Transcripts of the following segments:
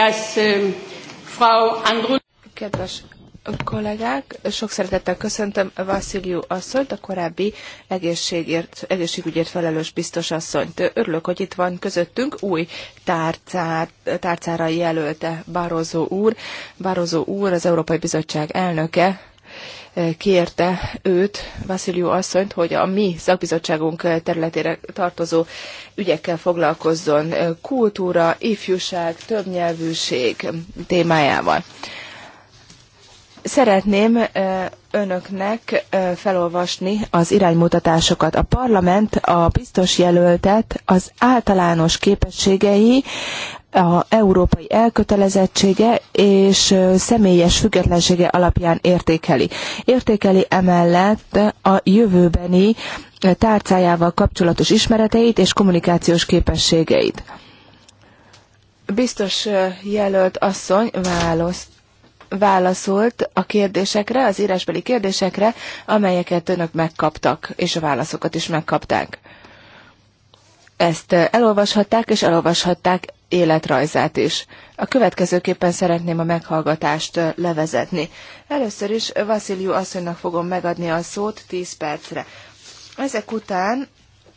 Ähm, Kedves kollégák, sok szeretettel köszöntöm Vassziliu asszonyt, a korábbi egészségért, egészségügyért felelős biztos asszonyt. Örülök, hogy itt van közöttünk új tárcát, tárcára jelölte Barozó úr. Barozó úr az Európai Bizottság elnöke, kérte őt, Vasziliu asszonyt, hogy a mi szakbizottságunk területére tartozó ügyekkel foglalkozzon kultúra, ifjúság, többnyelvűség témájával. Szeretném önöknek felolvasni az iránymutatásokat. A parlament a biztos jelöltet az általános képességei, a európai elkötelezettsége és személyes függetlensége alapján értékeli. Értékeli emellett a jövőbeni tárcájával kapcsolatos ismereteit és kommunikációs képességeit. Biztos jelölt asszony választ válaszolt a kérdésekre, az írásbeli kérdésekre, amelyeket önök megkaptak, és a válaszokat is megkapták. Ezt elolvashatták, és elolvashatták életrajzát is. A következőképpen szeretném a meghallgatást levezetni. Először is Vasziliu asszonynak fogom megadni a szót 10 percre. Ezek után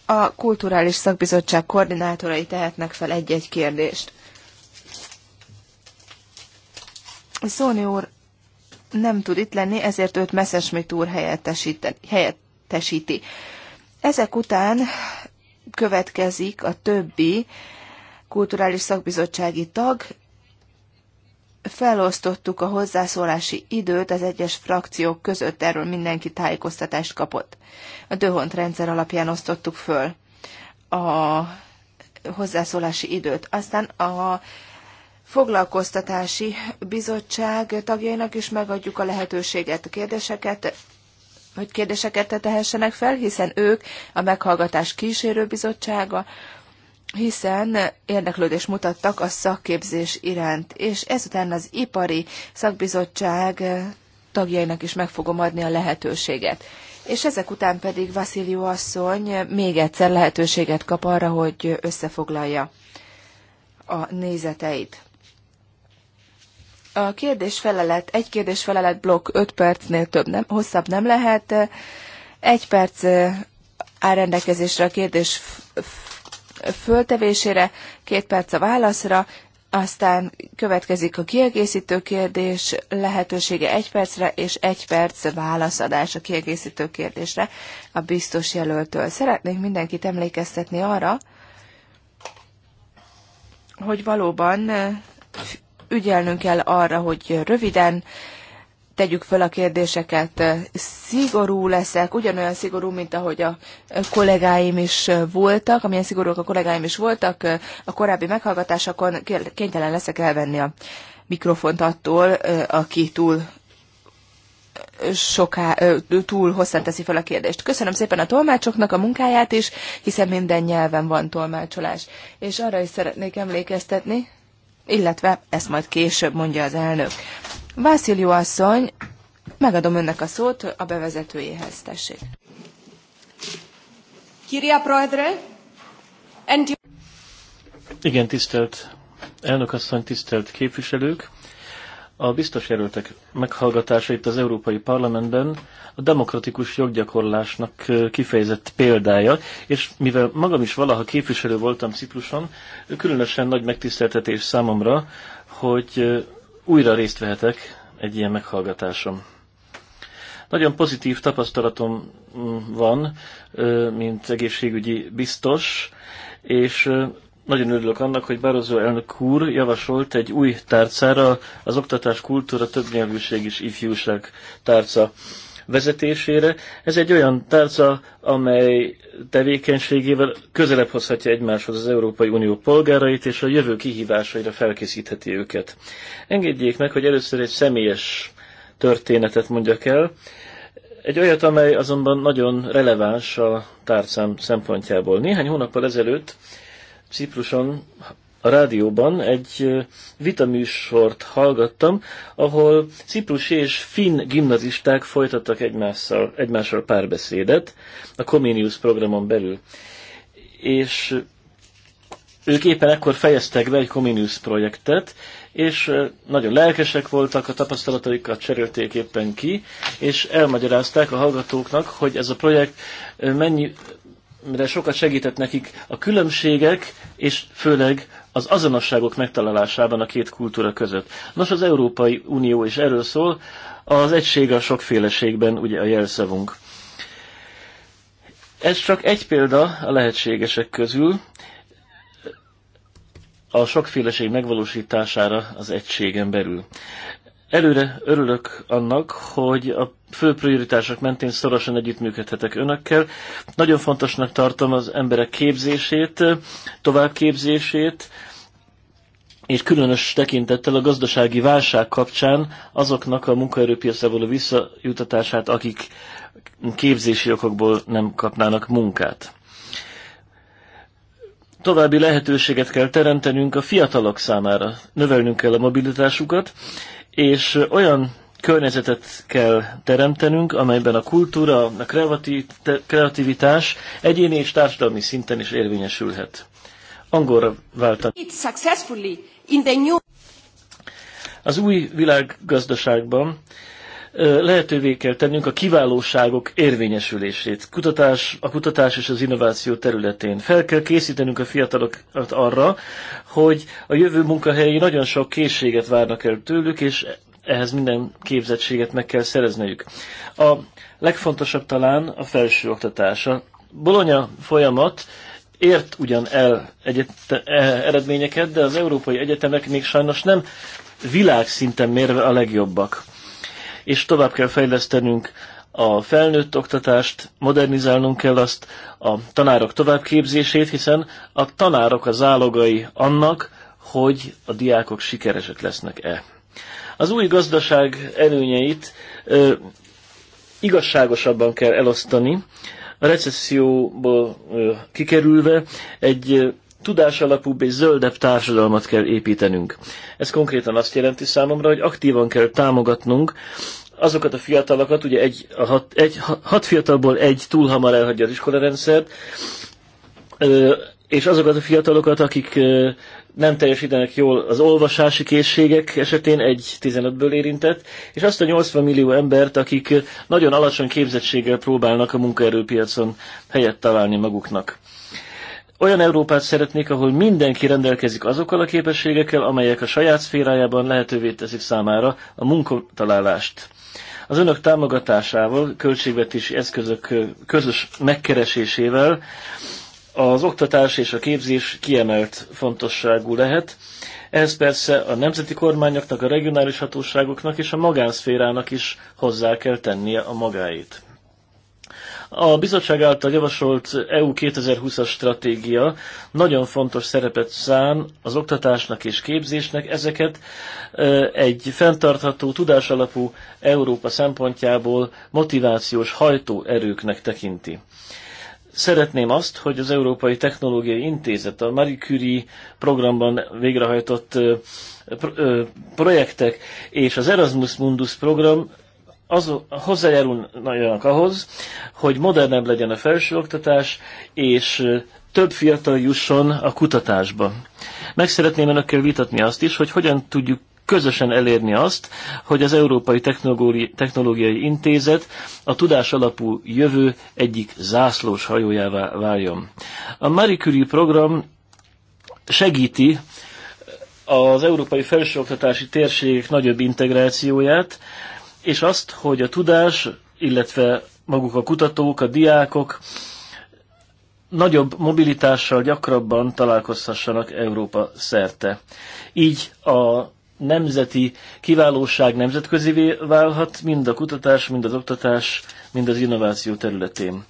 a Kulturális Szakbizottság koordinátorai tehetnek fel egy-egy kérdést. Szóni úr nem tud itt lenni, ezért őt Messerschmitt úr helyettesíti. Ezek után következik a többi kulturális szakbizottsági tag, felosztottuk a hozzászólási időt az egyes frakciók között, erről mindenki tájékoztatást kapott. A Döhont rendszer alapján osztottuk föl a hozzászólási időt. Aztán a foglalkoztatási bizottság tagjainak is megadjuk a lehetőséget, a kérdéseket hogy kérdéseket tehessenek fel, hiszen ők a meghallgatás kísérő bizottsága, hiszen érdeklődést mutattak a szakképzés iránt, és ezután az ipari szakbizottság eh, tagjainak is meg fogom adni a lehetőséget. És ezek után pedig Vasziliu asszony még egyszer lehetőséget kap arra, hogy összefoglalja a nézeteit. A kérdés-felelet, egy kérdés-felelet blokk 5 percnél több nem, hosszabb nem lehet. Egy perc eh, áll rendelkezésre a kérdés föltevésére, két perc a válaszra, aztán következik a kiegészítő kérdés lehetősége egy percre, és egy perc válaszadás a kiegészítő kérdésre a biztos jelöltől. Szeretnék mindenkit emlékeztetni arra, hogy valóban ügyelnünk kell arra, hogy röviden, tegyük föl a kérdéseket. Szigorú leszek, ugyanolyan szigorú, mint ahogy a kollégáim is voltak, amilyen szigorúak a kollégáim is voltak, a korábbi meghallgatásakon kénytelen leszek elvenni a mikrofont attól, aki túl soká, túl hosszan teszi fel a kérdést. Köszönöm szépen a tolmácsoknak a munkáját is, hiszen minden nyelven van tolmácsolás. És arra is szeretnék emlékeztetni, illetve ezt majd később mondja az elnök. Vászilió asszony, megadom önnek a szót a bevezetőjéhez, tessék. Kiria Proedre, igen, tisztelt elnökasszony, tisztelt képviselők! A biztos jelöltek meghallgatása itt az Európai Parlamentben a demokratikus joggyakorlásnak kifejezett példája, és mivel magam is valaha képviselő voltam Cipruson, különösen nagy megtiszteltetés számomra, hogy újra részt vehetek egy ilyen meghallgatásom. Nagyon pozitív tapasztalatom mm, van, mint egészségügyi biztos, és nagyon örülök annak, hogy Barozó elnök úr javasolt egy új tárcára, az oktatás, kultúra, többnyelvűség és ifjúság tárca vezetésére. Ez egy olyan tárca, amely tevékenységével közelebb hozhatja egymáshoz az Európai Unió polgárait, és a jövő kihívásaira felkészítheti őket. Engedjék meg, hogy először egy személyes történetet mondjak el. Egy olyat, amely azonban nagyon releváns a tárcám szempontjából. Néhány hónappal ezelőtt Cipruson a rádióban egy vitaműsort hallgattam, ahol ciprusi és finn gimnazisták folytattak egymással, egymással párbeszédet a Comenius programon belül. És ők éppen ekkor fejeztek be egy Comenius projektet, és nagyon lelkesek voltak, a tapasztalataikat cserélték éppen ki, és elmagyarázták a hallgatóknak, hogy ez a projekt mennyire sokat segített nekik a különbségek, és főleg az azonosságok megtalálásában a két kultúra között. Nos, az Európai Unió is erről szól, az egység a sokféleségben ugye a jelszavunk. Ez csak egy példa a lehetségesek közül a sokféleség megvalósítására az egységen belül. Előre örülök annak, hogy a fő prioritások mentén szorosan együttműködhetek önökkel. Nagyon fontosnak tartom az emberek képzését, továbbképzését, és különös tekintettel a gazdasági válság kapcsán azoknak a munkaerőpiacra való visszajutatását, akik képzési okokból nem kapnának munkát. További lehetőséget kell teremtenünk a fiatalok számára, növelnünk kell a mobilitásukat, és olyan környezetet kell teremtenünk, amelyben a kultúra, a kreativitás egyéni és társadalmi szinten is érvényesülhet. Angolra váltam. Az új világgazdaságban lehetővé kell tennünk a kiválóságok érvényesülését. Kutatás, a kutatás és az innováció területén. Fel kell készítenünk a fiatalokat arra, hogy a jövő munkahelyi nagyon sok készséget várnak el tőlük, és ehhez minden képzettséget meg kell szerezniük. A legfontosabb talán a felső oktatása. Bolonya folyamat ért ugyan el egyet, e, eredményeket, de az európai egyetemek még sajnos nem világszinten mérve a legjobbak és tovább kell fejlesztenünk a felnőtt oktatást, modernizálnunk kell azt, a tanárok továbbképzését, hiszen a tanárok a zálogai annak, hogy a diákok sikeresek lesznek-e. Az új gazdaság előnyeit ö, igazságosabban kell elosztani, a recesszióból ö, kikerülve egy tudásalapúbb és zöldebb társadalmat kell építenünk. Ez konkrétan azt jelenti számomra, hogy aktívan kell támogatnunk azokat a fiatalokat, ugye egy, a hat, egy, hat fiatalból egy túl hamar elhagyja az iskolarendszert, és azokat a fiatalokat, akik nem teljesítenek jól az olvasási készségek esetén, egy 15-ből érintett, és azt a 80 millió embert, akik nagyon alacsony képzettséggel próbálnak a munkaerőpiacon helyet találni maguknak. Olyan Európát szeretnék, ahol mindenki rendelkezik azokkal a képességekkel, amelyek a saját szférájában lehetővé teszik számára a munkatalálást. Az önök támogatásával, költségvetési eszközök közös megkeresésével az oktatás és a képzés kiemelt fontosságú lehet. Ez persze a nemzeti kormányoknak, a regionális hatóságoknak és a magánszférának is hozzá kell tennie a magáit. A bizottság által javasolt EU 2020-as stratégia nagyon fontos szerepet szán az oktatásnak és képzésnek. Ezeket egy fenntartható, tudásalapú Európa szempontjából motivációs hajtóerőknek tekinti. Szeretném azt, hogy az Európai Technológiai Intézet a Marie Curie programban végrehajtott projektek és az Erasmus Mundus program az, hozzájárulnak ahhoz, hogy modernebb legyen a felsőoktatás, és több fiatal jusson a kutatásba. Meg szeretném önökkel vitatni azt is, hogy hogyan tudjuk közösen elérni azt, hogy az Európai Technológiai Intézet a tudás alapú jövő egyik zászlós hajójává váljon. A Marie Curie program segíti az európai felsőoktatási térségek nagyobb integrációját, és azt, hogy a tudás, illetve maguk a kutatók, a diákok nagyobb mobilitással gyakrabban találkozhassanak Európa szerte. Így a nemzeti kiválóság nemzetközivé válhat, mind a kutatás, mind az oktatás, mind az innováció területén.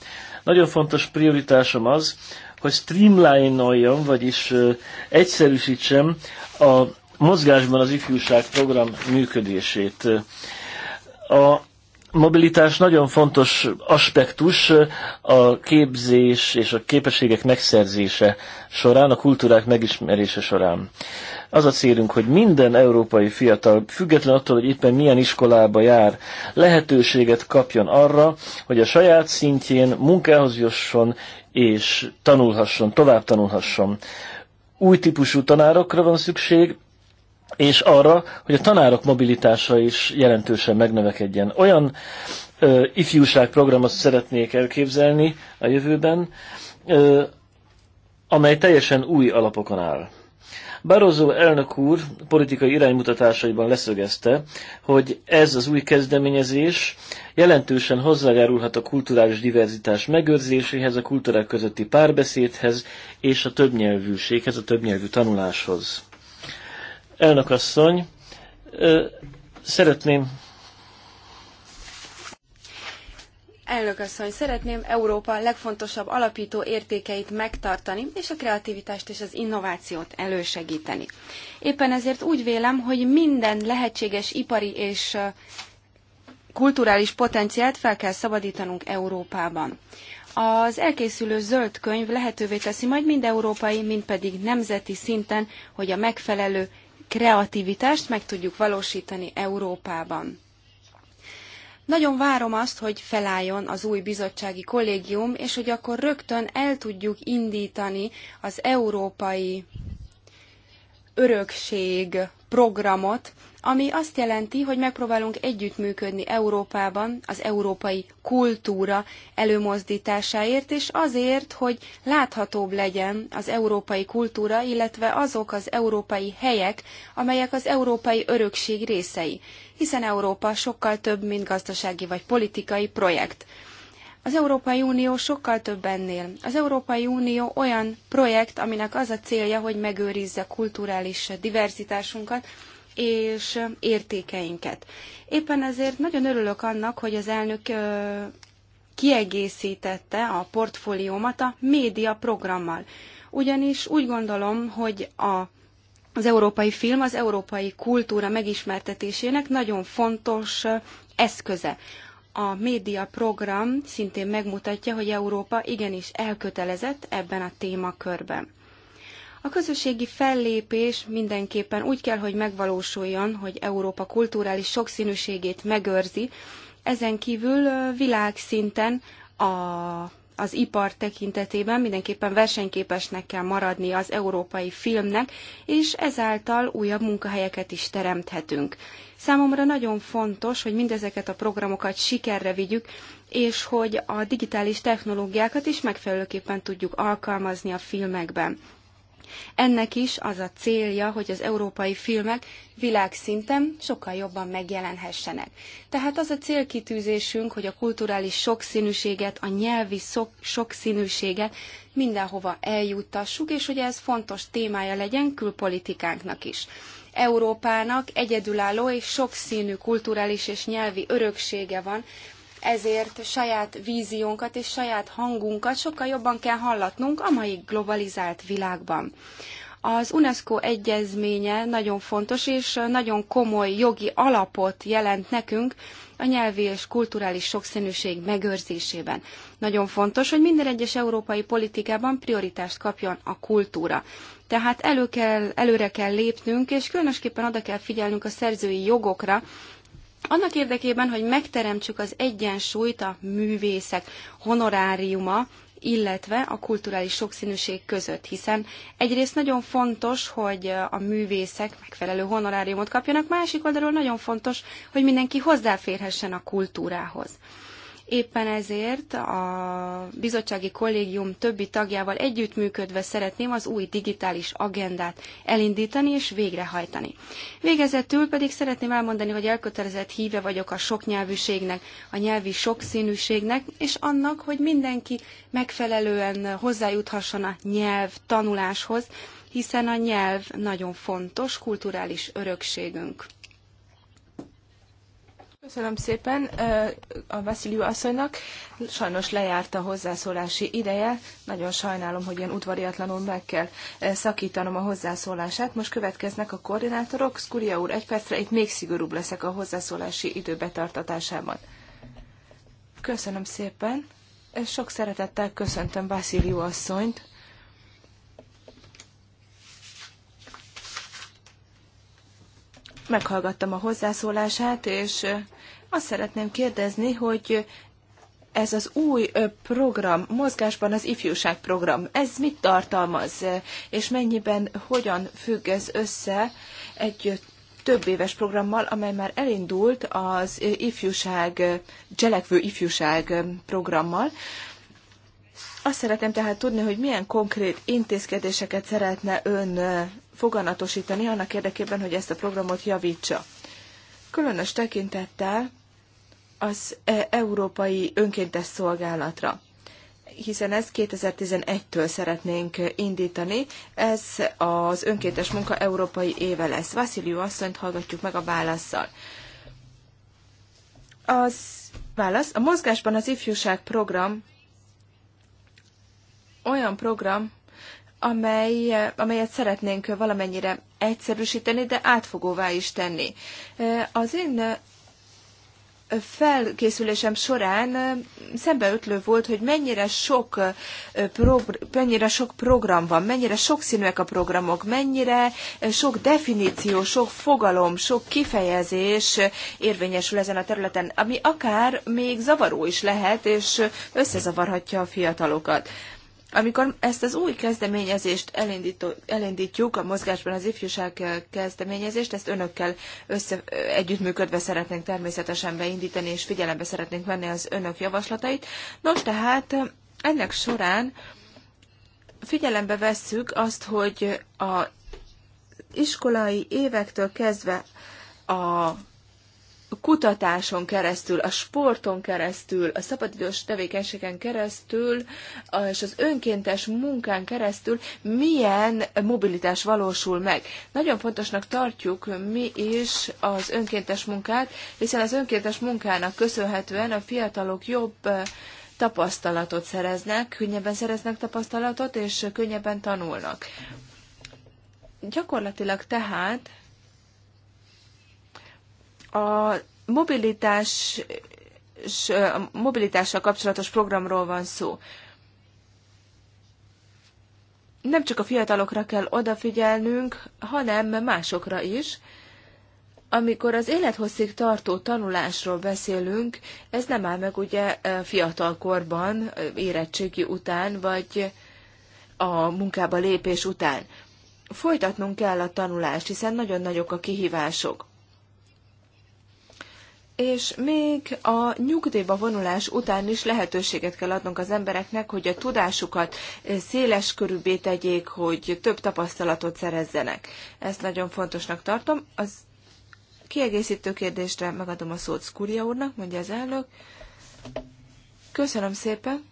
Nagyon fontos prioritásom az, hogy streamline-oljam, vagyis egyszerűsítsem a mozgásban az ifjúság program működését. A mobilitás nagyon fontos aspektus a képzés és a képességek megszerzése során, a kultúrák megismerése során. Az a célunk, hogy minden európai fiatal, független attól, hogy éppen milyen iskolába jár, lehetőséget kapjon arra, hogy a saját szintjén munkához jusson és tanulhasson, tovább tanulhasson. Új típusú tanárokra van szükség, és arra, hogy a tanárok mobilitása is jelentősen megnövekedjen. Olyan ö, ifjúságprogramot szeretnék elképzelni a jövőben, ö, amely teljesen új alapokon áll. Barroso elnök úr politikai iránymutatásaiban leszögezte, hogy ez az új kezdeményezés jelentősen hozzájárulhat a kulturális diverzitás megőrzéséhez, a kultúrák közötti párbeszédhez és a többnyelvűséghez, a többnyelvű tanuláshoz elnökasszony, szeretném Elnök asszony, szeretném Európa legfontosabb alapító értékeit megtartani, és a kreativitást és az innovációt elősegíteni. Éppen ezért úgy vélem, hogy minden lehetséges ipari és kulturális potenciált fel kell szabadítanunk Európában. Az elkészülő zöld könyv lehetővé teszi majd mind európai, mind pedig nemzeti szinten, hogy a megfelelő kreativitást meg tudjuk valósítani Európában. Nagyon várom azt, hogy felálljon az új bizottsági kollégium, és hogy akkor rögtön el tudjuk indítani az európai örökség programot, ami azt jelenti, hogy megpróbálunk együttműködni Európában az európai kultúra előmozdításáért, és azért, hogy láthatóbb legyen az európai kultúra, illetve azok az európai helyek, amelyek az európai örökség részei, hiszen Európa sokkal több, mint gazdasági vagy politikai projekt. Az Európai Unió sokkal több ennél. Az Európai Unió olyan projekt, aminek az a célja, hogy megőrizze kulturális diverzitásunkat, és értékeinket. Éppen ezért nagyon örülök annak, hogy az elnök kiegészítette a portfóliómat a média programmal. Ugyanis úgy gondolom, hogy a az európai film az európai kultúra megismertetésének nagyon fontos eszköze. A média program szintén megmutatja, hogy Európa igenis elkötelezett ebben a témakörben. A közösségi fellépés mindenképpen úgy kell, hogy megvalósuljon, hogy Európa kulturális sokszínűségét megőrzi. Ezen kívül világszinten a az ipar tekintetében mindenképpen versenyképesnek kell maradni az európai filmnek, és ezáltal újabb munkahelyeket is teremthetünk. Számomra nagyon fontos, hogy mindezeket a programokat sikerre vigyük, és hogy a digitális technológiákat is megfelelőképpen tudjuk alkalmazni a filmekben. Ennek is az a célja, hogy az európai filmek világszinten sokkal jobban megjelenhessenek. Tehát az a célkitűzésünk, hogy a kulturális sokszínűséget, a nyelvi szok- sokszínűséget mindenhova eljuttassuk, és hogy ez fontos témája legyen külpolitikánknak is. Európának egyedülálló és sokszínű kulturális és nyelvi öröksége van, ezért saját víziónkat és saját hangunkat sokkal jobban kell hallatnunk a mai globalizált világban. Az UNESCO egyezménye nagyon fontos és nagyon komoly jogi alapot jelent nekünk a nyelvi és kulturális sokszínűség megőrzésében. Nagyon fontos, hogy minden egyes európai politikában prioritást kapjon a kultúra. Tehát elő kell, előre kell lépnünk, és különösképpen oda kell figyelnünk a szerzői jogokra, annak érdekében, hogy megteremtsük az egyensúlyt a művészek honoráriuma, illetve a kulturális sokszínűség között, hiszen egyrészt nagyon fontos, hogy a művészek megfelelő honoráriumot kapjanak, másik oldalról nagyon fontos, hogy mindenki hozzáférhessen a kultúrához. Éppen ezért a bizottsági kollégium többi tagjával együttműködve szeretném az új digitális agendát elindítani és végrehajtani. Végezetül pedig szeretném elmondani, hogy elkötelezett híve vagyok a soknyelvűségnek, a nyelvi sokszínűségnek, és annak, hogy mindenki megfelelően hozzájuthasson a nyelv tanuláshoz, hiszen a nyelv nagyon fontos kulturális örökségünk. Köszönöm szépen a Vasziliu asszonynak. Sajnos lejárt a hozzászólási ideje. Nagyon sajnálom, hogy ilyen udvariatlanul meg kell szakítanom a hozzászólását. Most következnek a koordinátorok. Skuria úr, egy percre itt még szigorúbb leszek a hozzászólási idő betartatásában. Köszönöm szépen. Sok szeretettel köszöntöm Vasziliu asszonyt. meghallgattam a hozzászólását, és azt szeretném kérdezni, hogy ez az új program, mozgásban az ifjúság program, ez mit tartalmaz, és mennyiben, hogyan függ ez össze egy több éves programmal, amely már elindult az ifjúság, cselekvő ifjúság programmal. Azt szeretném tehát tudni, hogy milyen konkrét intézkedéseket szeretne ön foganatosítani annak érdekében, hogy ezt a programot javítsa. Különös tekintettel az e, Európai Önkéntes Szolgálatra hiszen ezt 2011-től szeretnénk indítani. Ez az önkéntes munka európai éve lesz. Vasziliu asszonyt hallgatjuk meg a válaszsal. Az válasz, a mozgásban az ifjúság program olyan program, amely, amelyet szeretnénk valamennyire egyszerűsíteni, de átfogóvá is tenni. E, az én felkészülésem során szembeötlő volt, hogy mennyire sok, mennyire sok program van, mennyire sokszínűek a programok, mennyire sok definíció, sok fogalom, sok kifejezés érvényesül ezen a területen, ami akár még zavaró is lehet, és összezavarhatja a fiatalokat. Amikor ezt az új kezdeményezést elindítjuk, a mozgásban az ifjúság eh, kezdeményezést, ezt önökkel össze, eh, együttműködve szeretnénk természetesen beindítani, és figyelembe szeretnénk venni az önök javaslatait. Nos, tehát eh, ennek során figyelembe vesszük azt, hogy a iskolai évektől kezdve a kutatáson keresztül, a sporton keresztül, a szabadidős tevékenységen keresztül, és az önkéntes munkán keresztül milyen mobilitás valósul meg. Nagyon fontosnak tartjuk mi is az önkéntes munkát, hiszen az önkéntes munkának köszönhetően a fiatalok jobb tapasztalatot szereznek, könnyebben szereznek tapasztalatot, és könnyebben tanulnak. Gyakorlatilag tehát a mobilitás a mobilitással kapcsolatos programról van szó. Nem csak a fiatalokra kell odafigyelnünk, hanem másokra is. Amikor az élethosszig tartó tanulásról beszélünk, ez nem áll meg ugye fiatalkorban, érettségi után, vagy a munkába lépés után. Folytatnunk kell a tanulást, hiszen nagyon nagyok a kihívások és még a nyugdíjba vonulás után is lehetőséget kell adnunk az embereknek, hogy a tudásukat széles körűbbé tegyék, hogy több tapasztalatot szerezzenek. Ezt nagyon fontosnak tartom. Az kiegészítő kérdésre megadom a szót Skuria úrnak, mondja az elnök. Köszönöm szépen.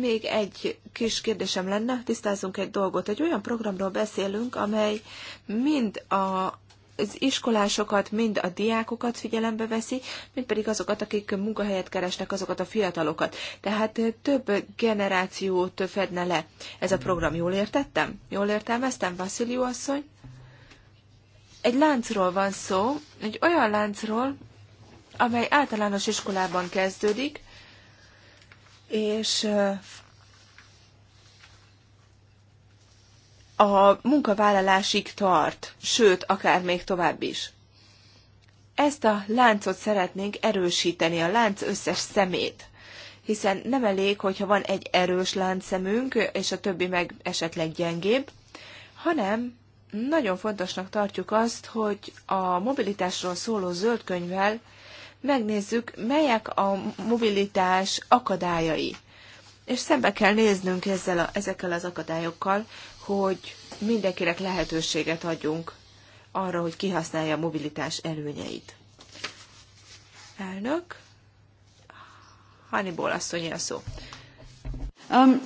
Még egy kis kérdésem lenne, tisztázunk egy dolgot. Egy olyan programról beszélünk, amely mind a az iskolásokat, mind a diákokat figyelembe veszi, mind pedig azokat, akik munkahelyet keresnek, azokat a fiatalokat. Tehát több generációt fedne le ez a program. Jól értettem? Jól értelmeztem, Vassziliu asszony? Egy láncról van szó, egy olyan láncról, amely általános iskolában kezdődik, és a munkavállalásig tart, sőt, akár még tovább is. Ezt a láncot szeretnénk erősíteni, a lánc összes szemét hiszen nem elég, hogyha van egy erős láncszemünk, és a többi meg esetleg gyengébb, hanem nagyon fontosnak tartjuk azt, hogy a mobilitásról szóló zöld megnézzük, melyek a mobilitás akadályai. És szembe kell néznünk ezzel a, ezekkel az akadályokkal, hogy mindenkinek lehetőséget adjunk arra, hogy kihasználja a mobilitás előnyeit. Elnök, Hannibal asszony a szó. Um.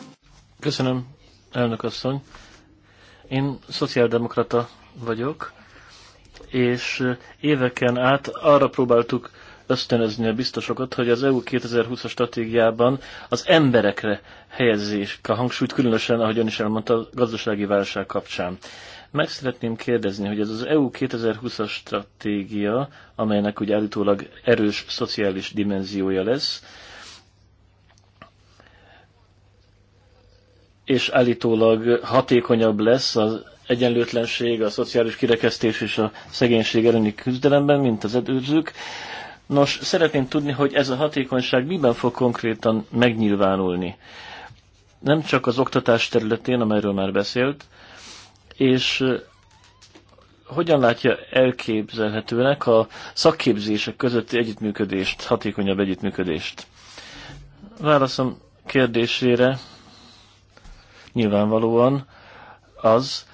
Köszönöm, elnök asszony. Én szociáldemokrata vagyok, és éveken át arra próbáltuk ösztönözni a biztosokat, hogy az EU 2020-as stratégiában az emberekre helyezzék a hangsúlyt, különösen, ahogy ön is elmondta, a gazdasági válság kapcsán. Meg szeretném kérdezni, hogy ez az EU 2020-as stratégia, amelynek ugye állítólag erős szociális dimenziója lesz, és állítólag hatékonyabb lesz az egyenlőtlenség, a szociális kirekesztés és a szegénység elleni küzdelemben, mint az edőzők. Nos, szeretném tudni, hogy ez a hatékonyság miben fog konkrétan megnyilvánulni. Nem csak az oktatás területén, amelyről már beszélt, és hogyan látja elképzelhetőnek a szakképzések közötti együttműködést, hatékonyabb együttműködést? Válaszom kérdésére nyilvánvalóan az,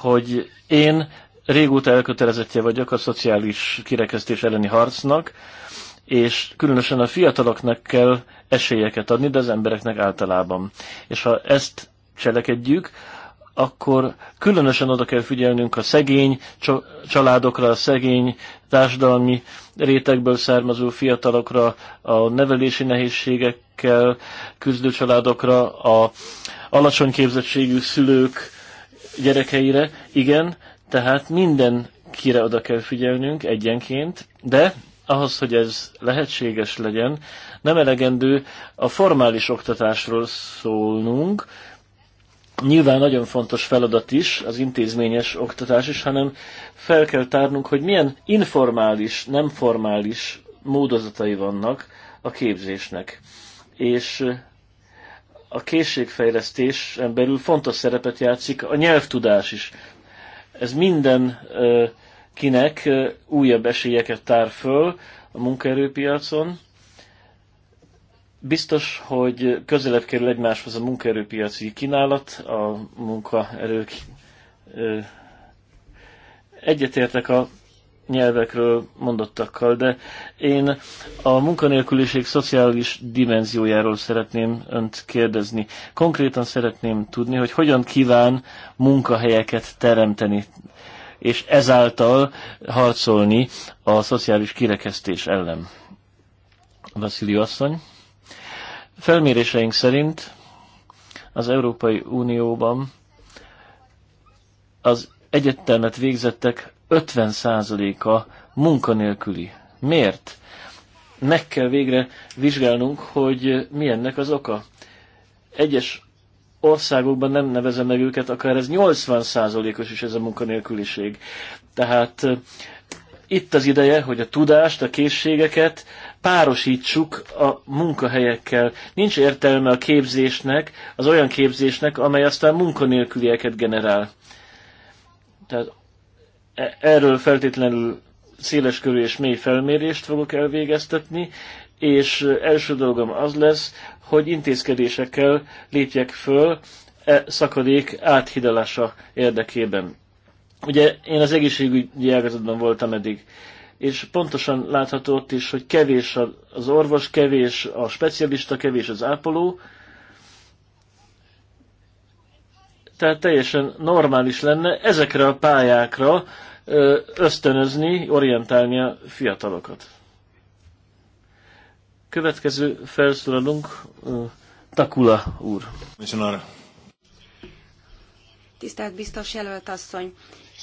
hogy én régóta elkötelezettje vagyok a szociális kirekesztés elleni harcnak, és különösen a fiataloknak kell esélyeket adni, de az embereknek általában. És ha ezt cselekedjük, akkor különösen oda kell figyelnünk a szegény családokra, a szegény társadalmi rétegből származó fiatalokra, a nevelési nehézségekkel küzdő családokra, a alacsony képzettségű szülők gyerekeire. Igen, tehát mindenkire oda kell figyelnünk egyenként, de ahhoz, hogy ez lehetséges legyen, nem elegendő a formális oktatásról szólnunk, nyilván nagyon fontos feladat is, az intézményes oktatás is, hanem fel kell tárnunk, hogy milyen informális, nem formális módozatai vannak a képzésnek. És a készségfejlesztésen belül fontos szerepet játszik a nyelvtudás is. Ez minden kinek újabb esélyeket tár föl a munkaerőpiacon. Biztos, hogy közelebb kerül egymáshoz a munkaerőpiaci kínálat, a munkaerők. Egyetértek a nyelvekről mondottakkal, de én a munkanélküliség szociális dimenziójáról szeretném önt kérdezni. Konkrétan szeretném tudni, hogy hogyan kíván munkahelyeket teremteni, és ezáltal harcolni a szociális kirekesztés ellen. Vasili asszony. Felméréseink szerint az Európai Unióban az egyetemet végzettek 50%-a munkanélküli. Miért? Meg kell végre vizsgálnunk, hogy mi ennek az oka. Egyes országokban nem nevezem meg őket, akár ez 80%-os is ez a munkanélküliség. Tehát itt az ideje, hogy a tudást, a készségeket párosítsuk a munkahelyekkel. Nincs értelme a képzésnek, az olyan képzésnek, amely aztán munkanélkülieket generál. Tehát erről feltétlenül széleskörű és mély felmérést fogok elvégeztetni, és első dolgom az lesz, hogy intézkedésekkel lépjek föl e szakadék áthidalása érdekében. Ugye én az egészségügyi ágazatban voltam eddig, és pontosan látható ott is, hogy kevés az orvos, kevés a specialista, kevés az ápoló, tehát teljesen normális lenne ezekre a pályákra ösztönözni, orientálni a fiatalokat. Következő felszólalunk Takula úr. Missionára. Tisztelt biztos jelölt asszony!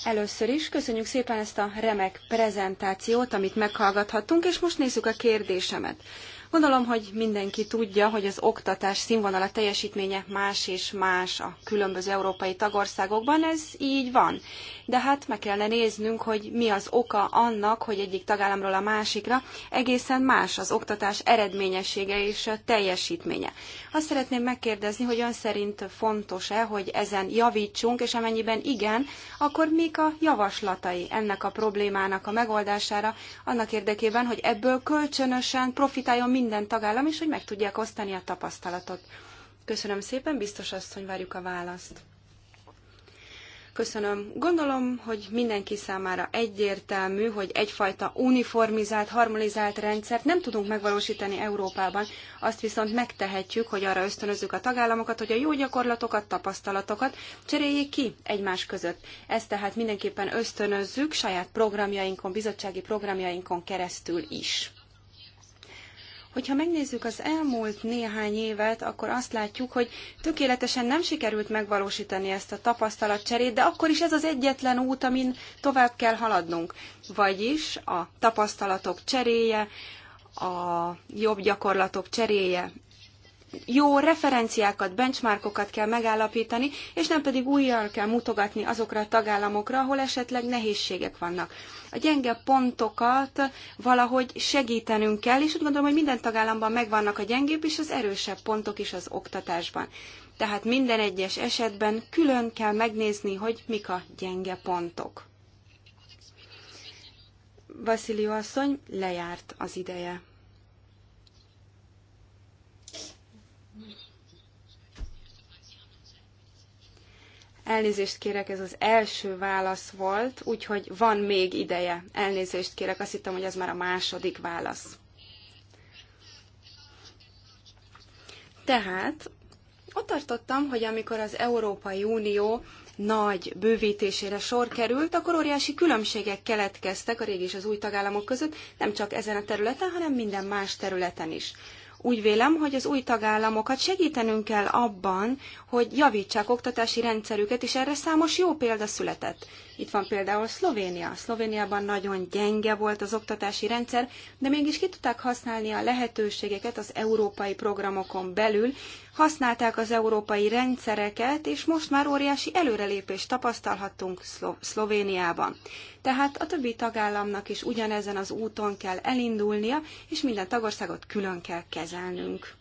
Először is köszönjük szépen ezt a remek prezentációt, amit meghallgathattunk, és most nézzük a kérdésemet. Gondolom, hogy mindenki tudja, hogy az oktatás színvonala teljesítménye más és más a különböző európai tagországokban, ez így van. De hát meg kellene néznünk, hogy mi az oka annak, hogy egyik tagállamról a másikra egészen más az oktatás eredményessége és teljesítménye. Azt szeretném megkérdezni, hogy ön szerint fontos-e, hogy ezen javítsunk, és amennyiben igen, akkor mik a javaslatai ennek a problémának a megoldására, annak érdekében, hogy ebből kölcsönösen profitáljon minden tagállam, és hogy meg tudják osztani a tapasztalatot. Köszönöm szépen, biztos asszony, várjuk a választ. Köszönöm. Gondolom, hogy mindenki számára egyértelmű, hogy egyfajta uniformizált, harmonizált rendszert nem tudunk megvalósítani Európában. Azt viszont megtehetjük, hogy arra ösztönözzük a tagállamokat, hogy a jó gyakorlatokat, tapasztalatokat cseréljék ki egymás között. Ezt tehát mindenképpen ösztönözzük saját programjainkon, bizottsági programjainkon keresztül is. Hogyha megnézzük az elmúlt néhány évet, akkor azt látjuk, hogy tökéletesen nem sikerült megvalósítani ezt a tapasztalatcserét, de akkor is ez az egyetlen út, amin tovább kell haladnunk. Vagyis a tapasztalatok cseréje, a jobb gyakorlatok cseréje jó referenciákat, benchmarkokat kell megállapítani, és nem pedig újjal kell mutogatni azokra a tagállamokra, ahol esetleg nehézségek vannak. A gyenge pontokat valahogy segítenünk kell, és úgy gondolom, hogy minden tagállamban megvannak a gyengébb és az erősebb pontok is az oktatásban. Tehát minden egyes esetben külön kell megnézni, hogy mik a gyenge pontok. Vaszilió asszony, lejárt az ideje. Elnézést kérek, ez az első válasz volt, úgyhogy van még ideje. Elnézést kérek, azt hittem, hogy ez már a második válasz. Tehát ott tartottam, hogy amikor az Európai Unió nagy bővítésére sor került, akkor óriási különbségek keletkeztek a régi és az új tagállamok között, nem csak ezen a területen, hanem minden más területen is. Úgy vélem, hogy az új tagállamokat segítenünk kell abban, hogy javítsák oktatási rendszerüket, és erre számos jó példa született. Itt van például Szlovénia. Szlovéniában nagyon gyenge volt az oktatási rendszer, de mégis ki tudták használni a lehetőségeket az európai programokon belül, használták az európai rendszereket, és most már óriási előrelépést tapasztalhattunk Szlo- Szlovéniában. Tehát a többi tagállamnak is ugyanezen az úton kell elindulnia, és minden tagországot külön kell kezelnünk.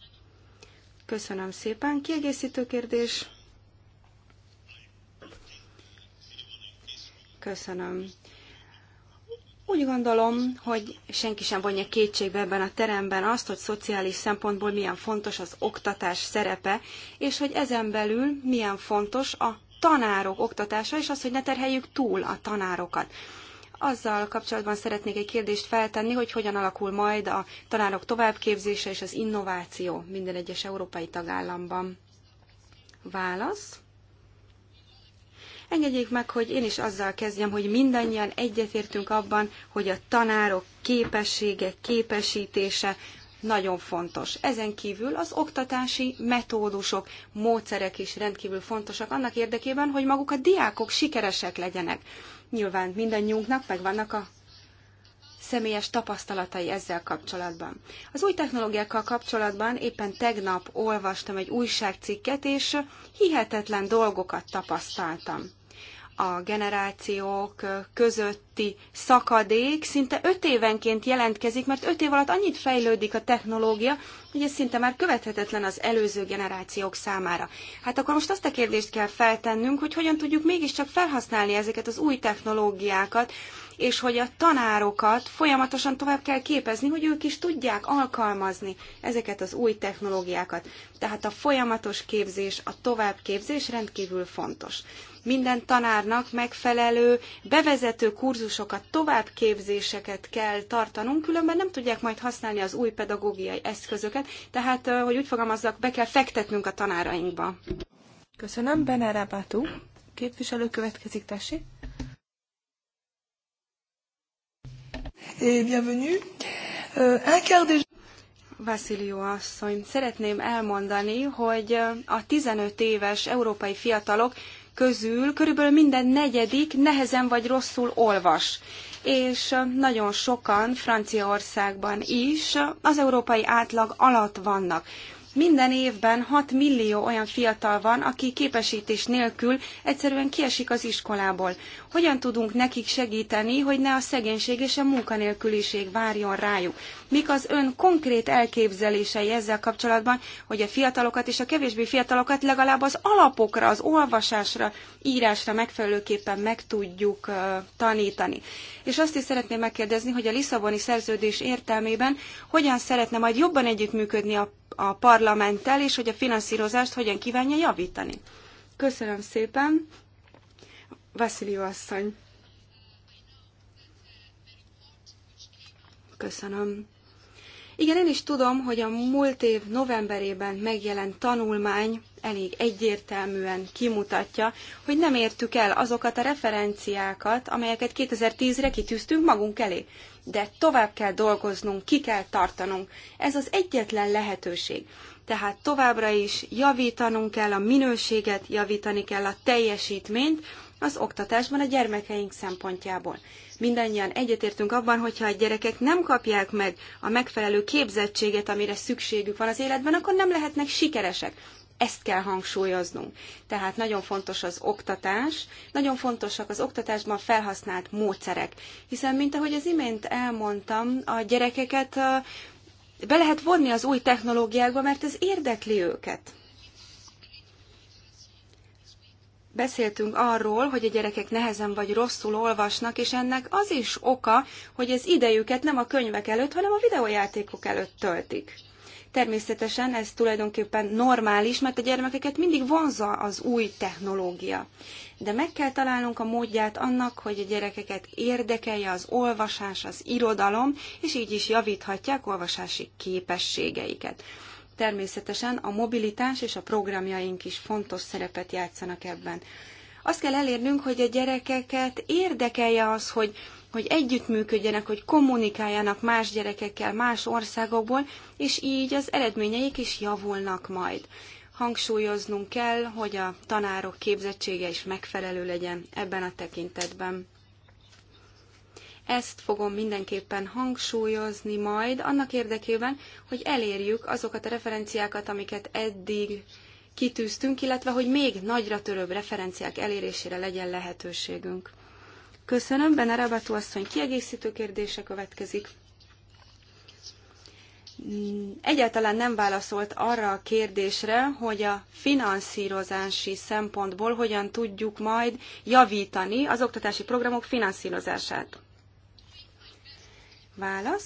Köszönöm szépen. Kiegészítő kérdés? Köszönöm. Úgy gondolom, hogy senki sem vonja kétségbe ebben a teremben azt, hogy szociális szempontból milyen fontos az oktatás szerepe, és hogy ezen belül milyen fontos a tanárok oktatása, és az, hogy ne terheljük túl a tanárokat. Azzal kapcsolatban szeretnék egy kérdést feltenni, hogy hogyan alakul majd a tanárok továbbképzése és az innováció minden egyes európai tagállamban. Válasz? Engedjék meg, hogy én is azzal kezdjem, hogy mindannyian egyetértünk abban, hogy a tanárok képessége, képesítése nagyon fontos. Ezen kívül az oktatási metódusok, módszerek is rendkívül fontosak annak érdekében, hogy maguk a diákok sikeresek legyenek. Nyilván mindannyiunknak megvannak a személyes tapasztalatai ezzel kapcsolatban. Az új technológiákkal kapcsolatban éppen tegnap olvastam egy újságcikket, és hihetetlen dolgokat tapasztaltam. A generációk közötti szakadék szinte öt évenként jelentkezik, mert öt év alatt annyit fejlődik a technológia, hogy ez szinte már követhetetlen az előző generációk számára. Hát akkor most azt a kérdést kell feltennünk, hogy hogyan tudjuk mégiscsak felhasználni ezeket az új technológiákat, és hogy a tanárokat folyamatosan tovább kell képezni, hogy ők is tudják alkalmazni ezeket az új technológiákat. Tehát a folyamatos képzés, a továbbképzés rendkívül fontos. Minden tanárnak megfelelő bevezető kurzusokat, továbbképzéseket kell tartanunk, különben nem tudják majd használni az új pedagógiai eszközöket, tehát, hogy úgy fogalmazzak, be kell fektetnünk a tanárainkba. Köszönöm, Benárabátú. Képviselő következik, tessék. et bienvenue. Euh, un quart des... asszony, szeretném elmondani, hogy euh, a 15 éves európai fiatalok közül körülbelül minden negyedik nehezen vagy rosszul olvas. És euh, nagyon sokan Franciaországban is az európai átlag alatt vannak. Minden évben 6 millió olyan fiatal van, aki képesítés nélkül egyszerűen kiesik az iskolából hogyan tudunk nekik segíteni, hogy ne a szegénység és a munkanélküliség várjon rájuk. Mik az ön konkrét elképzelései ezzel kapcsolatban, hogy a fiatalokat és a kevésbé fiatalokat legalább az alapokra, az olvasásra, írásra megfelelőképpen meg tudjuk uh, tanítani. És azt is szeretném megkérdezni, hogy a Lisszaboni szerződés értelmében hogyan szeretne majd jobban együttműködni a, a parlamenttel, és hogy a finanszírozást hogyan kívánja javítani. Köszönöm szépen! Vasziliu asszony. Köszönöm. Igen, én is tudom, hogy a múlt év novemberében megjelent tanulmány elég egyértelműen kimutatja, hogy nem értük el azokat a referenciákat, amelyeket 2010-re kitűztünk magunk elé. De tovább kell dolgoznunk, ki kell tartanunk. Ez az egyetlen lehetőség. Tehát továbbra is javítanunk kell a minőséget, javítani kell a teljesítményt, az oktatásban a gyermekeink szempontjából. Mindannyian egyetértünk abban, hogyha a gyerekek nem kapják meg a megfelelő képzettséget, amire szükségük van az életben, akkor nem lehetnek sikeresek. Ezt kell hangsúlyoznunk. Tehát nagyon fontos az oktatás, nagyon fontosak az oktatásban felhasznált módszerek. Hiszen, mint ahogy az imént elmondtam, a gyerekeket be lehet vonni az új technológiákba, mert ez érdekli őket. beszéltünk arról, hogy a gyerekek nehezen vagy rosszul olvasnak, és ennek az is oka, hogy az idejüket nem a könyvek előtt, hanem a videójátékok előtt töltik. Természetesen ez tulajdonképpen normális, mert a gyermekeket mindig vonza az új technológia. De meg kell találnunk a módját annak, hogy a gyerekeket érdekelje az olvasás, az irodalom, és így is javíthatják olvasási képességeiket. Természetesen a mobilitás és a programjaink is fontos szerepet játszanak ebben. Azt kell elérnünk, hogy a gyerekeket érdekelje az, hogy, hogy együttműködjenek, hogy kommunikáljanak más gyerekekkel más országokból, és így az eredményeik is javulnak majd. Hangsúlyoznunk kell, hogy a tanárok képzettsége is megfelelő legyen ebben a tekintetben. Ezt fogom mindenképpen hangsúlyozni majd annak érdekében, hogy elérjük azokat a referenciákat, amiket eddig kitűztünk, illetve hogy még nagyra törőbb referenciák elérésére legyen lehetőségünk. Köszönöm, Benne Rabatú asszony kiegészítő kérdése következik. Egyáltalán nem válaszolt arra a kérdésre, hogy a finanszírozási szempontból hogyan tudjuk majd javítani az oktatási programok finanszírozását. Válasz.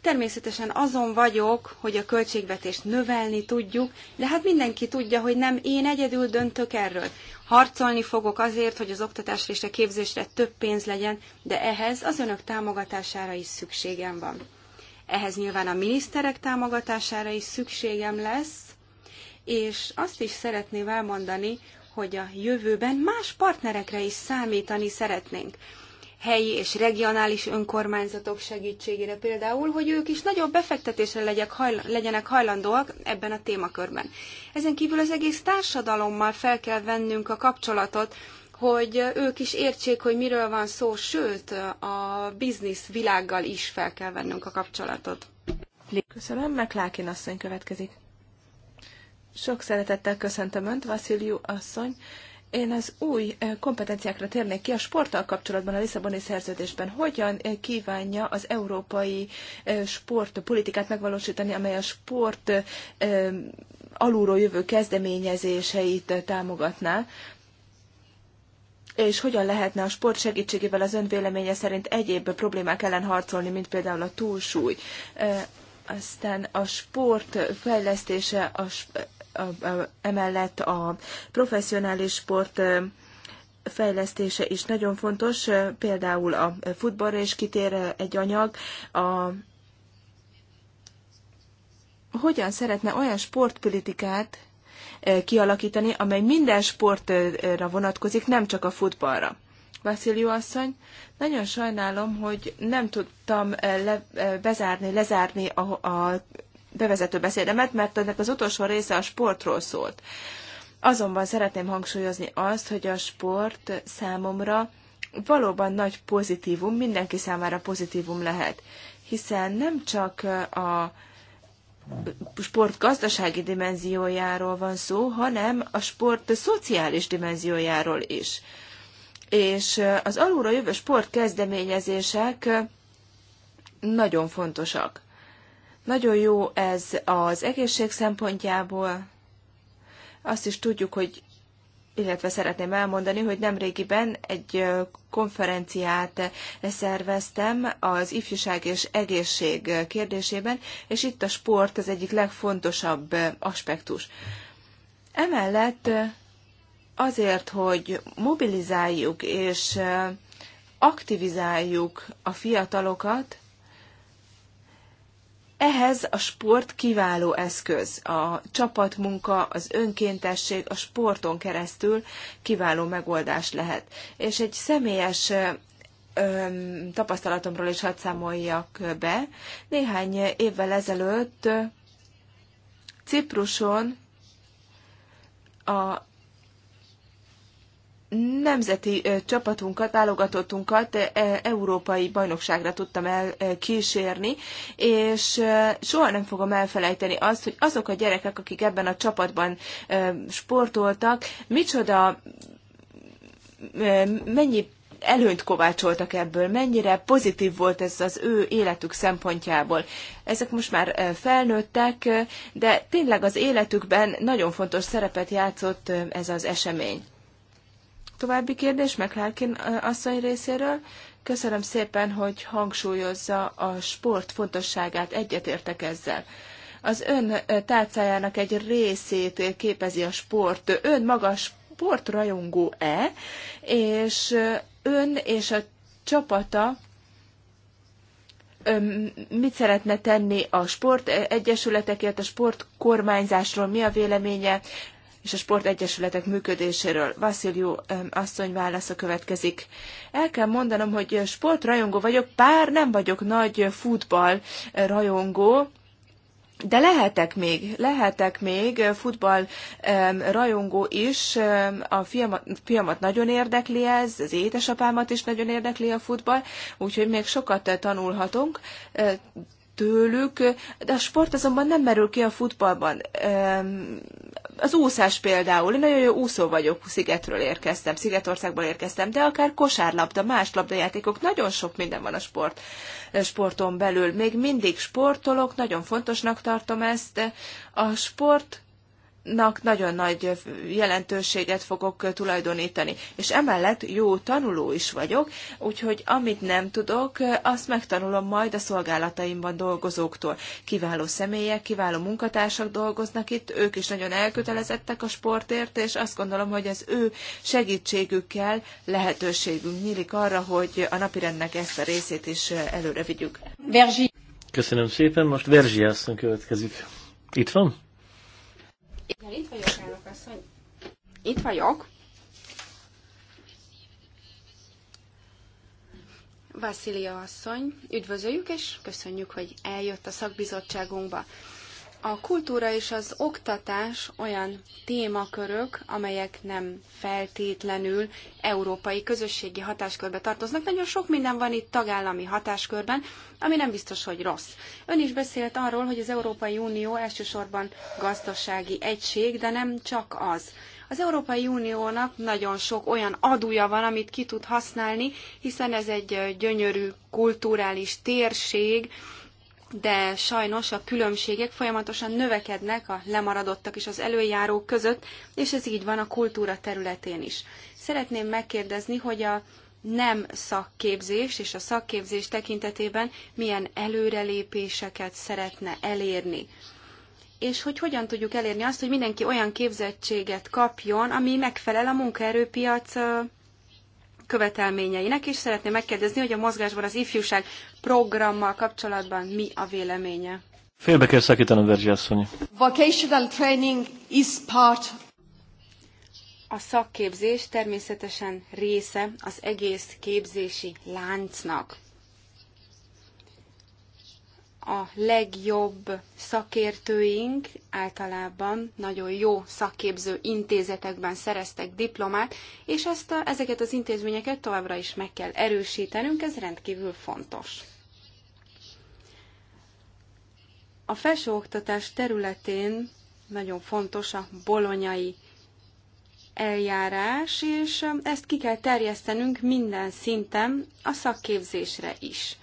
Természetesen azon vagyok, hogy a költségvetést növelni tudjuk, de hát mindenki tudja, hogy nem én egyedül döntök erről. Harcolni fogok azért, hogy az oktatásra és a képzésre több pénz legyen, de ehhez az önök támogatására is szükségem van. Ehhez nyilván a miniszterek támogatására is szükségem lesz, és azt is szeretném elmondani, hogy a jövőben más partnerekre is számítani szeretnénk helyi és regionális önkormányzatok segítségére például, hogy ők is nagyobb befektetésre legyek, hajla, legyenek hajlandóak ebben a témakörben. Ezen kívül az egész társadalommal fel kell vennünk a kapcsolatot, hogy ők is értsék, hogy miről van szó, sőt, a biznisz világgal is fel kell vennünk a kapcsolatot. Köszönöm, Meklákin asszony következik. Sok szeretettel köszöntöm Önt, Vasziliu asszony én az új eh, kompetenciákra térnék ki a sporttal kapcsolatban a Lisszaboni szerződésben. Hogyan eh, kívánja az európai eh, sportpolitikát megvalósítani, amely a sport alulról jövő kezdeményezéseit támogatná? és hogyan lehetne a sport segítségével az ön véleménye szerint egyéb problémák ellen harcolni, mint például a túlsúly. Aztán a sport fejlesztése, a emellett a professzionális sport fejlesztése is nagyon fontos, például a futballra is kitér egy anyag, a hogyan szeretne olyan sportpolitikát kialakítani, amely minden sportra vonatkozik, nem csak a futballra. Vasziliu asszony, nagyon sajnálom, hogy nem tudtam le, bezárni, lezárni a, a bevezető beszédemet, mert ennek az utolsó része a sportról szólt. Azonban szeretném hangsúlyozni azt, hogy a sport számomra valóban nagy pozitívum, mindenki számára pozitívum lehet, hiszen nem csak a sport gazdasági dimenziójáról van szó, hanem a sport szociális dimenziójáról is. És az alulra jövő sport kezdeményezések nagyon fontosak. Nagyon jó ez az egészség szempontjából. Azt is tudjuk, hogy illetve szeretném elmondani, hogy nemrégiben egy konferenciát szerveztem az ifjúság és egészség kérdésében, és itt a sport az egyik legfontosabb aspektus. Emellett azért, hogy mobilizáljuk és aktivizáljuk a fiatalokat, ehhez a sport kiváló eszköz. A csapatmunka, az önkéntesség a sporton keresztül kiváló megoldás lehet. És egy személyes tapasztalatomról is hadd számoljak be. Néhány évvel ezelőtt Cipruson a nemzeti csapatunkat, válogatottunkat európai bajnokságra tudtam elkísérni, és soha nem fogom elfelejteni azt, hogy azok a gyerekek, akik ebben a csapatban sportoltak, micsoda mennyi előnyt kovácsoltak ebből, mennyire pozitív volt ez az ő életük szempontjából. Ezek most már felnőttek, de tényleg az életükben nagyon fontos szerepet játszott ez az esemény. További kérdés McLarkin asszony részéről. Köszönöm szépen, hogy hangsúlyozza a sport fontosságát, egyetértek ezzel. Az ön tárcájának egy részét képezi a sport. Ön maga sportrajongó-e, és ön és a csapata mit szeretne tenni a sport egyesületekért, a sport kormányzásról, mi a véleménye, és a sportegyesületek működéséről. Vasziliu asszony válasza következik. El kell mondanom, hogy sportrajongó vagyok, pár nem vagyok nagy futballrajongó, rajongó, de lehetek még, lehetek még futball um, rajongó is, um, a fiamat, fiamat nagyon érdekli ez, az édesapámat is nagyon érdekli a futball, úgyhogy még sokat tanulhatunk, tőlük, de a sport azonban nem merül ki a futballban. Az úszás például, én nagyon jó úszó vagyok, szigetről érkeztem, Szigetországból érkeztem, de akár kosárlabda, más labdajátékok, nagyon sok minden van a sport, eh, sporton belül. Még mindig sportolok, nagyon fontosnak tartom ezt. A sport nak nagyon nagy jelentőséget fogok tulajdonítani. És emellett jó tanuló is vagyok, úgyhogy amit nem tudok, azt megtanulom majd a szolgálataimban dolgozóktól. Kiváló személyek, kiváló munkatársak dolgoznak itt, ők is nagyon elkötelezettek a sportért, és azt gondolom, hogy az ő segítségükkel lehetőségünk nyílik arra, hogy a napirendnek ezt a részét is előre vigyük. Köszönöm szépen, most Verzsi asszony következik. Itt van? Igen, itt vagyok, elnök asszony. Itt vagyok. asszony, üdvözöljük, és köszönjük, hogy eljött a szakbizottságunkba. A kultúra és az oktatás olyan témakörök, amelyek nem feltétlenül európai közösségi hatáskörbe tartoznak. Nagyon sok minden van itt tagállami hatáskörben, ami nem biztos, hogy rossz. Ön is beszélt arról, hogy az Európai Unió elsősorban gazdasági egység, de nem csak az. Az Európai Uniónak nagyon sok olyan adója van, amit ki tud használni, hiszen ez egy gyönyörű kulturális térség, de sajnos a különbségek folyamatosan növekednek a lemaradottak és az előjárók között, és ez így van a kultúra területén is. Szeretném megkérdezni, hogy a nem szakképzés és a szakképzés tekintetében milyen előrelépéseket szeretne elérni. És hogy hogyan tudjuk elérni azt, hogy mindenki olyan képzettséget kapjon, ami megfelel a munkaerőpiac követelményeinek, és szeretném megkérdezni, hogy a mozgásban az ifjúság programmal kapcsolatban mi a véleménye. Félbe kell szakítanom, Verzsi asszony. Vocational training is part a szakképzés természetesen része az egész képzési láncnak a legjobb szakértőink általában nagyon jó szakképző intézetekben szereztek diplomát, és ezt, ezeket az intézményeket továbbra is meg kell erősítenünk, ez rendkívül fontos. A felsőoktatás területén nagyon fontos a bolonyai eljárás, és ezt ki kell terjesztenünk minden szinten a szakképzésre is.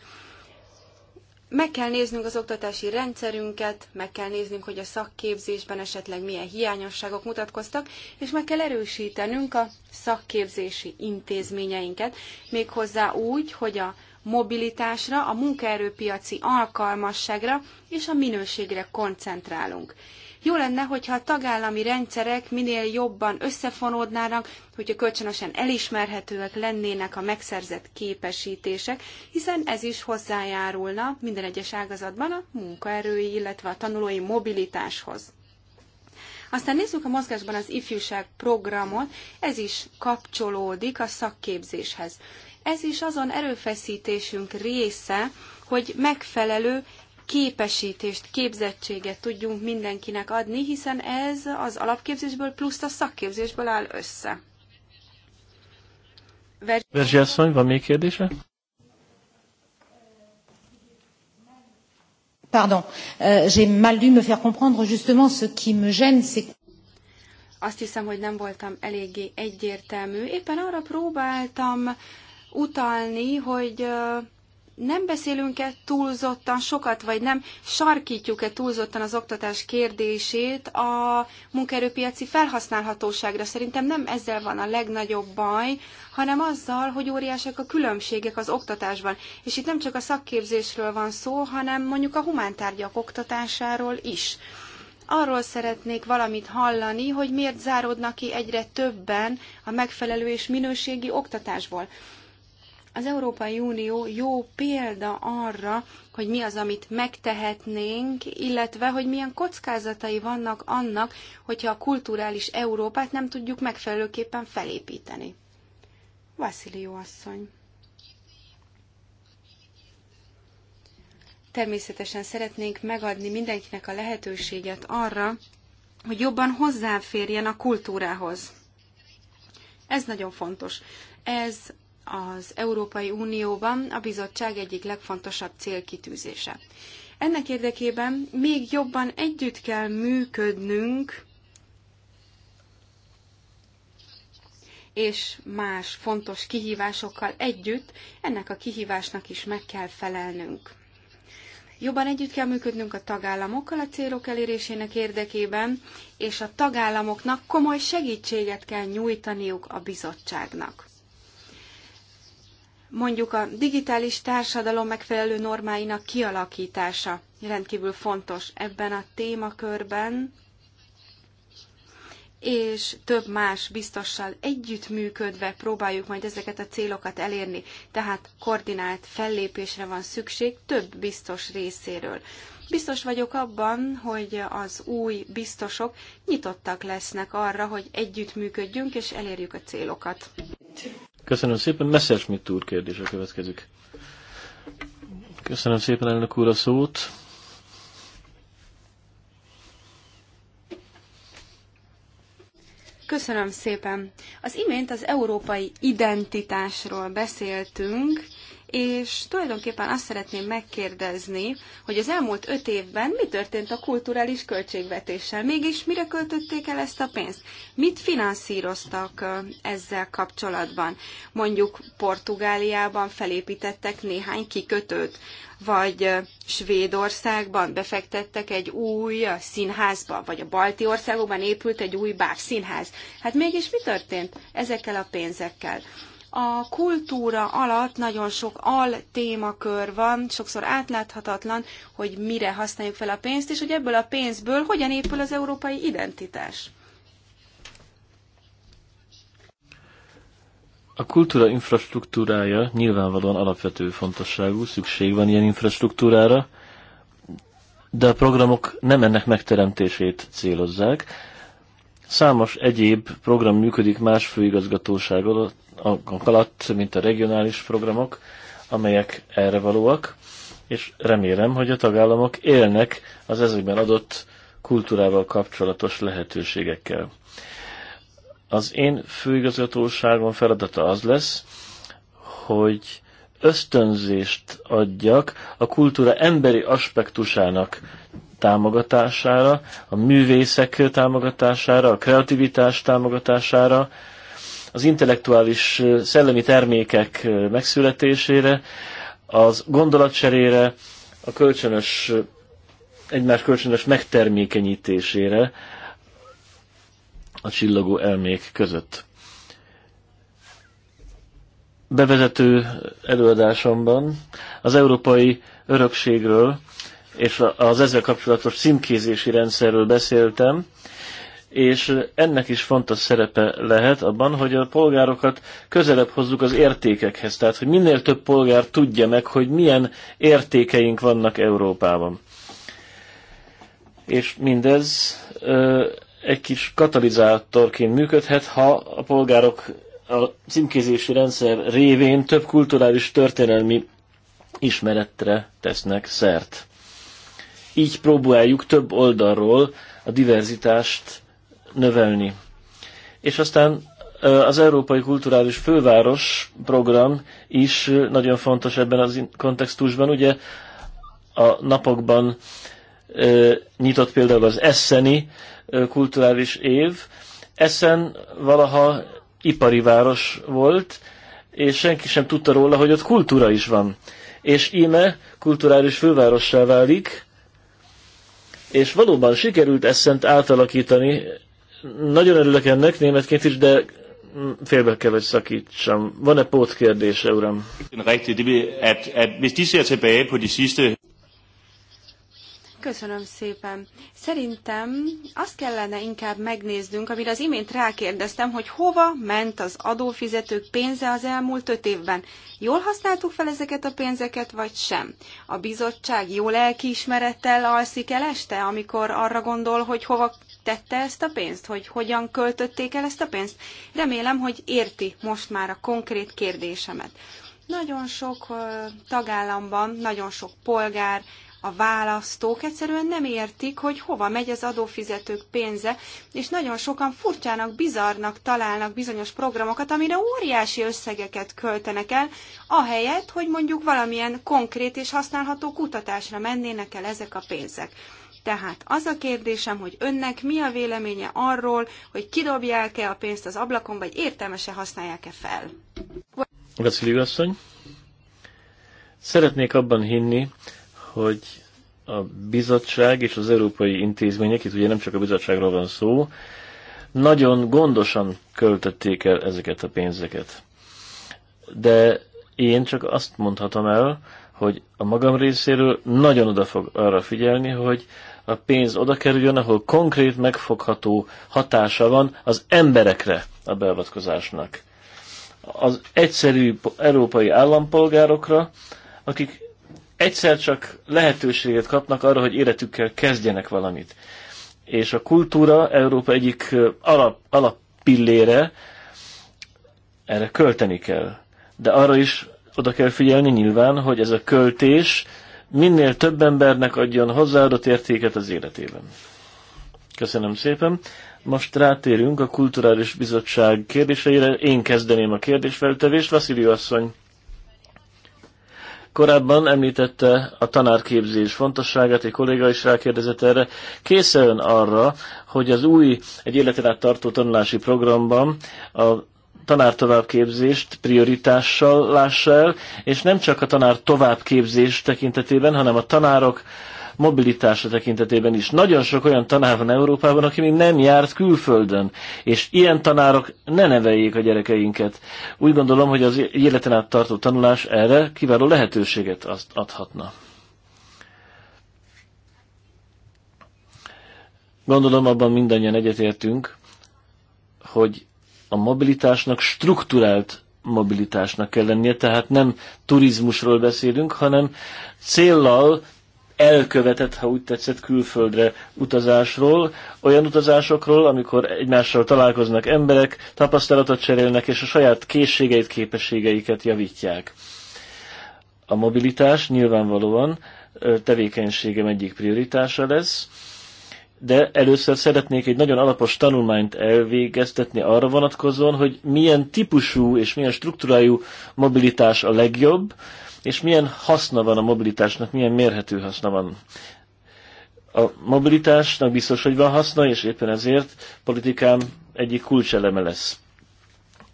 Meg kell néznünk az oktatási rendszerünket, meg kell néznünk, hogy a szakképzésben esetleg milyen hiányosságok mutatkoztak, és meg kell erősítenünk a szakképzési intézményeinket, méghozzá úgy, hogy a mobilitásra, a munkaerőpiaci alkalmasságra és a minőségre koncentrálunk. Jó lenne, hogyha a tagállami rendszerek minél jobban összefonódnának, hogyha kölcsönösen elismerhetőek lennének a megszerzett képesítések, hiszen ez is hozzájárulna minden egyes ágazatban a munkaerői, illetve a tanulói mobilitáshoz. Aztán nézzük a mozgásban az ifjúság programot, ez is kapcsolódik a szakképzéshez. Ez is azon erőfeszítésünk része, hogy megfelelő képesítést, képzettséget tudjunk mindenkinek adni, hiszen ez az alapképzésből plusz a szakképzésből áll össze. Verzsi asszony, van még kérdése? Pardon, euh, j'ai mal dû me faire comprendre justement ce qui me gêne, c'est azt hiszem, hogy nem voltam eléggé egyértelmű. Éppen arra próbáltam utalni, hogy euh, nem beszélünk-e túlzottan sokat, vagy nem sarkítjuk-e túlzottan az oktatás kérdését a munkaerőpiaci felhasználhatóságra? Szerintem nem ezzel van a legnagyobb baj, hanem azzal, hogy óriások a különbségek az oktatásban. És itt nem csak a szakképzésről van szó, hanem mondjuk a humántárgyak oktatásáról is. Arról szeretnék valamit hallani, hogy miért záródnak ki egyre többen a megfelelő és minőségi oktatásból az Európai Unió jó példa arra, hogy mi az, amit megtehetnénk, illetve hogy milyen kockázatai vannak annak, hogyha a kulturális Európát nem tudjuk megfelelőképpen felépíteni. Vasilió asszony. Természetesen szeretnénk megadni mindenkinek a lehetőséget arra, hogy jobban hozzáférjen a kultúrához. Ez nagyon fontos. Ez az Európai Unióban a bizottság egyik legfontosabb célkitűzése. Ennek érdekében még jobban együtt kell működnünk, és más fontos kihívásokkal együtt ennek a kihívásnak is meg kell felelnünk. Jobban együtt kell működnünk a tagállamokkal a célok elérésének érdekében, és a tagállamoknak komoly segítséget kell nyújtaniuk a bizottságnak mondjuk a digitális társadalom megfelelő normáinak kialakítása rendkívül fontos ebben a témakörben, és több más biztossal együttműködve próbáljuk majd ezeket a célokat elérni. Tehát koordinált fellépésre van szükség több biztos részéről. Biztos vagyok abban, hogy az új biztosok nyitottak lesznek arra, hogy együttműködjünk és elérjük a célokat. Köszönöm szépen. Messerschmitt úr kérdése következik. Köszönöm szépen, elnök úr, a szót. Köszönöm szépen. Az imént az európai identitásról beszéltünk, és tulajdonképpen azt szeretném megkérdezni, hogy az elmúlt öt évben mi történt a kulturális költségvetéssel, mégis mire költötték el ezt a pénzt, mit finanszíroztak ezzel kapcsolatban. Mondjuk Portugáliában felépítettek néhány kikötőt, vagy Svédországban befektettek egy új színházba, vagy a balti országokban épült egy új színház. Hát mégis mi történt ezekkel a pénzekkel? a kultúra alatt nagyon sok al témakör van, sokszor átláthatatlan, hogy mire használjuk fel a pénzt, és hogy ebből a pénzből hogyan épül az európai identitás. A kultúra infrastruktúrája nyilvánvalóan alapvető fontosságú, szükség van ilyen infrastruktúrára, de a programok nem ennek megteremtését célozzák, Számos egyéb program működik más főigazgatóság alatt, mint a regionális programok, amelyek erre valóak, és remélem, hogy a tagállamok élnek az ezekben adott kultúrával kapcsolatos lehetőségekkel. Az én főigazgatóságom feladata az lesz, hogy ösztönzést adjak a kultúra emberi aspektusának támogatására, a művészek támogatására, a kreativitás támogatására, az intellektuális szellemi termékek megszületésére, az gondolatcserére, a kölcsönös, egymás kölcsönös megtermékenyítésére a csillagó elmék között. Bevezető előadásomban az európai örökségről és az ezzel kapcsolatos címkézési rendszerről beszéltem, és ennek is fontos szerepe lehet abban, hogy a polgárokat közelebb hozzuk az értékekhez, tehát hogy minél több polgár tudja meg, hogy milyen értékeink vannak Európában. És mindez ö, egy kis katalizátorként működhet, ha a polgárok a címkézési rendszer révén több kulturális történelmi ismeretre tesznek szert így próbáljuk több oldalról a diverzitást növelni. És aztán az Európai Kulturális Főváros program is nagyon fontos ebben az kontextusban. Ugye a napokban nyitott például az Esseni kulturális év. Essen valaha ipari város volt, és senki sem tudta róla, hogy ott kultúra is van. És íme kulturális fővárossá válik, és valóban sikerült Essent átalakítani. Nagyon örülök ennek németként is, de félbe kell, hogy szakítsam. Van-e pótkérdése, uram? Köszönöm szépen. Szerintem azt kellene inkább megnéznünk, amire az imént rákérdeztem, hogy hova ment az adófizetők pénze az elmúlt öt évben. Jól használtuk fel ezeket a pénzeket, vagy sem? A bizottság jó lelkiismerettel alszik el este, amikor arra gondol, hogy hova tette ezt a pénzt, hogy hogyan költötték el ezt a pénzt? Remélem, hogy érti most már a konkrét kérdésemet. Nagyon sok tagállamban, nagyon sok polgár a választók egyszerűen nem értik, hogy hova megy az adófizetők pénze, és nagyon sokan furcsának, bizarnak találnak bizonyos programokat, amire óriási összegeket költenek el, ahelyett, hogy mondjuk valamilyen konkrét és használható kutatásra mennének el ezek a pénzek. Tehát az a kérdésem, hogy önnek mi a véleménye arról, hogy kidobják-e a pénzt az ablakon, vagy értelmesen használják-e fel? Vacili asszony, szeretnék abban hinni, hogy a bizottság és az európai intézmények, itt ugye nem csak a bizottságról van szó, nagyon gondosan költötték el ezeket a pénzeket. De én csak azt mondhatom el, hogy a magam részéről nagyon oda fog arra figyelni, hogy a pénz oda kerüljön, ahol konkrét megfogható hatása van az emberekre a beavatkozásnak. Az egyszerű európai állampolgárokra, akik egyszer csak lehetőséget kapnak arra, hogy életükkel kezdjenek valamit. És a kultúra Európa egyik alap, alappillére, erre költeni kell. De arra is oda kell figyelni nyilván, hogy ez a költés minél több embernek adjon hozzáadott értéket az életében. Köszönöm szépen. Most rátérünk a Kulturális Bizottság kérdéseire. Én kezdeném a kérdésfeltevést. Vaszilió asszony Korábban említette a tanárképzés fontosságát, egy kolléga is rákérdezett erre. Készen arra, hogy az új, egy életen át tartó tanulási programban a tanár továbbképzést prioritással lássa el, és nem csak a tanár továbbképzés tekintetében, hanem a tanárok mobilitása tekintetében is. Nagyon sok olyan tanár van Európában, aki még nem járt külföldön, és ilyen tanárok ne neveljék a gyerekeinket. Úgy gondolom, hogy az életen át tartó tanulás erre kiváló lehetőséget azt adhatna. Gondolom abban mindannyian egyetértünk, hogy a mobilitásnak strukturált mobilitásnak kell lennie, tehát nem turizmusról beszélünk, hanem céllal elkövetett, ha úgy tetszett, külföldre utazásról, olyan utazásokról, amikor egymással találkoznak emberek, tapasztalatot cserélnek, és a saját készségeit, képességeiket javítják. A mobilitás nyilvánvalóan tevékenységem egyik prioritása lesz, de először szeretnék egy nagyon alapos tanulmányt elvégeztetni arra vonatkozóan, hogy milyen típusú és milyen struktúrájú mobilitás a legjobb, és milyen haszna van a mobilitásnak, milyen mérhető haszna van. A mobilitásnak biztos, hogy van haszna, és éppen ezért politikám egyik kulcseleme lesz.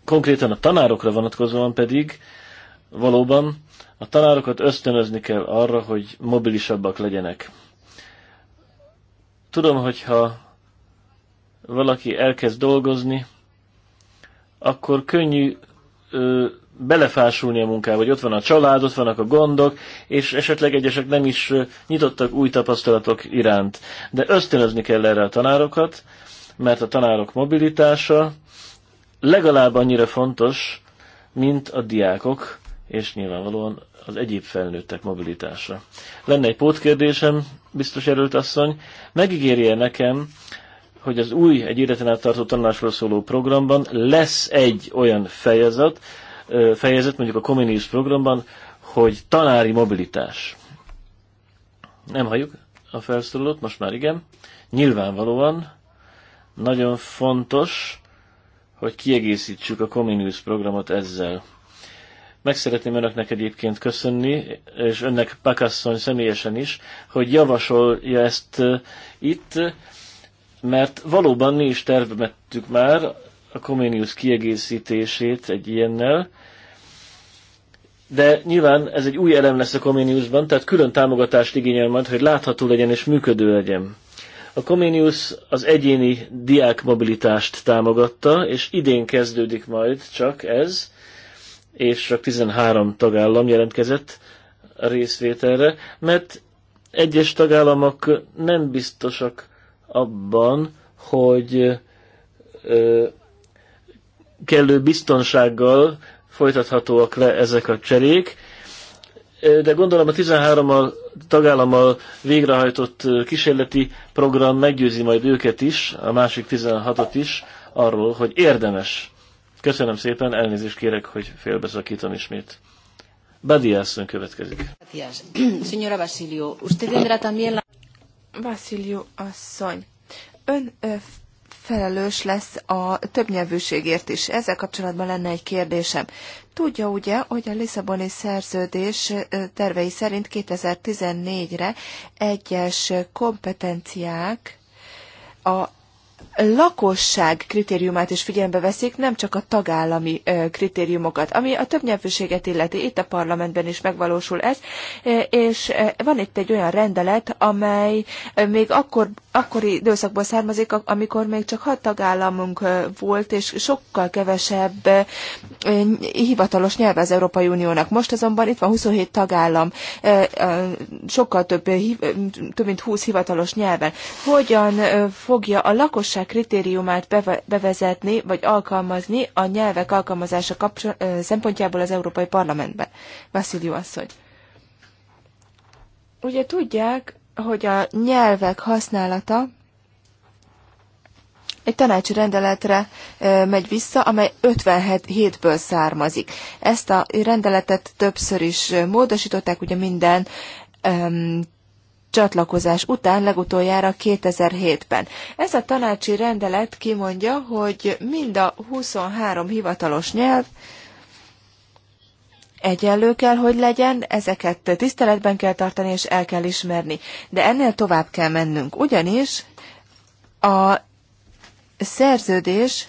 Konkrétan a tanárokra vonatkozóan pedig valóban a tanárokat ösztönözni kell arra, hogy mobilisabbak legyenek. Tudom, hogyha valaki elkezd dolgozni, akkor könnyű ö, belefásulni a munkába, hogy ott van a család, ott vannak a gondok, és esetleg egyesek nem is nyitottak új tapasztalatok iránt. De ösztönözni kell erre a tanárokat, mert a tanárok mobilitása legalább annyira fontos, mint a diákok, és nyilvánvalóan az egyéb felnőttek mobilitása. Lenne egy pótkérdésem, biztos erőlt asszony, megígérje nekem, hogy az új, egy életen át tartó tanulásról szóló programban lesz egy olyan fejezet, fejezet, mondjuk a Comenius programban, hogy tanári mobilitás. Nem halljuk a felszólalót, most már igen. Nyilvánvalóan nagyon fontos, hogy kiegészítsük a Comenius programot ezzel. Meg szeretném önöknek egyébként köszönni, és önnek Pakasszony személyesen is, hogy javasolja ezt itt, mert valóban mi is tervemettük már a Comenius kiegészítését egy ilyennel, de nyilván ez egy új elem lesz a Comeniusban, tehát külön támogatást igényel majd, hogy látható legyen és működő legyen. A Comenius az egyéni diák mobilitást támogatta, és idén kezdődik majd csak ez, és csak 13 tagállam jelentkezett a részvételre, mert egyes tagállamok nem biztosak abban, hogy ö, kellő biztonsággal folytathatóak le ezek a cserék, de gondolom a 13 tagállammal végrehajtott kísérleti program meggyőzi majd őket is, a másik 16-ot is arról, hogy érdemes. Köszönöm szépen, elnézést kérek, hogy félbeszakítom ismét. Badiászön következik. Señora Basilio, usted también la... Basilio asszony, ön felelős lesz a többnyelvűségért is. Ezzel kapcsolatban lenne egy kérdésem. Tudja ugye, hogy a Lisszaboni szerződés tervei szerint 2014-re egyes kompetenciák a lakosság kritériumát is figyelembe veszik, nem csak a tagállami kritériumokat, ami a többnyelvűséget illeti. Itt a parlamentben is megvalósul ez, és van itt egy olyan rendelet, amely még akkor akkori időszakból származik, amikor még csak hat tagállamunk volt, és sokkal kevesebb hivatalos nyelv az Európai Uniónak. Most azonban itt van 27 tagállam, sokkal több, több mint 20 hivatalos nyelven. Hogyan fogja a lakosság kritériumát bevezetni, vagy alkalmazni a nyelvek alkalmazása kapcsol- szempontjából az Európai Parlamentben? Vasszilió asszony. Ugye tudják, hogy a nyelvek használata egy tanácsi rendeletre megy vissza, amely 57-ből származik. Ezt a rendeletet többször is módosították, ugye minden um, csatlakozás után legutoljára 2007-ben. Ez a tanácsi rendelet kimondja, hogy mind a 23 hivatalos nyelv, egyenlő kell, hogy legyen, ezeket tiszteletben kell tartani, és el kell ismerni. De ennél tovább kell mennünk, ugyanis a szerződés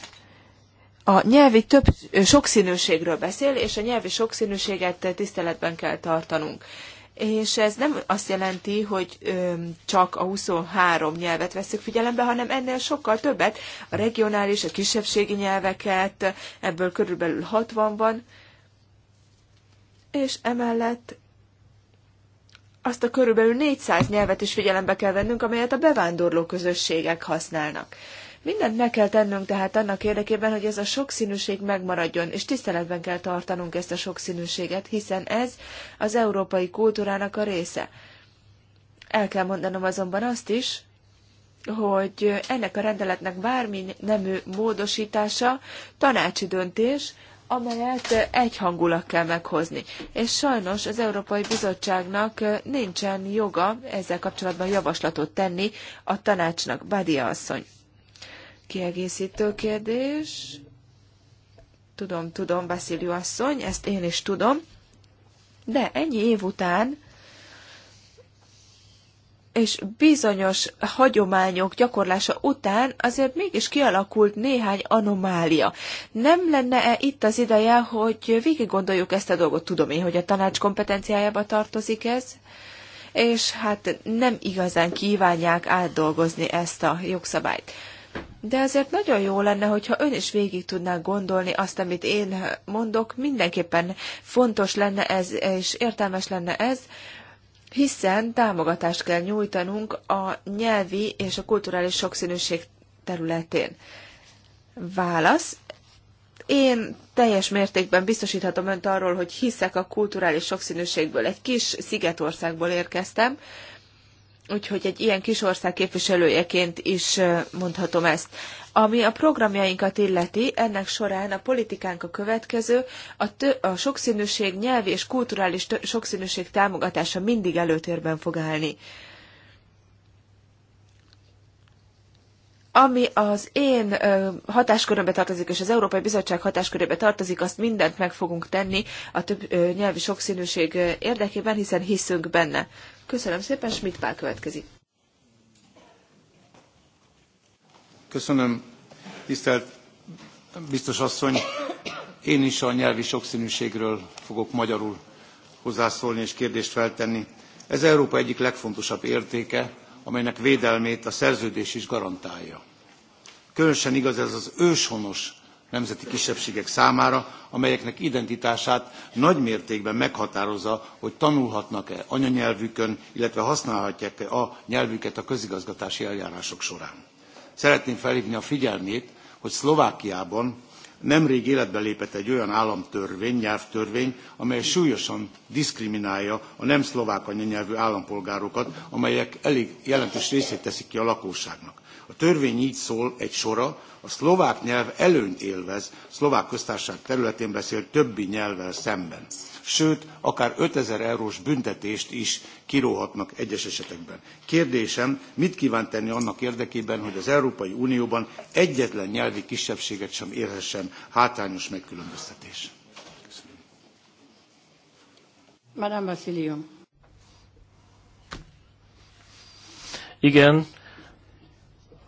a nyelvi több sokszínűségről beszél, és a nyelvi sokszínűséget tiszteletben kell tartanunk. És ez nem azt jelenti, hogy ö, csak a 23 nyelvet veszük figyelembe, hanem ennél sokkal többet, a regionális, a kisebbségi nyelveket, ebből körülbelül 60 van, és emellett azt a körülbelül 400 nyelvet is figyelembe kell vennünk, amelyet a bevándorló közösségek használnak. Mindent meg kell tennünk tehát annak érdekében, hogy ez a sokszínűség megmaradjon, és tiszteletben kell tartanunk ezt a sokszínűséget, hiszen ez az európai kultúrának a része. El kell mondanom azonban azt is, hogy ennek a rendeletnek bármi nemű módosítása tanácsi döntés, amelyet egyhangulag kell meghozni. És sajnos az Európai Bizottságnak nincsen joga ezzel kapcsolatban javaslatot tenni a tanácsnak. Badia asszony. Kiegészítő kérdés. Tudom, tudom, Basziliu asszony, ezt én is tudom. De ennyi év után és bizonyos hagyományok gyakorlása után azért mégis kialakult néhány anomália. Nem lenne-e itt az ideje, hogy végig gondoljuk ezt a dolgot? Tudom én, hogy a tanács kompetenciájába tartozik ez, és hát nem igazán kívánják átdolgozni ezt a jogszabályt. De azért nagyon jó lenne, hogyha ön is végig tudná gondolni azt, amit én mondok, mindenképpen fontos lenne ez, és értelmes lenne ez, hiszen támogatást kell nyújtanunk a nyelvi és a kulturális sokszínűség területén. Válasz. Én teljes mértékben biztosíthatom önt arról, hogy hiszek a kulturális sokszínűségből. Egy kis szigetországból érkeztem, Úgyhogy egy ilyen kis ország képviselőjeként is mondhatom ezt. Ami a programjainkat illeti, ennek során a politikánk a következő, a, tő, a sokszínűség, nyelvi és kulturális tő, sokszínűség támogatása mindig előtérben fog állni. Ami az én hatáskörömbe tartozik, és az Európai Bizottság hatáskörébe tartozik, azt mindent meg fogunk tenni a több nyelvi sokszínűség érdekében, hiszen hiszünk benne. Köszönöm szépen, Schmidt Pál következik. Köszönöm, tisztelt biztos asszony. Én is a nyelvi sokszínűségről fogok magyarul hozzászólni és kérdést feltenni. Ez Európa egyik legfontosabb értéke, amelynek védelmét a szerződés is garantálja. Különösen igaz ez az őshonos nemzeti kisebbségek számára, amelyeknek identitását nagy mértékben meghatározza, hogy tanulhatnak-e anyanyelvükön, illetve használhatják-e a nyelvüket a közigazgatási eljárások során. Szeretném felhívni a figyelmét, hogy Szlovákiában nemrég életbe lépett egy olyan államtörvény, nyelvtörvény, amely súlyosan diszkriminálja a nem szlovák anyanyelvű állampolgárokat, amelyek elég jelentős részét teszik ki a lakosságnak. A törvény így szól egy sora, a szlovák nyelv előnyt élvez szlovák köztársaság területén beszélt többi nyelvvel szemben. Sőt, akár 5000 eurós büntetést is kiróhatnak egyes esetekben. Kérdésem, mit kíván tenni annak érdekében, hogy az Európai Unióban egyetlen nyelvi kisebbséget sem érhessen hátrányos megkülönböztetés? Madame Igen,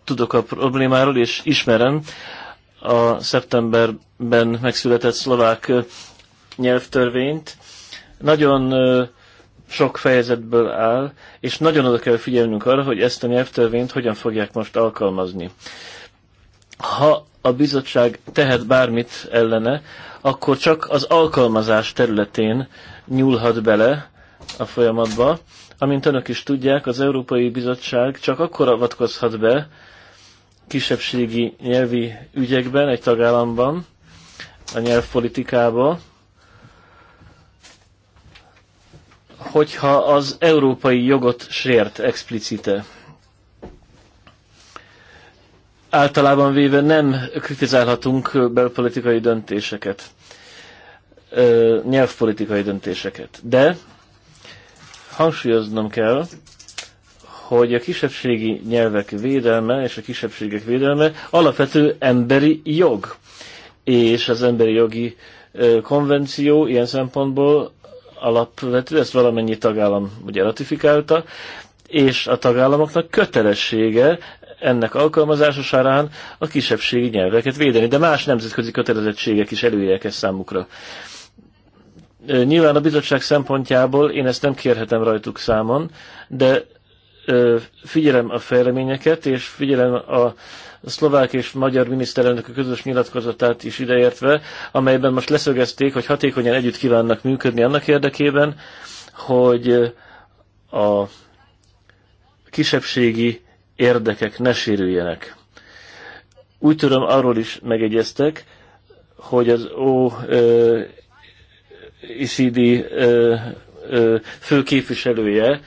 tudok a problémáról, és ismerem a szeptemberben megszületett szlovák nyelvtörvényt. Nagyon sok fejezetből áll, és nagyon oda kell figyelnünk arra, hogy ezt a nyelvtörvényt hogyan fogják most alkalmazni. Ha a bizottság tehet bármit ellene, akkor csak az alkalmazás területén nyúlhat bele a folyamatba. Amint önök is tudják, az Európai Bizottság csak akkor avatkozhat be, kisebbségi nyelvi ügyekben egy tagállamban, a nyelvpolitikában, hogyha az európai jogot sért explicite. Általában véve nem kritizálhatunk belpolitikai döntéseket, nyelvpolitikai döntéseket, de hangsúlyoznom kell, hogy a kisebbségi nyelvek védelme és a kisebbségek védelme alapvető emberi jog. És az emberi jogi konvenció ilyen szempontból alapvető, ezt valamennyi tagállam ugye ratifikálta, és a tagállamoknak kötelessége ennek alkalmazása során a kisebbségi nyelveket védeni, de más nemzetközi kötelezettségek is előjelke ezt számukra. Nyilván a bizottság szempontjából én ezt nem kérhetem rajtuk számon, de figyelem a fejleményeket, és figyelem a szlovák és magyar miniszterelnök közös nyilatkozatát is ideértve, amelyben most leszögezték, hogy hatékonyan együtt kívánnak működni annak érdekében, hogy a kisebbségi érdekek ne sérüljenek. Úgy tudom, arról is megegyeztek, hogy az O főképviselője,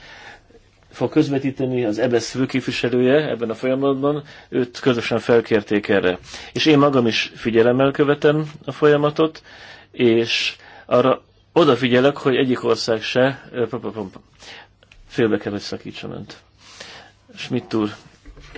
fog közvetíteni az EBSZ főképviselője ebben a folyamatban, őt közösen felkérték erre. És én magam is figyelemmel követem a folyamatot, és arra odafigyelek, hogy egyik ország se félbe kell, hogy szakítsa ment. Schmidt úr.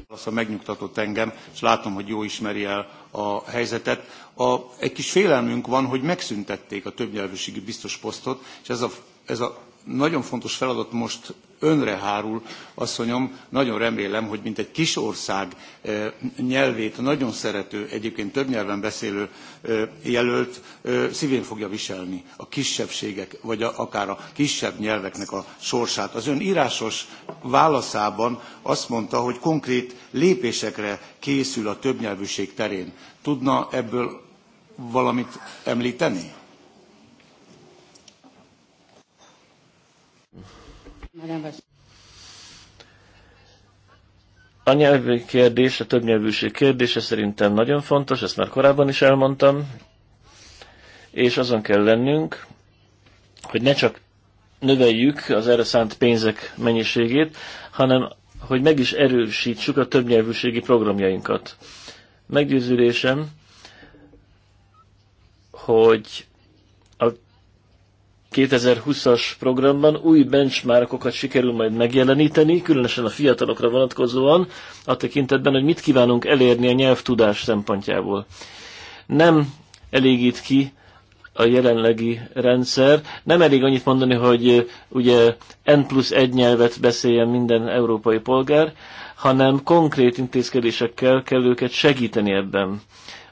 Azt megnyugtatott engem, és látom, hogy jó ismeri el a helyzetet. A, egy kis félelmünk van, hogy megszüntették a többnyelvűségi biztos posztot, és ez a, ez a nagyon fontos feladat most önre hárul, asszonyom, nagyon remélem, hogy mint egy kis ország eh, nyelvét nagyon szerető, egyébként több nyelven beszélő eh, jelölt eh, szívén fogja viselni a kisebbségek, vagy akár a kisebb nyelveknek a sorsát. Az ön írásos válaszában azt mondta, hogy konkrét lépésekre készül a többnyelvűség terén. Tudna ebből valamit említeni? A nyelvi kérdés, a többnyelvűség kérdése szerintem nagyon fontos, ezt már korábban is elmondtam, és azon kell lennünk, hogy ne csak növeljük az erre szánt pénzek mennyiségét, hanem hogy meg is erősítsük a többnyelvűségi programjainkat. Meggyőződésem, hogy a 2020-as programban új benchmarkokat sikerül majd megjeleníteni, különösen a fiatalokra vonatkozóan, a tekintetben, hogy mit kívánunk elérni a nyelvtudás szempontjából. Nem elégít ki a jelenlegi rendszer. Nem elég annyit mondani, hogy ugye N plusz egy nyelvet beszéljen minden európai polgár, hanem konkrét intézkedésekkel kell őket segíteni ebben.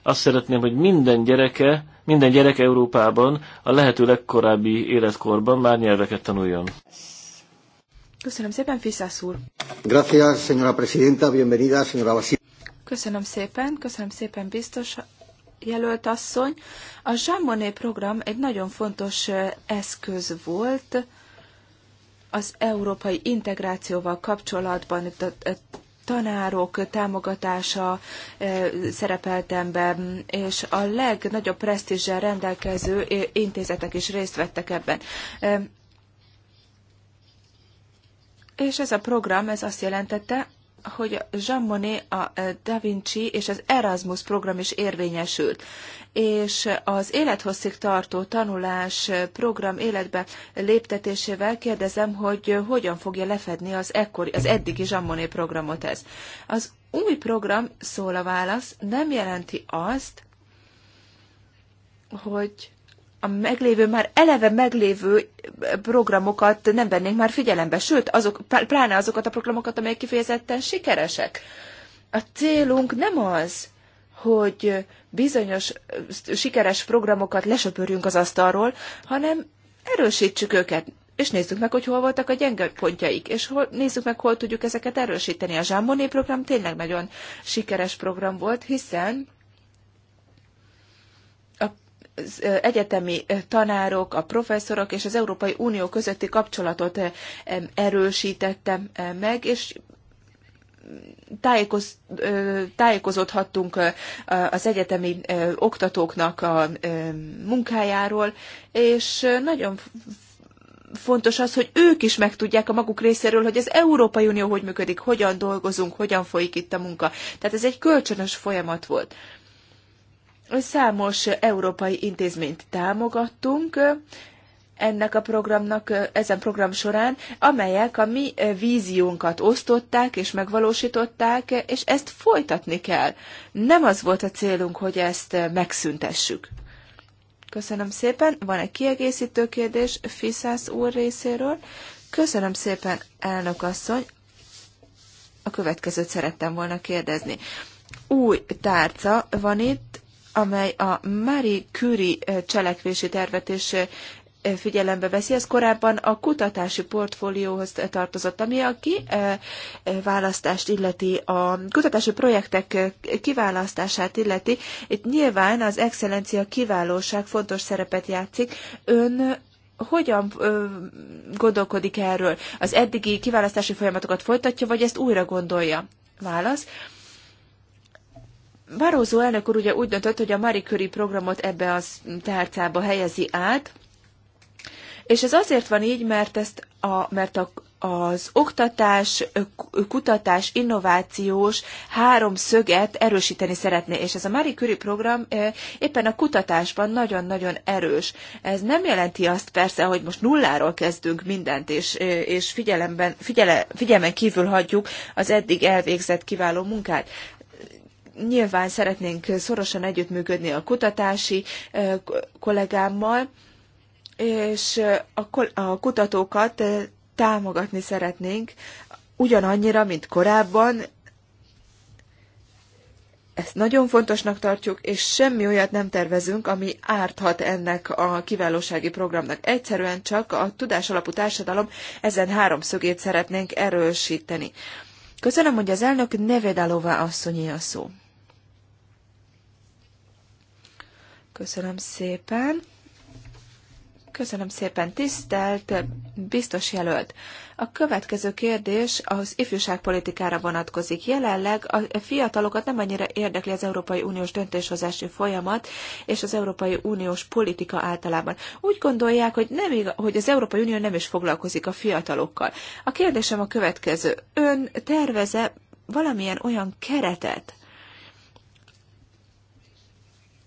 Azt szeretném, hogy minden gyereke, minden gyerek Európában a lehető legkorábbi életkorban már nyelveket tanuljon. Köszönöm szépen, Fiszász úr. Gracias, señora presidenta. Bienvenida, señora Basil. Köszönöm szépen, köszönöm szépen, biztos jelölt asszony. A Monnet program egy nagyon fontos eszköz volt az európai integrációval kapcsolatban, itt a tanárok támogatása eh, szerepeltem be, és a legnagyobb presztízsel rendelkező intézetek is részt vettek ebben. Eh, és ez a program, ez azt jelentette, hogy Jean Monnet, a eh, Da Vinci és az Erasmus program is érvényesült, és az élethosszig tartó tanulás eh, program életbe léptetésével kérdezem, hogy hogyan fogja lefedni az, ekkori, az eddigi Jean Monnet programot ez. Az új program, szól a válasz, nem jelenti azt, hogy a meglévő, már eleve meglévő programokat nem vennénk már figyelembe, sőt, azok, pláne azokat a programokat, amelyek kifejezetten sikeresek. A célunk nem az, hogy bizonyos sikeres programokat lesöpörjünk az asztalról, hanem erősítsük őket, és nézzük meg, hogy hol voltak a gyenge pontjaik, és hol, nézzük meg, hol tudjuk ezeket erősíteni. A Zsámoné program tényleg nagyon sikeres program volt, hiszen az egyetemi tanárok, a professzorok és az Európai Unió közötti kapcsolatot erősítette meg, és tájékoz, tájékozódhattunk az egyetemi oktatóknak a munkájáról, és nagyon fontos az, hogy ők is megtudják a maguk részéről, hogy az Európai Unió hogy működik, hogyan dolgozunk, hogyan folyik itt a munka. Tehát ez egy kölcsönös folyamat volt. Számos európai intézményt támogattunk, ennek a programnak, ezen program során, amelyek a mi víziónkat osztották és megvalósították, és ezt folytatni kell. Nem az volt a célunk, hogy ezt megszüntessük. Köszönöm szépen. Van egy kiegészítő kérdés Fiszász úr részéről. Köszönöm szépen, elnök asszony. A következőt szerettem volna kérdezni. Új tárca van itt, amely a Marie Curie cselekvési tervet és figyelembe veszi. Ez korábban a kutatási portfólióhoz tartozott, ami a kiválasztást illeti, a kutatási projektek kiválasztását illeti. Itt nyilván az excellencia kiválóság fontos szerepet játszik. Ön hogyan ö, gondolkodik erről? Az eddigi kiválasztási folyamatokat folytatja, vagy ezt újra gondolja? Válasz. Barózó elnök úr ugye úgy döntött, hogy a Marie Curie programot ebbe a tárcába helyezi át, és ez azért van így, mert ezt a, mert a, az oktatás, kutatás, innovációs három szöget erősíteni szeretné, és ez a Marie Curie program eh, éppen a kutatásban nagyon-nagyon erős. Ez nem jelenti azt persze, hogy most nulláról kezdünk mindent, és, eh, és figyelemben, figyele, figyelmen kívül hagyjuk az eddig elvégzett kiváló munkát. Nyilván szeretnénk szorosan együttműködni a kutatási kollégámmal, és a kutatókat támogatni szeretnénk ugyanannyira, mint korábban, ezt nagyon fontosnak tartjuk, és semmi olyat nem tervezünk, ami árthat ennek a kiválósági programnak. Egyszerűen csak a tudásalapú társadalom ezen három szögét szeretnénk erősíteni. Köszönöm, hogy az elnök Nevedalova asszonyi a szó. Köszönöm szépen. Köszönöm szépen, tisztelt biztos jelölt. A következő kérdés az ifjúságpolitikára vonatkozik. Jelenleg a fiatalokat nem annyira érdekli az Európai Uniós döntéshozási folyamat és az Európai Uniós politika általában. Úgy gondolják, hogy, nem igaz, hogy az Európai Unió nem is foglalkozik a fiatalokkal. A kérdésem a következő. Ön terveze valamilyen olyan keretet,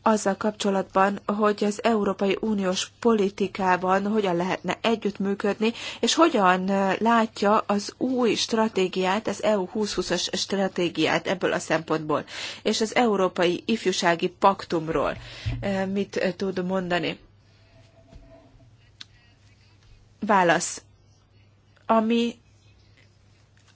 azzal kapcsolatban, hogy az Európai Uniós politikában hogyan lehetne együttműködni, és hogyan látja az új stratégiát, az EU 2020-as stratégiát ebből a szempontból, és az Európai Ifjúsági Paktumról mit tud mondani. Válasz. Ami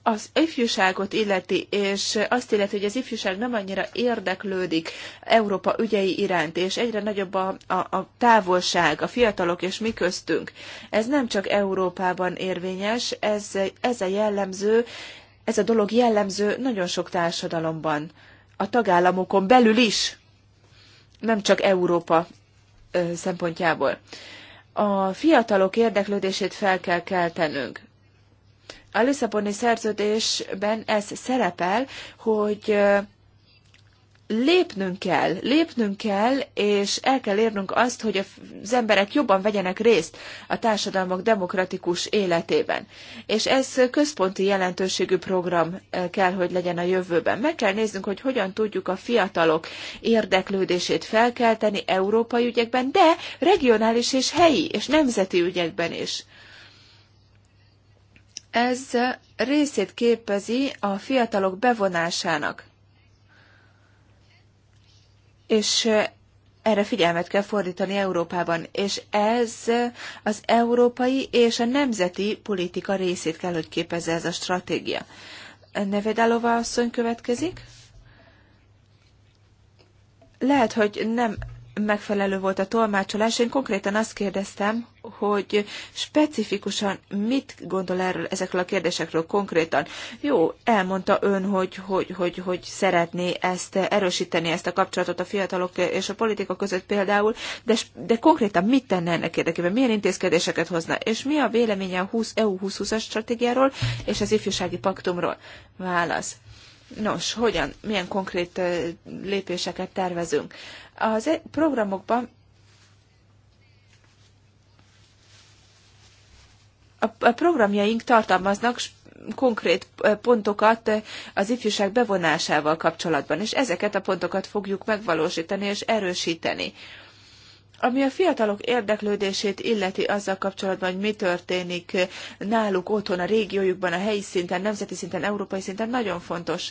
az ifjúságot illeti, és azt illeti, hogy az ifjúság nem annyira érdeklődik Európa ügyei iránt, és egyre nagyobb a, a, a távolság, a fiatalok és mi köztünk. Ez nem csak Európában érvényes, ez, ez a jellemző, ez a dolog jellemző nagyon sok társadalomban, a tagállamokon belül is, nem csak Európa szempontjából. A fiatalok érdeklődését fel kell keltenünk a Lisszaboni szerződésben ez szerepel, hogy lépnünk kell, lépnünk kell, és el kell érnünk azt, hogy az emberek jobban vegyenek részt a társadalmak demokratikus életében. És ez központi jelentőségű program kell, hogy legyen a jövőben. Meg kell néznünk, hogy hogyan tudjuk a fiatalok érdeklődését felkelteni európai ügyekben, de regionális és helyi és nemzeti ügyekben is. Ez részét képezi a fiatalok bevonásának. És eh, erre figyelmet kell fordítani Európában, és ez az európai és a nemzeti politika részét kell, hogy képezze ez a stratégia. Nevedalova asszony következik. Lehet, hogy nem megfelelő volt a tolmácsolás. Én konkrétan azt kérdeztem, hogy specifikusan mit gondol erről ezekről a kérdésekről konkrétan. Jó, elmondta ön, hogy, hogy, hogy, hogy szeretné ezt erősíteni, ezt a kapcsolatot a fiatalok és a politika között például, de, de konkrétan mit tenne ennek érdekében, milyen intézkedéseket hozna, és mi a véleménye a 20, EU 2020-as stratégiáról és az ifjúsági paktumról? Válasz. Nos, hogyan, milyen konkrét lépéseket tervezünk? Az e- programokban a programjaink tartalmaznak konkrét pontokat az ifjúság bevonásával kapcsolatban, és ezeket a pontokat fogjuk megvalósítani és erősíteni. Ami a fiatalok érdeklődését illeti azzal kapcsolatban, hogy mi történik náluk otthon, a régiójukban, a helyi szinten, nemzeti szinten, európai szinten, nagyon fontos.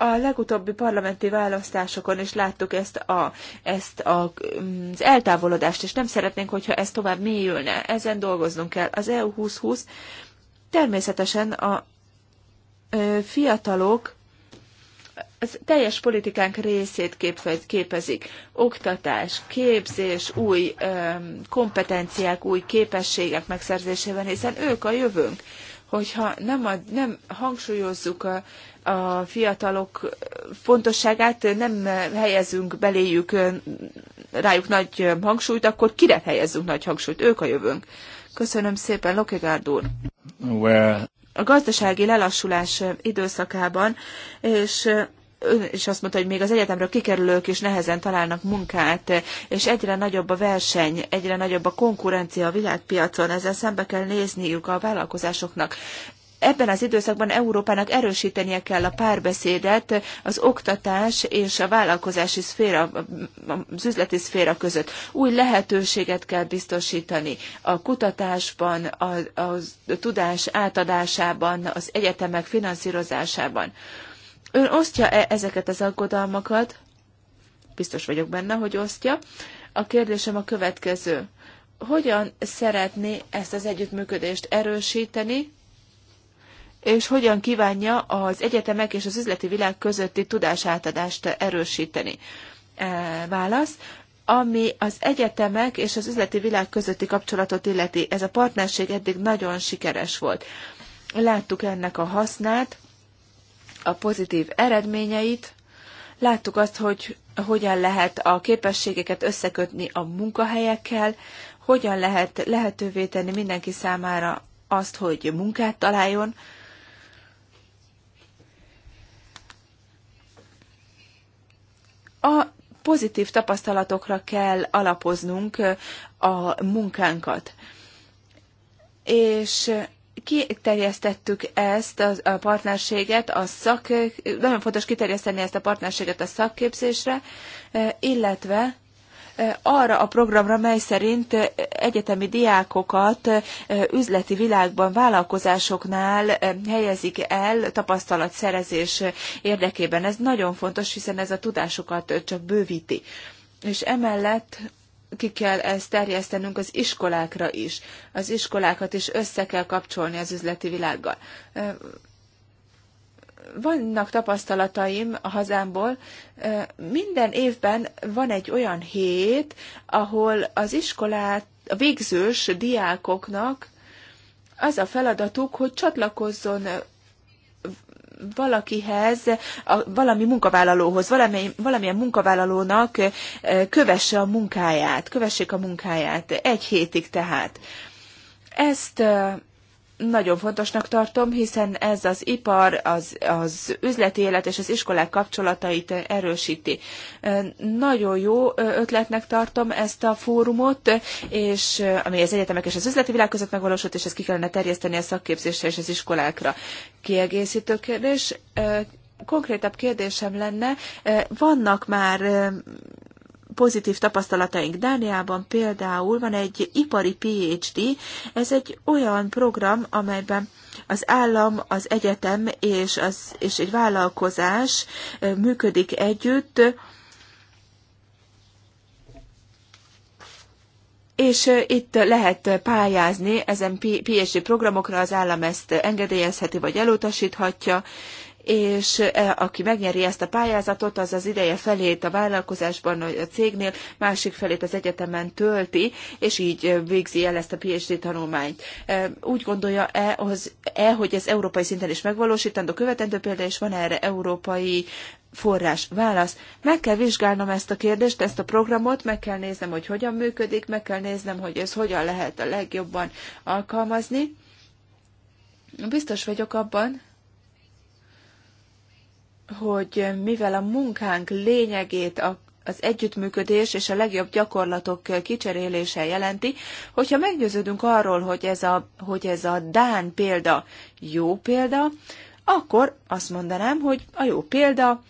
a legutóbbi parlamenti választásokon is láttuk ezt, a, ezt a, mm, az eltávolodást, és nem szeretnénk, hogyha ez tovább mélyülne. Ezen dolgoznunk kell. Az EU 2020 természetesen a fiatalok az teljes politikánk részét képezik. Oktatás, képzés, új kompetenciák, új képességek megszerzésében, hiszen ők a jövőnk hogyha nem, ad, nem hangsúlyozzuk a, a fiatalok fontosságát, nem helyezünk beléjük rájuk nagy hangsúlyt, akkor kire helyezzünk nagy hangsúlyt? Ők a jövőnk. Köszönöm szépen, Lokegárd úr. Well. A gazdasági lelassulás időszakában, és ön is azt mondta, hogy még az egyetemről kikerülők is nehezen találnak munkát, és egyre nagyobb a verseny, egyre nagyobb a konkurencia a világpiacon, ezzel szembe kell nézniük a vállalkozásoknak ebben az időszakban Európának erősítenie kell a párbeszédet az oktatás és a vállalkozási szféra, az üzleti szféra között. Új lehetőséget kell biztosítani a kutatásban, a, a tudás átadásában, az egyetemek finanszírozásában. Ön osztja-e ezeket az aggodalmakat? Biztos vagyok benne, hogy osztja. A kérdésem a következő. Hogyan szeretné ezt az együttműködést erősíteni, és hogyan kívánja az egyetemek és az üzleti világ közötti tudásátadást erősíteni? E, válasz ami az egyetemek és az üzleti világ közötti kapcsolatot illeti. Ez a partnerség eddig nagyon sikeres volt. Láttuk ennek a hasznát, a pozitív eredményeit, láttuk azt, hogy hogyan lehet a képességeket összekötni a munkahelyekkel, hogyan lehet lehetővé tenni mindenki számára azt, hogy munkát találjon. A pozitív tapasztalatokra kell alapoznunk a munkánkat. És kiterjesztettük ezt a partnerséget, a szak, nagyon fontos kiterjeszteni ezt a partnerséget a szakképzésre, e, illetve e, arra a programra, mely szerint egyetemi diákokat e, üzleti világban, vállalkozásoknál helyezik el tapasztalatszerezés érdekében. Ez nagyon fontos, hiszen ez a tudásokat csak bővíti. És emellett ki kell ezt terjesztenünk az iskolákra is. Az iskolákat is össze kell kapcsolni az üzleti világgal. Vannak tapasztalataim a hazámból. Minden évben van egy olyan hét, ahol az iskolát, a végzős diákoknak az a feladatuk, hogy csatlakozzon valakihez, a, valami munkavállalóhoz, valami, valamilyen munkavállalónak kövesse a munkáját, kövessék a munkáját, egy hétig tehát. Ezt nagyon fontosnak tartom, hiszen ez az ipar, az, az üzleti élet és az iskolák kapcsolatait erősíti. Nagyon jó ötletnek tartom ezt a fórumot, és ami az egyetemek és az üzleti világ között megvalósult, és ezt ki kellene terjeszteni a szakképzésre és az iskolákra. Kiegészítő kérdés. Konkrétabb kérdésem lenne, vannak már pozitív tapasztalataink. Dániában például van egy ipari PhD, ez egy olyan program, amelyben az állam, az egyetem és, az, és egy vállalkozás működik együtt, és itt lehet pályázni ezen PhD programokra, az állam ezt engedélyezheti vagy elutasíthatja, és e, aki megnyeri ezt a pályázatot, az az ideje felét a vállalkozásban, a cégnél, másik felét az egyetemen tölti, és így e, végzi el ezt a PhD tanulmányt. E, úgy gondolja-e, az, e, hogy ez európai szinten is megvalósítandó követendő példa, és van erre európai forrás. Válasz. Meg kell vizsgálnom ezt a kérdést, ezt a programot, meg kell néznem, hogy hogyan működik, meg kell néznem, hogy ez hogyan lehet a legjobban alkalmazni. Biztos vagyok abban, hogy mivel a munkánk lényegét a az együttműködés és a legjobb gyakorlatok kicserélése jelenti, hogyha meggyőződünk arról, hogy ez a, hogy ez a Dán példa jó példa, akkor azt mondanám, hogy a jó példa,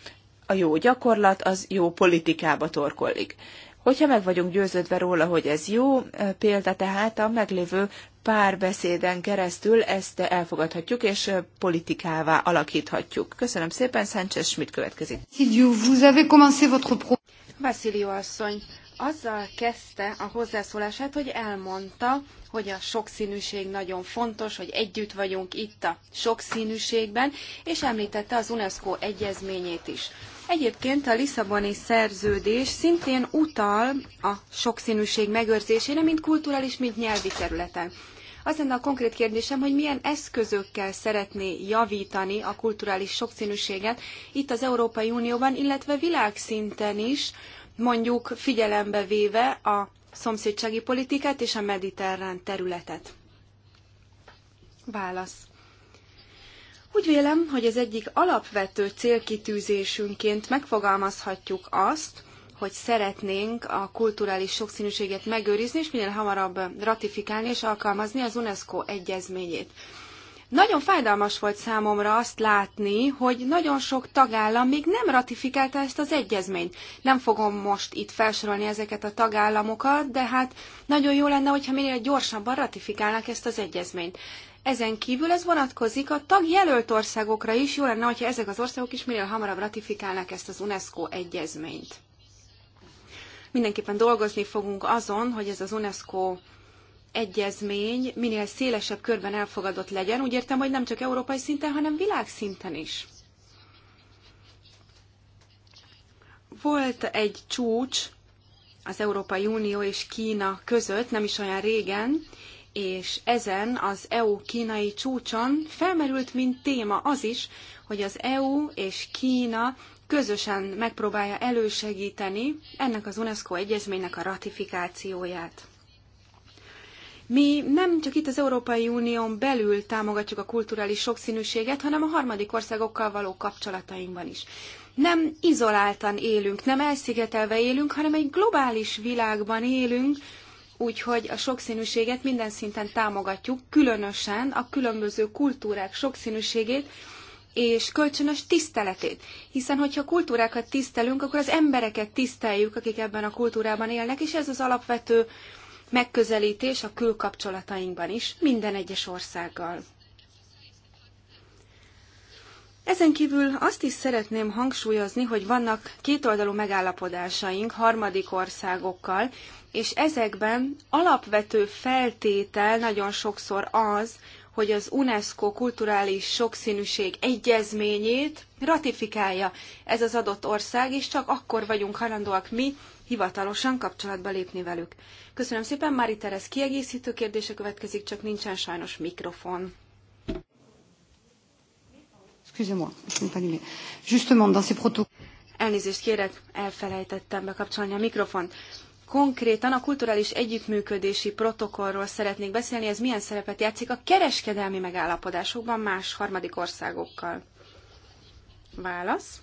a jó gyakorlat az jó politikába torkollik. Hogyha meg vagyunk győződve róla, hogy ez jó példa, tehát a meglévő párbeszéden keresztül ezt elfogadhatjuk és politikává alakíthatjuk. Köszönöm szépen, Sánchez Schmidt következik. Vasilio asszony, azzal kezdte a hozzászólását, hogy elmondta, hogy a sokszínűség nagyon fontos, hogy együtt vagyunk itt a sokszínűségben, és említette az UNESCO egyezményét is. Egyébként a Lisszaboni szerződés szintén utal a sokszínűség megőrzésére, mint kulturális, mint nyelvi területen. Az lenne a konkrét kérdésem, hogy milyen eszközökkel szeretné javítani a kulturális sokszínűséget itt az Európai Unióban, illetve világszinten is, mondjuk figyelembe véve a szomszédsági politikát és a mediterrán területet. Válasz. Úgy vélem, hogy az egyik alapvető célkitűzésünként megfogalmazhatjuk azt, hogy szeretnénk a kulturális sokszínűséget megőrizni, és minél hamarabb ratifikálni és alkalmazni az UNESCO egyezményét. Nagyon fájdalmas volt számomra azt látni, hogy nagyon sok tagállam még nem ratifikálta ezt az egyezményt. Nem fogom most itt felsorolni ezeket a tagállamokat, de hát nagyon jó lenne, hogyha minél gyorsabban ratifikálnák ezt az egyezményt. Ezen kívül ez vonatkozik a tagjelölt országokra is. Jó lenne, hogyha ezek az országok is minél hamarabb ratifikálnák ezt az UNESCO egyezményt. Mindenképpen dolgozni fogunk azon, hogy ez az UNESCO egyezmény minél szélesebb körben elfogadott legyen. Úgy értem, hogy nem csak európai szinten, hanem világszinten is. Volt egy csúcs az Európai Unió és Kína között, nem is olyan régen, és ezen az EU-kínai csúcson felmerült, mint téma az is, hogy az EU és Kína közösen megpróbálja elősegíteni ennek az UNESCO egyezménynek a ratifikációját. Mi nem csak itt az Európai Unión belül támogatjuk a kulturális sokszínűséget, hanem a harmadik országokkal való kapcsolatainkban is. Nem izoláltan élünk, nem elszigetelve élünk, hanem egy globális világban élünk, Úgyhogy a sokszínűséget minden szinten támogatjuk, különösen a különböző kultúrák sokszínűségét és kölcsönös tiszteletét. Hiszen, hogyha kultúrákat tisztelünk, akkor az embereket tiszteljük, akik ebben a kultúrában élnek, és ez az alapvető megközelítés a külkapcsolatainkban is, minden egyes országgal. Ezen kívül azt is szeretném hangsúlyozni, hogy vannak kétoldalú megállapodásaink harmadik országokkal, és ezekben alapvető feltétel nagyon sokszor az, hogy az UNESCO kulturális sokszínűség egyezményét ratifikálja ez az adott ország, és csak akkor vagyunk hajlandóak mi hivatalosan kapcsolatba lépni velük. Köszönöm szépen, Mári Terez kiegészítő kérdése következik, csak nincsen sajnos mikrofon. Elnézést kérek, elfelejtettem bekapcsolni a mikrofont. Konkrétan a kulturális együttműködési protokollról szeretnék beszélni, ez milyen szerepet játszik a kereskedelmi megállapodásokban más harmadik országokkal. Válasz.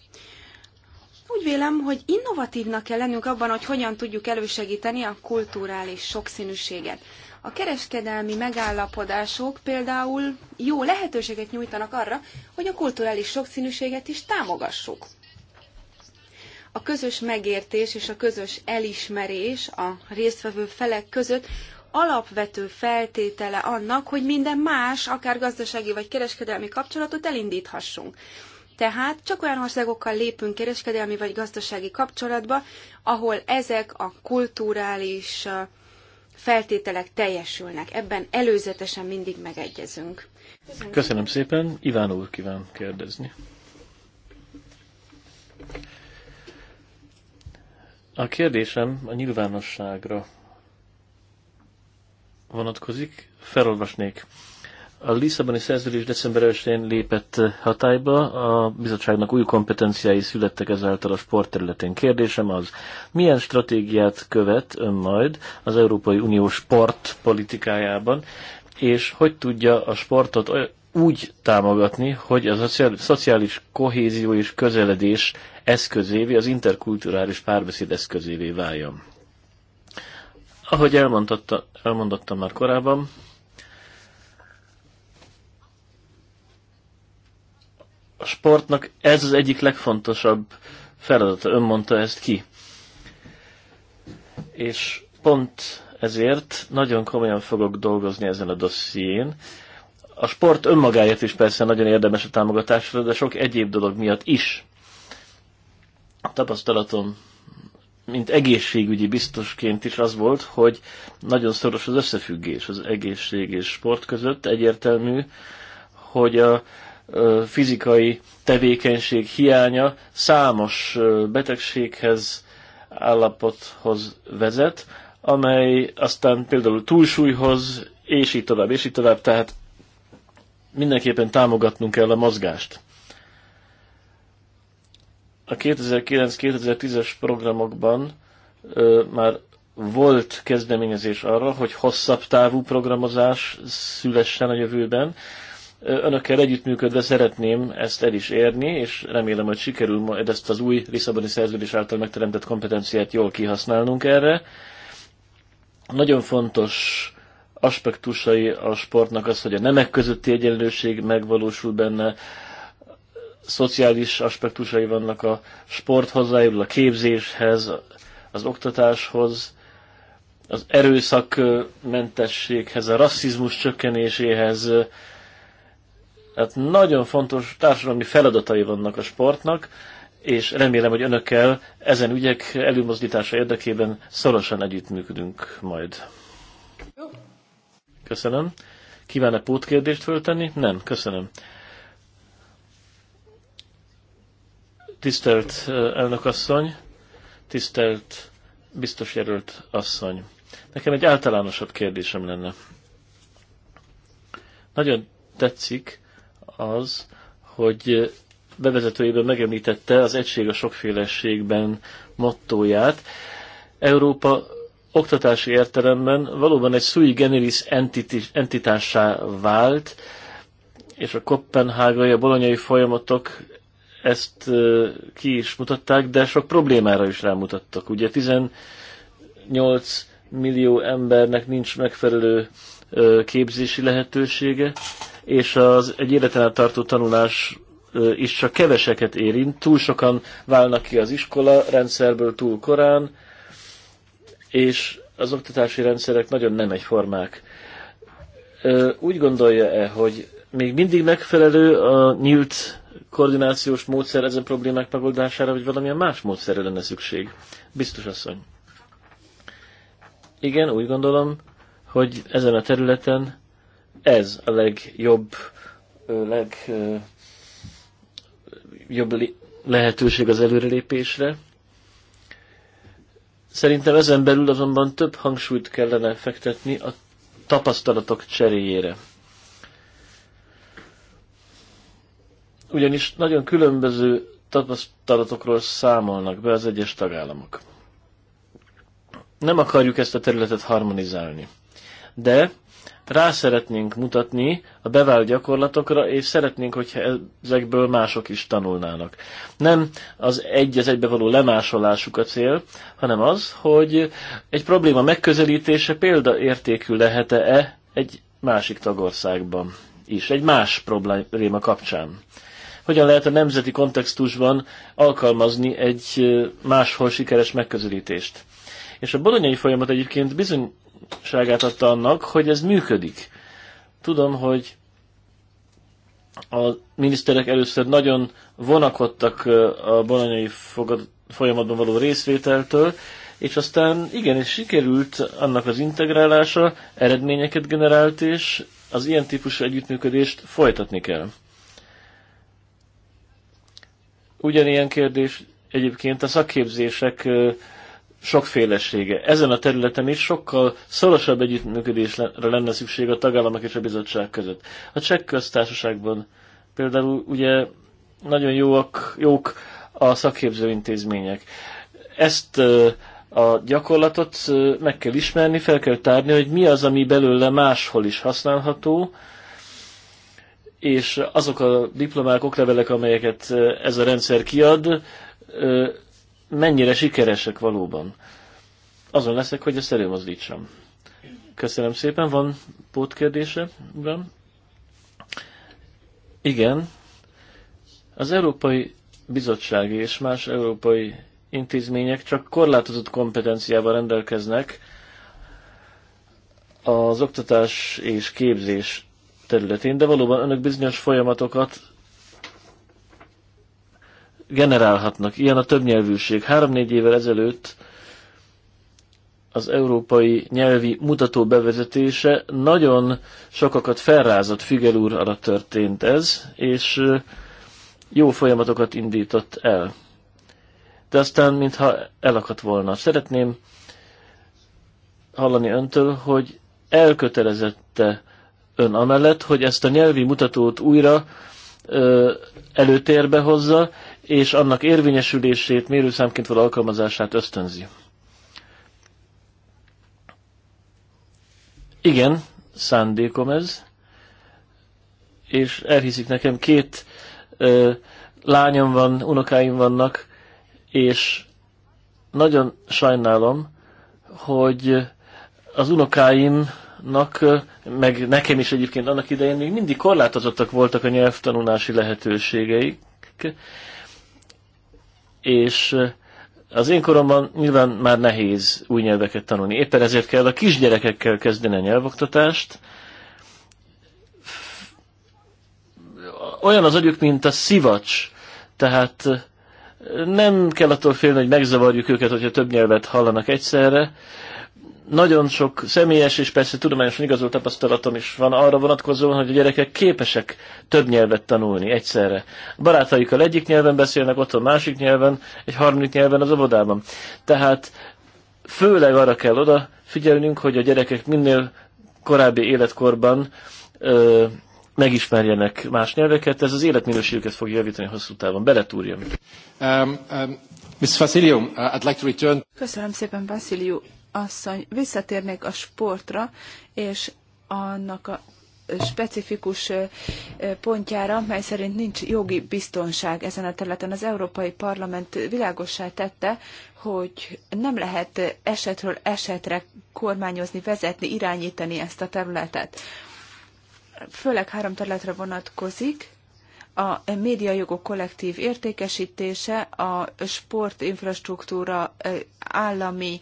Úgy vélem, hogy innovatívnak kell lennünk abban, hogy hogyan tudjuk elősegíteni a kulturális sokszínűséget. A kereskedelmi megállapodások például jó lehetőséget nyújtanak arra, hogy a kulturális sokszínűséget is támogassuk a közös megértés és a közös elismerés a résztvevő felek között alapvető feltétele annak, hogy minden más, akár gazdasági vagy kereskedelmi kapcsolatot elindíthassunk. Tehát csak olyan országokkal lépünk kereskedelmi vagy gazdasági kapcsolatba, ahol ezek a kulturális feltételek teljesülnek. Ebben előzetesen mindig megegyezünk. Köszönöm, Köszönöm szépen. Iván úr kíván kérdezni. A kérdésem a nyilvánosságra vonatkozik. Felolvasnék. A Lisszaboni szerződés december 1-én lépett hatályba, a bizottságnak új kompetenciái születtek ezáltal a sportterületén. Kérdésem az, milyen stratégiát követ ön majd az Európai Unió sportpolitikájában, és hogy tudja a sportot úgy támogatni, hogy az a szociális kohézió és közeledés eszközévé, az interkulturális párbeszéd eszközévé váljon. Ahogy elmondottam már korábban, a sportnak ez az egyik legfontosabb feladata, ön mondta ezt ki. És pont ezért nagyon komolyan fogok dolgozni ezen a dosszién, a sport önmagáért is persze nagyon érdemes a támogatásra, de sok egyéb dolog miatt is. A tapasztalatom, mint egészségügyi biztosként is az volt, hogy nagyon szoros az összefüggés az egészség és sport között. Egyértelmű, hogy a fizikai tevékenység hiánya számos betegséghez, állapothoz vezet, amely aztán például túlsúlyhoz, és így tovább, és így tovább, tehát mindenképpen támogatnunk kell a mozgást. A 2009-2010-es programokban ö, már volt kezdeményezés arra, hogy hosszabb távú programozás szülessen a jövőben. Önökkel együttműködve szeretném ezt el is érni, és remélem, hogy sikerül majd ezt az új Lisszaboni szerződés által megteremtett kompetenciát jól kihasználnunk erre. Nagyon fontos aspektusai a sportnak az, hogy a nemek közötti egyenlőség megvalósul benne, szociális aspektusai vannak a sport hozzájárul a képzéshez, az oktatáshoz, az erőszakmentességhez, a rasszizmus csökkenéséhez. Hát nagyon fontos társadalmi feladatai vannak a sportnak, és remélem, hogy önökkel ezen ügyek előmozdítása érdekében szorosan együttműködünk majd. Köszönöm. Kíván-e pótkérdést föltenni? Nem, köszönöm. Tisztelt eh, elnökasszony, tisztelt biztos jelölt asszony. Nekem egy általánosabb kérdésem lenne. Nagyon tetszik az, hogy bevezetőjében megemlítette az egység a sokféleségben mottóját. Európa oktatási értelemben valóban egy sui generis entitássá vált, és a kopenhágai, a bolonyai folyamatok ezt ki is mutatták, de sok problémára is rámutattak. Ugye 18 millió embernek nincs megfelelő képzési lehetősége, és az egy életen át tartó tanulás is csak keveseket érint. Túl sokan válnak ki az iskola rendszerből túl korán, és az oktatási rendszerek nagyon nem egyformák. Úgy gondolja-e, hogy még mindig megfelelő a nyílt koordinációs módszer ezen problémák megoldására, vagy valamilyen más módszerre lenne szükség? Biztos asszony. Igen, úgy gondolom, hogy ezen a területen ez a legjobb, legjobb lehetőség az előrelépésre Szerintem ezen belül azonban több hangsúlyt kellene fektetni a tapasztalatok cseréjére. Ugyanis nagyon különböző tapasztalatokról számolnak be az egyes tagállamok. Nem akarjuk ezt a területet harmonizálni, de rá szeretnénk mutatni a bevált gyakorlatokra, és szeretnénk, hogyha ezekből mások is tanulnának. Nem az egy az egybe való lemásolásuk a cél, hanem az, hogy egy probléma megközelítése példaértékű lehet-e egy másik tagországban is, egy más probléma kapcsán. Hogyan lehet a nemzeti kontextusban alkalmazni egy máshol sikeres megközelítést? És a bolonyai folyamat egyébként bizony ságát adta annak, hogy ez működik. Tudom, hogy a miniszterek először nagyon vonakodtak a bolonyai folyamatban való részvételtől, és aztán igenis sikerült annak az integrálása, eredményeket generált, és az ilyen típusú együttműködést folytatni kell. Ugyanilyen kérdés egyébként a szakképzések sokfélesége. Ezen a területen is sokkal szorosabb együttműködésre lenne szükség a tagállamok és a bizottság között. A cseh köztársaságban például ugye nagyon jóak, jók a szakképző intézmények. Ezt a gyakorlatot meg kell ismerni, fel kell tárni, hogy mi az, ami belőle máshol is használható, és azok a diplomák, oklevelek, amelyeket ez a rendszer kiad, mennyire sikeresek valóban. Azon leszek, hogy ezt előmozdítsam. Köszönöm szépen, van pótkérdése? Van? Igen. Az Európai Bizottság és más európai intézmények csak korlátozott kompetenciával rendelkeznek az oktatás és képzés területén, de valóban önök bizonyos folyamatokat generálhatnak. Ilyen a többnyelvűség. Három-négy évvel ezelőtt az európai nyelvi mutató bevezetése nagyon sokakat felrázott Figel úr arra történt ez, és jó folyamatokat indított el. De aztán, mintha elakadt volna. Szeretném hallani öntől, hogy elkötelezette ön amellett, hogy ezt a nyelvi mutatót újra ö, előtérbe hozza, és annak érvényesülését, mérőszámként való alkalmazását ösztönzi. Igen, szándékom ez, és elhiszik nekem, két ö, lányom van, unokáim vannak, és nagyon sajnálom, hogy az unokáimnak, meg nekem is egyébként annak idején még mindig korlátozottak voltak a nyelvtanulási lehetőségeik, és az én koromban nyilván már nehéz új nyelveket tanulni. Éppen ezért kell a kisgyerekekkel kezdeni a nyelvoktatást. Olyan az agyuk, mint a szivacs. Tehát nem kell attól félni, hogy megzavarjuk őket, hogyha több nyelvet hallanak egyszerre nagyon sok személyes és persze tudományosan igazolt tapasztalatom is van arra vonatkozóan, hogy a gyerekek képesek több nyelvet tanulni egyszerre. A barátaikkal egyik nyelven beszélnek, otthon másik nyelven, egy harmadik nyelven az óvodában. Tehát főleg arra kell oda figyelnünk, hogy a gyerekek minél korábbi életkorban ö, megismerjenek más nyelveket, ez az életminőségüket fog javítani hosszú távon. Beletúrjam. Um, um, Miss uh, I'd like to return. Köszönöm szépen, Vasilio asszony, visszatérnék a sportra, és annak a specifikus pontjára, mely szerint nincs jogi biztonság ezen a területen. Az Európai Parlament világossá tette, hogy nem lehet esetről esetre kormányozni, vezetni, irányítani ezt a területet. Főleg három területre vonatkozik, a médiajogok kollektív értékesítése, a sportinfrastruktúra állami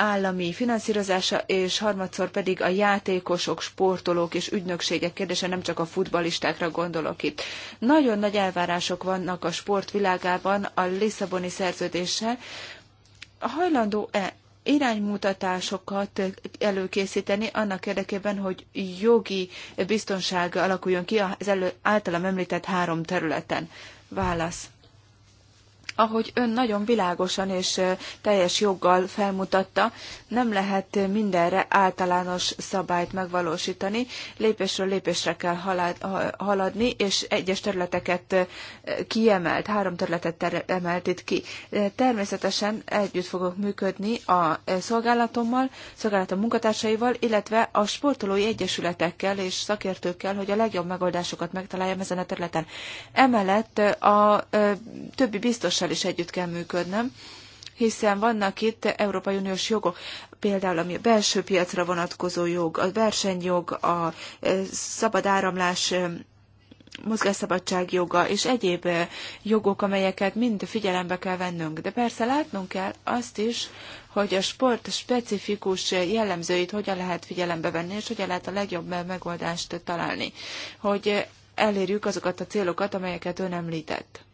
állami finanszírozása, és harmadszor pedig a játékosok, sportolók és ügynökségek kérdése, nem csak a futbalistákra gondolok itt. Nagyon nagy elvárások vannak a sportvilágában a Lisszaboni szerződéssel. Hajlandó-e iránymutatásokat előkészíteni annak érdekében, hogy jogi biztonság alakuljon ki az elő, általam említett három területen? Válasz ahogy ön nagyon világosan és teljes joggal felmutatta, nem lehet mindenre általános szabályt megvalósítani, lépésről lépésre kell haladni, és egyes területeket kiemelt, három területet emelt itt ki. Természetesen együtt fogok működni a szolgálatommal, szolgálatom munkatársaival, illetve a sportolói egyesületekkel és szakértőkkel, hogy a legjobb megoldásokat megtaláljam ezen a területen. Emellett a többi biztossal tagállamokkal is együtt kell működnöm, hiszen vannak itt Európai Uniós jogok, például ami a belső piacra vonatkozó jog, a versenyjog, a eh, szabad áramlás eh, mozgásszabadság joga és egyéb eh, jogok, amelyeket mind figyelembe kell vennünk. De persze látnunk kell azt is, hogy a sport specifikus jellemzőit hogyan lehet figyelembe venni, és hogyan lehet a legjobb megoldást találni, hogy elérjük azokat a célokat, amelyeket ön említett.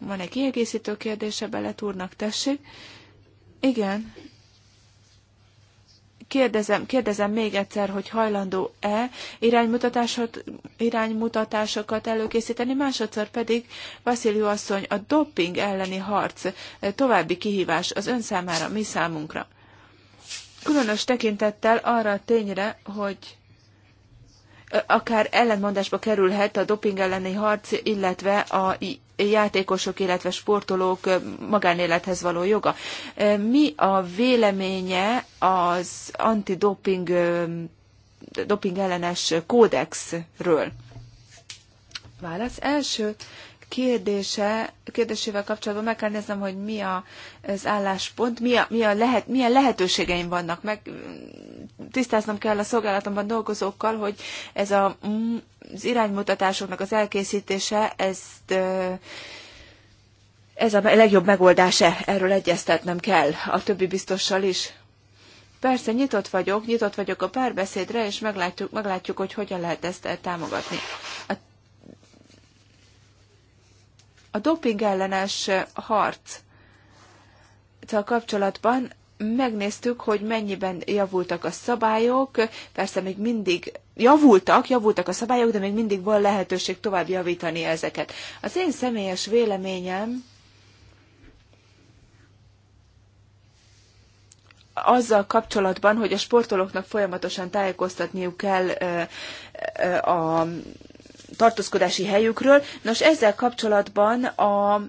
Van egy kiegészítő kérdése beletúrnak, tessék. Igen. Kérdezem, kérdezem még egyszer, hogy hajlandó-e iránymutatásokat, iránymutatásokat előkészíteni, másodszor pedig Vasziliu asszony, a doping elleni harc eh, további kihívás az ön számára, mi számunkra. Különös tekintettel arra a tényre, hogy eh, akár ellentmondásba kerülhet a doping elleni harc, illetve a játékosok, illetve sportolók magánélethez való joga. Mi a véleménye az antidoping doping ellenes kódexről? Válasz első kérdése, kérdésével kapcsolatban meg kell néznem, hogy mi a, az álláspont, mi a, mi a lehet, milyen lehetőségeim vannak, meg mm, tisztáznom kell a szolgálatomban dolgozókkal, hogy ez a, mm, az iránymutatásoknak az elkészítése, ezt ez a legjobb megoldása, erről egyeztetnem kell a többi biztossal is. Persze nyitott vagyok, nyitott vagyok a párbeszédre, és meglátjuk, meglátjuk hogy hogyan lehet ezt eh, támogatni. A a doping ellenes harc a kapcsolatban megnéztük, hogy mennyiben javultak a szabályok, persze még mindig javultak, javultak a szabályok, de még mindig van lehetőség tovább javítani ezeket. Az én személyes véleményem azzal kapcsolatban, hogy a sportolóknak folyamatosan tájékoztatniuk kell a tartózkodási helyükről. Nos, ezzel kapcsolatban a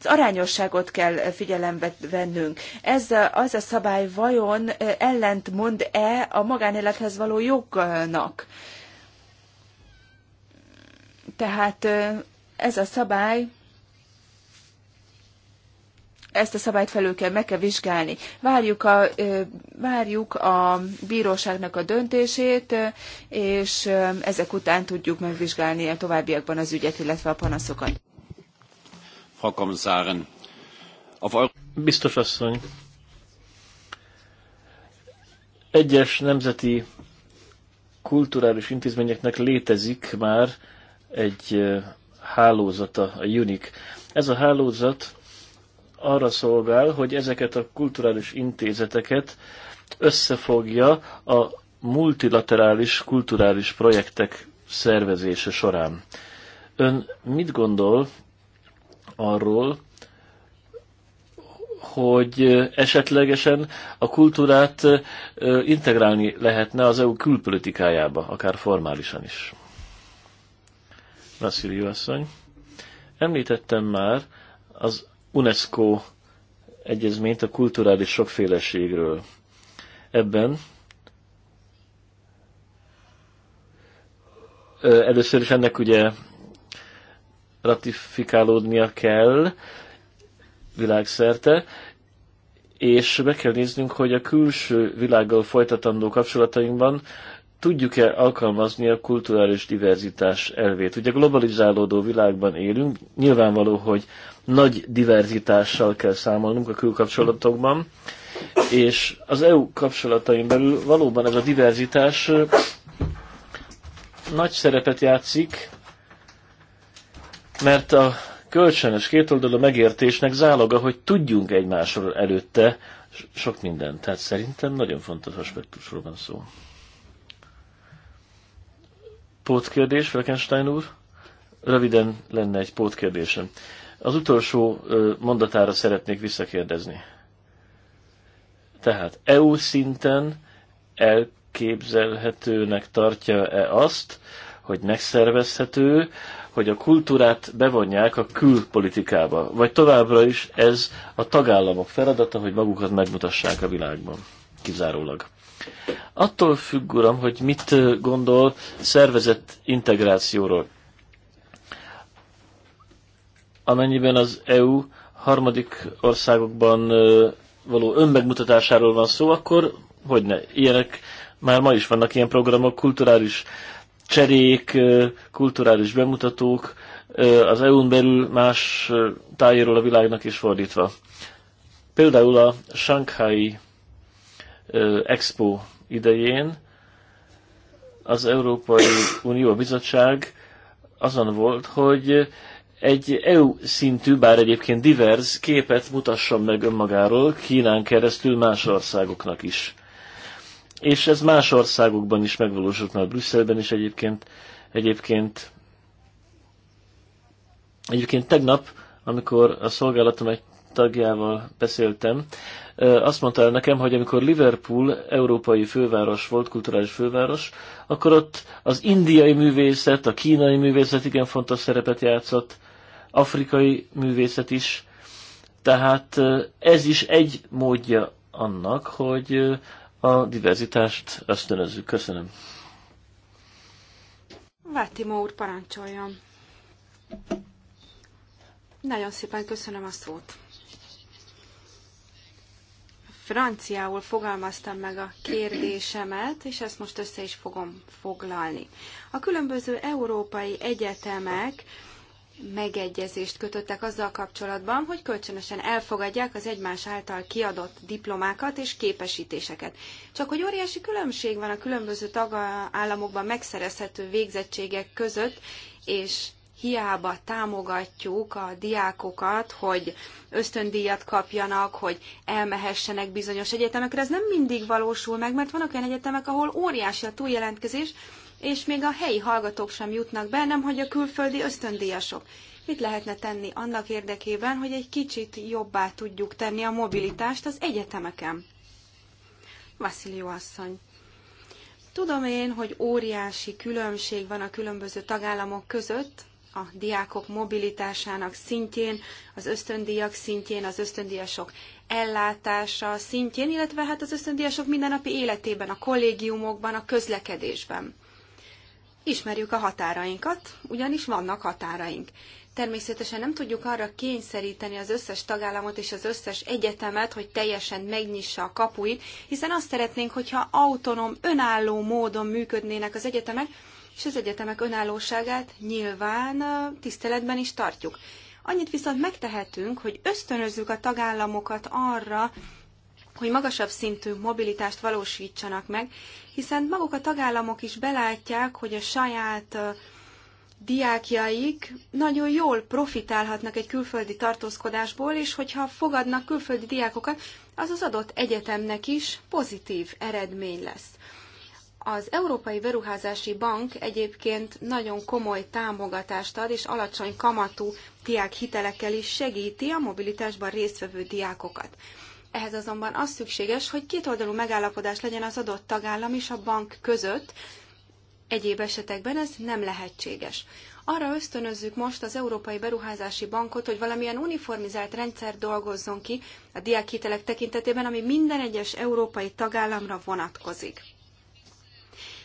az arányosságot kell figyelembe vennünk. Ez a, az a szabály vajon ellent mond-e a magánélethez való jognak? Tehát ez a szabály ezt a szabályt felül kell, meg kell vizsgálni. Várjuk a, várjuk a bíróságnak a döntését, és ezek után tudjuk megvizsgálni a továbbiakban az ügyet, illetve a panaszokat. Frau Kommissarin, auf Biztos asszony, egyes nemzeti kulturális intézményeknek létezik már egy hálózata, a UNIC. Ez a hálózat arra szolgál, hogy ezeket a kulturális intézeteket összefogja a multilaterális kulturális projektek szervezése során. Ön mit gondol arról, hogy esetlegesen a kultúrát integrálni lehetne az EU külpolitikájába, akár formálisan is. Vasszilió asszony, említettem már az UNESCO egyezményt a kulturális sokféleségről. Ebben először is ennek ugye ratifikálódnia kell világszerte, és be kell néznünk, hogy a külső világgal folytatandó kapcsolatainkban tudjuk-e alkalmazni a kulturális diverzitás elvét. Ugye globalizálódó világban élünk, nyilvánvaló, hogy nagy diverzitással kell számolnunk a külkapcsolatokban, és az EU kapcsolatain belül valóban ez a diverzitás nagy szerepet játszik, mert a kölcsönös kétoldalú megértésnek záloga, hogy tudjunk egymásról előtte sok mindent. Tehát szerintem nagyon fontos aspektusról van szó. Pótkérdés, Frankenstein úr? Röviden lenne egy pótkérdésem. Az utolsó mondatára szeretnék visszakérdezni. Tehát EU szinten elképzelhetőnek tartja-e azt, hogy megszervezhető, hogy a kultúrát bevonják a külpolitikába, vagy továbbra is ez a tagállamok feladata, hogy magukat megmutassák a világban, kizárólag. Attól függ, uram, hogy mit gondol szervezett integrációról. Amennyiben az EU harmadik országokban való önmegmutatásáról van szó, akkor hogy ne? Ilyenek már ma is vannak ilyen programok, kulturális cserék, kulturális bemutatók, az EU-n belül más tájéről a világnak is fordítva. Például a Shanghai Expo idején az Európai Unió Bizottság azon volt, hogy egy EU szintű, bár egyébként divers képet mutasson meg önmagáról Kínán keresztül más országoknak is. És ez más országokban is megvalósult már Brüsszelben is egyébként. Egyébként, egyébként tegnap, amikor a szolgálatom egy tagjával beszéltem, azt mondta el nekem, hogy amikor Liverpool európai főváros volt, kulturális főváros, akkor ott az indiai művészet, a kínai művészet igen fontos szerepet játszott, afrikai művészet is. Tehát ez is egy módja annak, hogy a diverzitást ösztönözzük. Köszönöm. Vátimó úr, parancsoljon. Nagyon szépen köszönöm a szót franciául fogalmaztam meg a kérdésemet, és ezt most össze is fogom foglalni. A különböző európai egyetemek megegyezést kötöttek azzal kapcsolatban, hogy kölcsönösen elfogadják az egymás által kiadott diplomákat és képesítéseket. Csak hogy óriási különbség van a különböző tagállamokban megszerezhető végzettségek között, és hiába támogatjuk a diákokat, hogy ösztöndíjat kapjanak, hogy elmehessenek bizonyos egyetemekre, ez nem mindig valósul meg, mert vannak olyan egyetemek, ahol óriási a túljelentkezés, és még a helyi hallgatók sem jutnak be, nem hogy a külföldi ösztöndíjasok. Mit lehetne tenni annak érdekében, hogy egy kicsit jobbá tudjuk tenni a mobilitást az egyetemeken? Vasszilió asszony. Tudom én, hogy óriási különbség van a különböző tagállamok között, a diákok mobilitásának szintjén, az ösztöndíjak szintjén, az ösztöndíjasok ellátása szintjén, illetve hát az ösztöndíjasok mindennapi életében, a kollégiumokban, a közlekedésben. Ismerjük a határainkat, ugyanis vannak határaink. Természetesen nem tudjuk arra kényszeríteni az összes tagállamot és az összes egyetemet, hogy teljesen megnyissa a kapuit, hiszen azt szeretnénk, hogyha autonóm, önálló módon működnének az egyetemek, és az egyetemek önállóságát nyilván tiszteletben is tartjuk. Annyit viszont megtehetünk, hogy ösztönözzük a tagállamokat arra, hogy magasabb szintű mobilitást valósítsanak meg, hiszen maguk a tagállamok is belátják, hogy a saját diákjaik nagyon jól profitálhatnak egy külföldi tartózkodásból, és hogyha fogadnak külföldi diákokat, az az adott egyetemnek is pozitív eredmény lesz. Az Európai Beruházási Bank egyébként nagyon komoly támogatást ad, és alacsony kamatú diák hitelekkel is segíti a mobilitásban résztvevő diákokat. Ehhez azonban az szükséges, hogy kétoldalú megállapodás legyen az adott tagállam és a bank között, egyéb esetekben ez nem lehetséges. Arra ösztönözzük most az Európai Beruházási Bankot, hogy valamilyen uniformizált rendszer dolgozzon ki a diákhitelek tekintetében, ami minden egyes európai tagállamra vonatkozik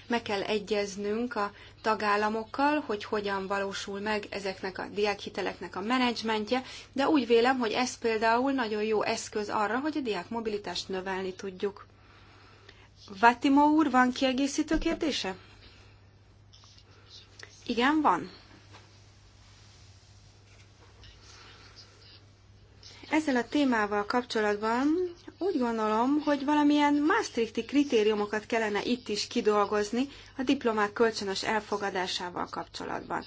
meg kell egyeznünk a tagállamokkal, hogy hogyan valósul meg ezeknek a diákhiteleknek a menedzsmentje, de úgy vélem, hogy ez például nagyon jó eszköz arra, hogy a diák mobilitást növelni tudjuk. Vatimó úr, van kiegészítő kérdése? Igen, van. Ezzel a témával kapcsolatban úgy gondolom, hogy valamilyen Maastrichti kritériumokat kellene itt is kidolgozni a diplomák kölcsönös elfogadásával kapcsolatban.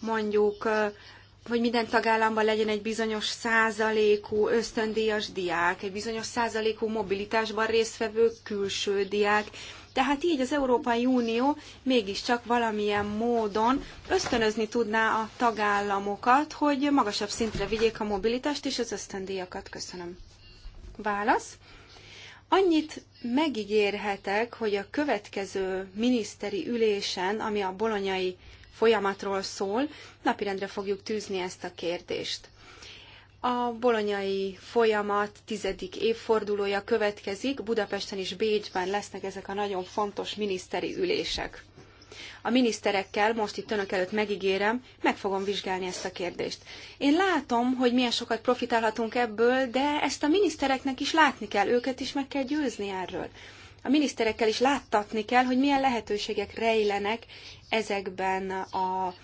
Mondjuk, hogy minden tagállamban legyen egy bizonyos százalékú ösztöndíjas diák, egy bizonyos százalékú mobilitásban résztvevő külső diák, tehát így az Európai Unió mégiscsak valamilyen módon ösztönözni tudná a tagállamokat, hogy magasabb szintre vigyék a mobilitást és az ösztöndíjakat. Köszönöm. Válasz. Annyit megígérhetek, hogy a következő miniszteri ülésen, ami a bolonyai folyamatról szól, napirendre fogjuk tűzni ezt a kérdést. A bolonyai folyamat tizedik évfordulója következik, Budapesten és Bécsben lesznek ezek a nagyon fontos miniszteri ülések. A miniszterekkel, most itt önök előtt megígérem, meg fogom vizsgálni ezt a kérdést. Én látom, hogy milyen sokat profitálhatunk ebből, de ezt a minisztereknek is látni kell, őket is meg kell győzni erről. A miniszterekkel is láttatni kell, hogy milyen lehetőségek rejlenek ezekben a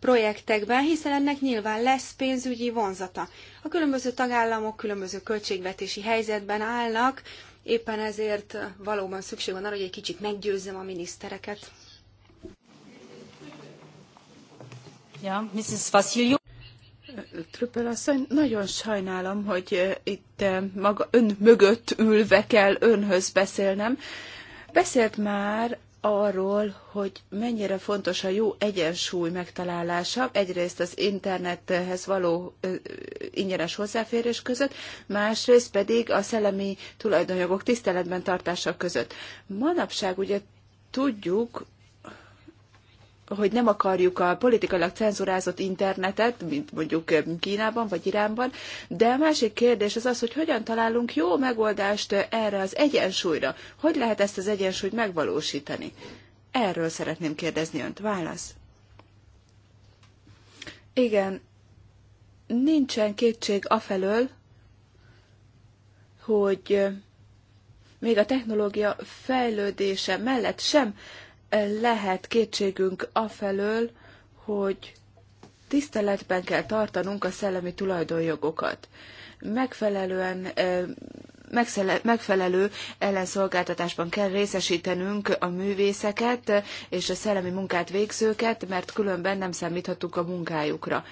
projektekben, hiszen ennek nyilván lesz pénzügyi vonzata. A különböző tagállamok különböző költségvetési helyzetben állnak, éppen ezért valóban szükség van arra, hogy egy kicsit meggyőzzem a minisztereket. Ja, Mrs. Vasilyu. Trüppel asszony, nagyon sajnálom, hogy eh, itt eh, maga ön mögött ülve kell önhöz beszélnem. Beszélt már arról, hogy mennyire fontos a jó egyensúly megtalálása, egyrészt az internethez való eh, ingyenes hozzáférés között, másrészt pedig a szellemi tulajdonjogok tiszteletben tartása között. Manapság ugye tudjuk, hogy nem akarjuk a politikailag cenzurázott internetet, mint mondjuk Kínában vagy Iránban, de a másik kérdés az az, hogy hogyan találunk jó megoldást erre az egyensúlyra. Hogy lehet ezt az egyensúlyt megvalósítani? Erről szeretném kérdezni önt. Válasz. Igen, nincsen kétség afelől, hogy még a technológia fejlődése mellett sem lehet kétségünk afelől, hogy tiszteletben kell tartanunk a szellemi tulajdonjogokat. Megfelelően megfelelő ellenszolgáltatásban kell részesítenünk a művészeket és a szellemi munkát végzőket, mert különben nem számíthatunk a munkájukra.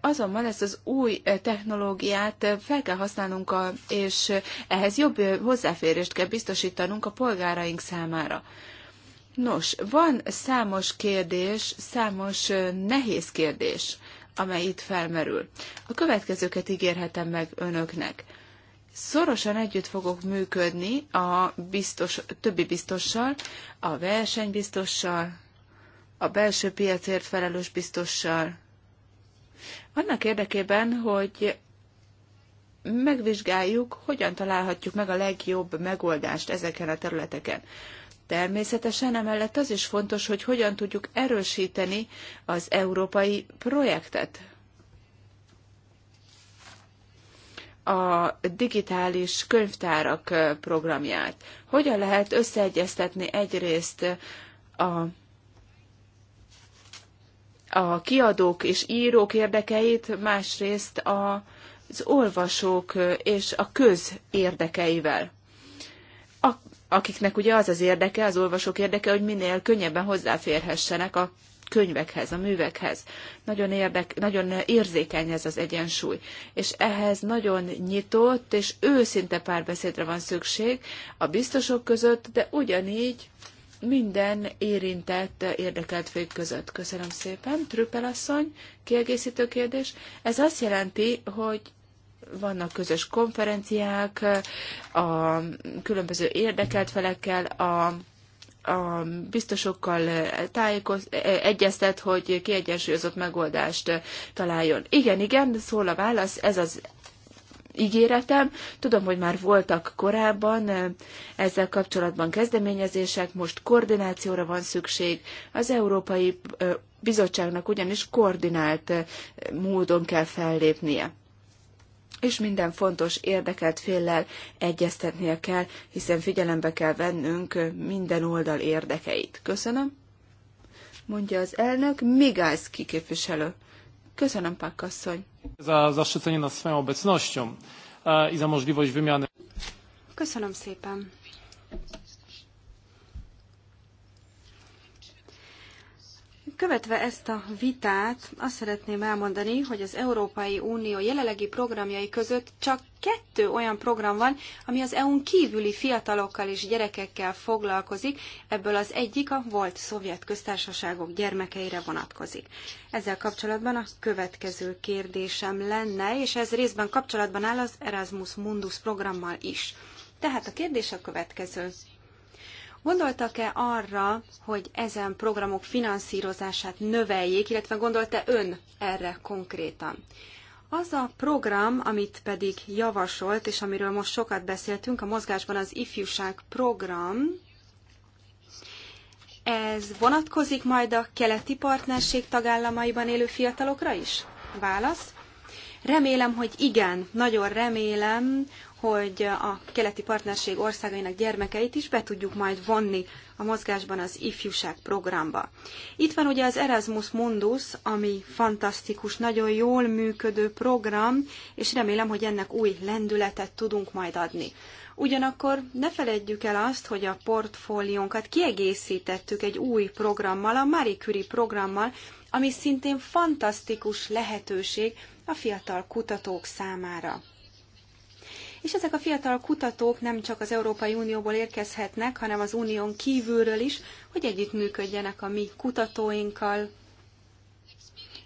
Azonban ezt az új technológiát fel kell használnunk, és ehhez jobb hozzáférést kell biztosítanunk a polgáraink számára. Nos, van számos kérdés, számos nehéz kérdés, amely itt felmerül. A következőket ígérhetem meg önöknek. Szorosan együtt fogok működni a biztos, többi biztossal, a versenybiztossal, a belső piacért felelős biztossal. Annak érdekében, hogy megvizsgáljuk, hogyan találhatjuk meg a legjobb megoldást ezeken a területeken. Természetesen emellett az is fontos, hogy hogyan tudjuk erősíteni az európai projektet. A digitális könyvtárak programját. Hogyan lehet összeegyeztetni egyrészt a a kiadók és írók érdekeit, másrészt az olvasók és a köz érdekeivel akiknek ugye az az érdeke, az olvasók érdeke, hogy minél könnyebben hozzáférhessenek a könyvekhez, a művekhez. Nagyon, érdek, nagyon érzékeny ez az egyensúly, és ehhez nagyon nyitott és őszinte párbeszédre van szükség a biztosok között, de ugyanígy minden érintett, érdekelt fél között. Köszönöm szépen. Trüppel asszony, kiegészítő kérdés. Ez azt jelenti, hogy vannak közös konferenciák a különböző érdekelt felekkel, a a biztosokkal tájékoz, egyeztet, hogy kiegyensúlyozott megoldást találjon. Igen, igen, szól a válasz, ez az ígéretem. Tudom, hogy már voltak korábban ezzel kapcsolatban kezdeményezések, most koordinációra van szükség. Az Európai Bizottságnak ugyanis koordinált módon kell fellépnie és minden fontos érdekelt féllel egyeztetnie kell, hiszen figyelembe kell vennünk minden oldal érdekeit. Köszönöm, mondja az elnök, az kiképviselő. Köszönöm, Pakkasszony. Za e, Köszönöm szépen. Követve ezt a vitát, azt szeretném elmondani, hogy az Európai Unió jelenlegi programjai között csak kettő olyan program van, ami az EU-n kívüli fiatalokkal és gyerekekkel foglalkozik, ebből az egyik a volt szovjet köztársaságok gyermekeire vonatkozik. Ezzel kapcsolatban a következő kérdésem lenne, és ez részben kapcsolatban áll az Erasmus Mundus programmal is. Tehát a kérdés a következő. Gondoltak-e arra, hogy ezen programok finanszírozását növeljék, illetve gondolta ön erre konkrétan? Az a program, amit pedig javasolt, és amiről most sokat beszéltünk, a mozgásban az ifjúság program, ez vonatkozik majd a keleti partnerség tagállamaiban élő fiatalokra is? Válasz? Remélem, hogy igen, nagyon remélem, hogy a keleti partnerség országainak gyermekeit is be tudjuk majd vonni a mozgásban az ifjúság programba. Itt van ugye az Erasmus Mundus, ami fantasztikus, nagyon jól működő program, és remélem, hogy ennek új lendületet tudunk majd adni. Ugyanakkor ne feledjük el azt, hogy a portfóliónkat kiegészítettük egy új programmal, a Marie Curie programmal, ami szintén fantasztikus lehetőség a fiatal kutatók számára és ezek a fiatal kutatók nem csak az Európai Unióból érkezhetnek, hanem az Unión kívülről is, hogy együttműködjenek a mi kutatóinkkal,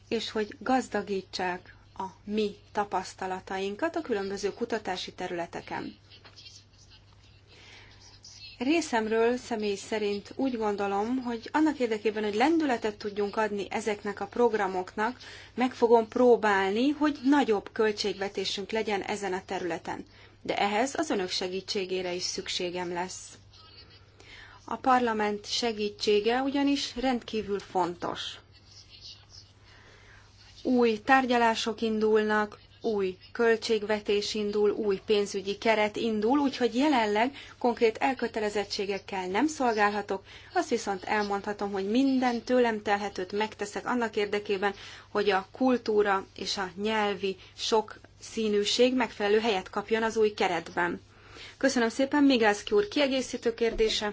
és hogy gazdagítsák a mi tapasztalatainkat a különböző kutatási területeken. Részemről személy szerint úgy gondolom, hogy annak érdekében, hogy lendületet tudjunk adni ezeknek a programoknak, meg fogom próbálni, hogy nagyobb költségvetésünk legyen ezen a területen de ehhez az önök segítségére is szükségem lesz. A parlament segítsége ugyanis rendkívül fontos. Új tárgyalások indulnak, új költségvetés indul, új pénzügyi keret indul, úgyhogy jelenleg konkrét elkötelezettségekkel nem szolgálhatok, azt viszont elmondhatom, hogy minden tőlem telhetőt megteszek annak érdekében, hogy a kultúra és a nyelvi sok színűség megfelelő helyet kapjon az új keretben. Köszönöm szépen, Migászki úr kiegészítő kérdése.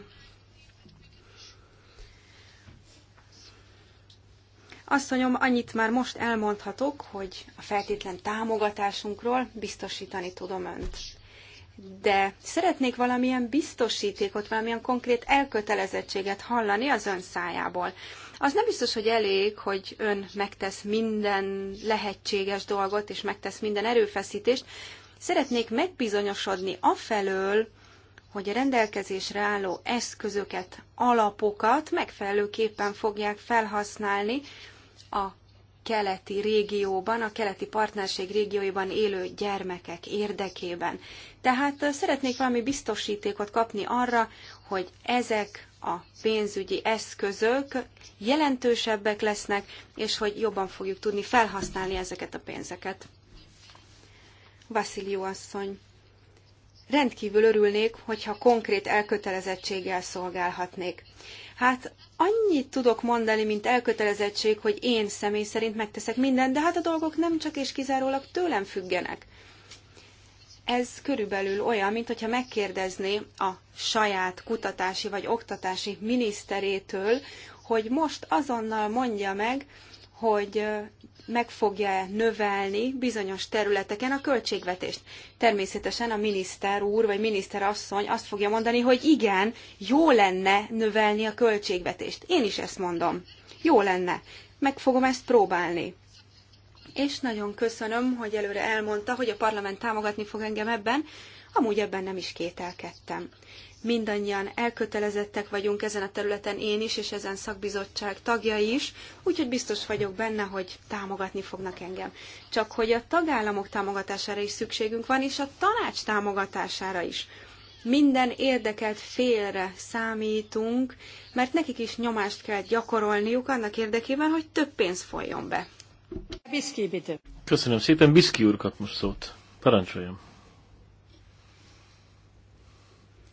Asszonyom, annyit már most elmondhatok, hogy a feltétlen támogatásunkról biztosítani tudom önt. De szeretnék valamilyen biztosítékot, valamilyen konkrét elkötelezettséget hallani az ön szájából az nem biztos, hogy elég, hogy ön megtesz minden lehetséges dolgot, és megtesz minden erőfeszítést. Szeretnék megbizonyosodni afelől, hogy a rendelkezésre álló eszközöket, alapokat megfelelőképpen fogják felhasználni a keleti régióban, a keleti partnerség régióiban élő gyermekek érdekében. Tehát szeretnék valami biztosítékot kapni arra, hogy ezek a pénzügyi eszközök jelentősebbek lesznek, és hogy jobban fogjuk tudni felhasználni ezeket a pénzeket. Vaszilió asszony, rendkívül örülnék, hogyha konkrét elkötelezettséggel szolgálhatnék. Hát annyit tudok mondani, mint elkötelezettség, hogy én személy szerint megteszek mindent, de hát a dolgok nem csak és kizárólag tőlem függenek. Ez körülbelül olyan, mint hogyha megkérdezné a saját kutatási vagy oktatási miniszterétől, hogy most azonnal mondja meg, hogy meg fogja növelni bizonyos területeken a költségvetést. Természetesen a miniszter úr vagy miniszter asszony azt fogja mondani, hogy igen, jó lenne növelni a költségvetést. Én is ezt mondom. Jó lenne. Meg fogom ezt próbálni és nagyon köszönöm, hogy előre elmondta, hogy a parlament támogatni fog engem ebben, amúgy ebben nem is kételkedtem. Mindannyian elkötelezettek vagyunk ezen a területen én is, és ezen szakbizottság tagja is, úgyhogy biztos vagyok benne, hogy támogatni fognak engem. Csak hogy a tagállamok támogatására is szükségünk van, és a tanács támogatására is minden érdekelt félre számítunk, mert nekik is nyomást kell gyakorolniuk annak érdekében, hogy több pénz folyjon be Köszönöm szépen, Biszki úr kap most szót. Parancsoljon.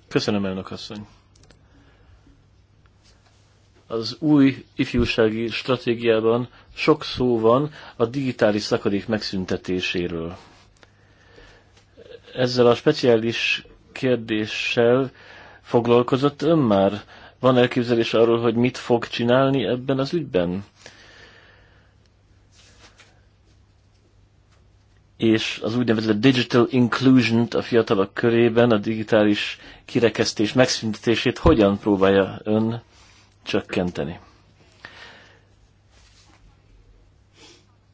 Köszönöm, elnök asszony. Az új ifjúsági stratégiában sok szó van a digitális szakadék megszüntetéséről. Ezzel a speciális kérdéssel foglalkozott ön már? Van elképzelés arról, hogy mit fog csinálni ebben az ügyben? és az úgynevezett digital inclusion a fiatalok körében, a digitális kirekesztés megszüntetését hogyan próbálja ön csökkenteni?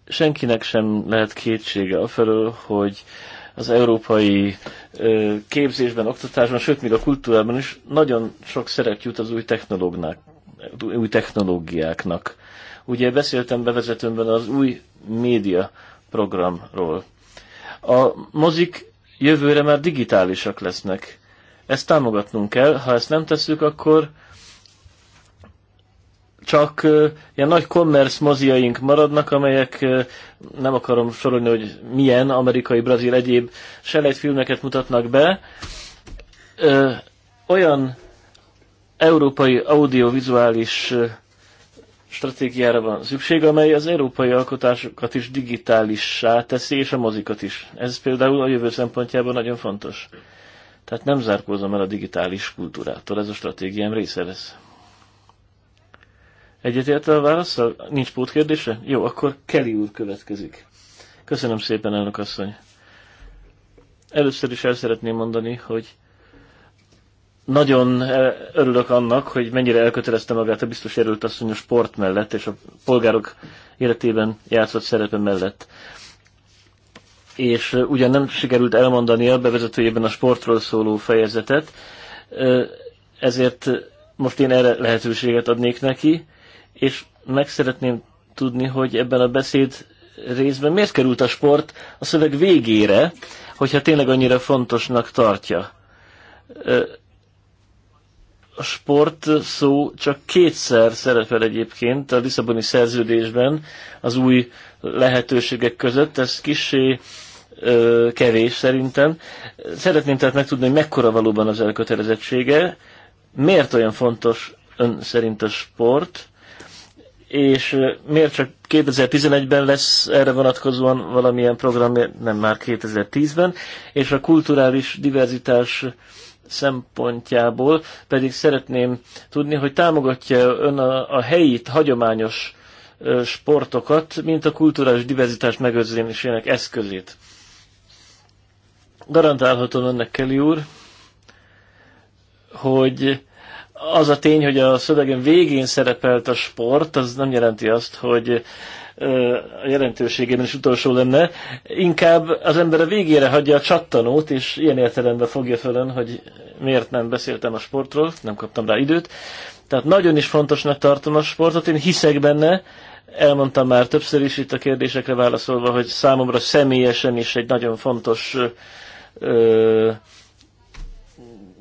Senkinek sem lehet kétsége felől, hogy az európai képzésben, oktatásban, sőt, még a kultúrában is nagyon sok szeret jut az új, új technológiáknak. Ugye beszéltem bevezetőmben az új média programról. A mozik jövőre már digitálisak lesznek. Ezt támogatnunk kell, ha ezt nem tesszük, akkor csak ilyen nagy commerce moziaink maradnak, amelyek nem akarom sorolni, hogy milyen amerikai, brazil, egyéb filmeket mutatnak be. Olyan európai audiovizuális stratégiára van szükség, amely az európai alkotásokat is digitálissá teszi, és a mozikat is. Ez például a jövő szempontjából nagyon fontos. Tehát nem zárkózom el a digitális kultúrától, ez a stratégiám része lesz. Egyetért a válaszsal? Nincs pótkérdése? Jó, akkor Kelly úr következik. Köszönöm szépen, elnök asszony. Először is el szeretném mondani, hogy nagyon eh, örülök annak, hogy mennyire elkötelezte magát a biztos erőt a sport mellett, és a polgárok életében játszott szerepe mellett. És eh, ugyan nem sikerült elmondani a bevezetőjében a sportról szóló fejezetet, eh, ezért most én erre lehetőséget adnék neki, és meg szeretném tudni, hogy ebben a beszéd részben miért került a sport a szöveg végére, hogyha tényleg annyira fontosnak tartja a sport szó csak kétszer szerepel egyébként a Lisszaboni szerződésben az új lehetőségek között. Ez kisé ö, kevés szerintem. Szeretném tehát megtudni, hogy mekkora valóban az elkötelezettsége, miért olyan fontos ön szerint a sport, és miért csak 2011-ben lesz erre vonatkozóan valamilyen program, nem már 2010-ben, és a kulturális diverzitás szempontjából pedig szeretném tudni, hogy támogatja ön a, a helyi hagyományos sportokat, mint a kulturális diverzitás megőrzésének eszközét. Garantálhatom önnek, Kelly úr, hogy az a tény, hogy a szövegem végén szerepelt a sport, az nem jelenti azt, hogy a jelentőségében is utolsó lenne, inkább az ember a végére hagyja a csattanót, és ilyen értelemben fogja fölön, hogy miért nem beszéltem a sportról, nem kaptam rá időt. Tehát nagyon is fontosnak tartom a sportot, én hiszek benne, elmondtam már többször is itt a kérdésekre válaszolva, hogy számomra személyesen is egy nagyon fontos ö,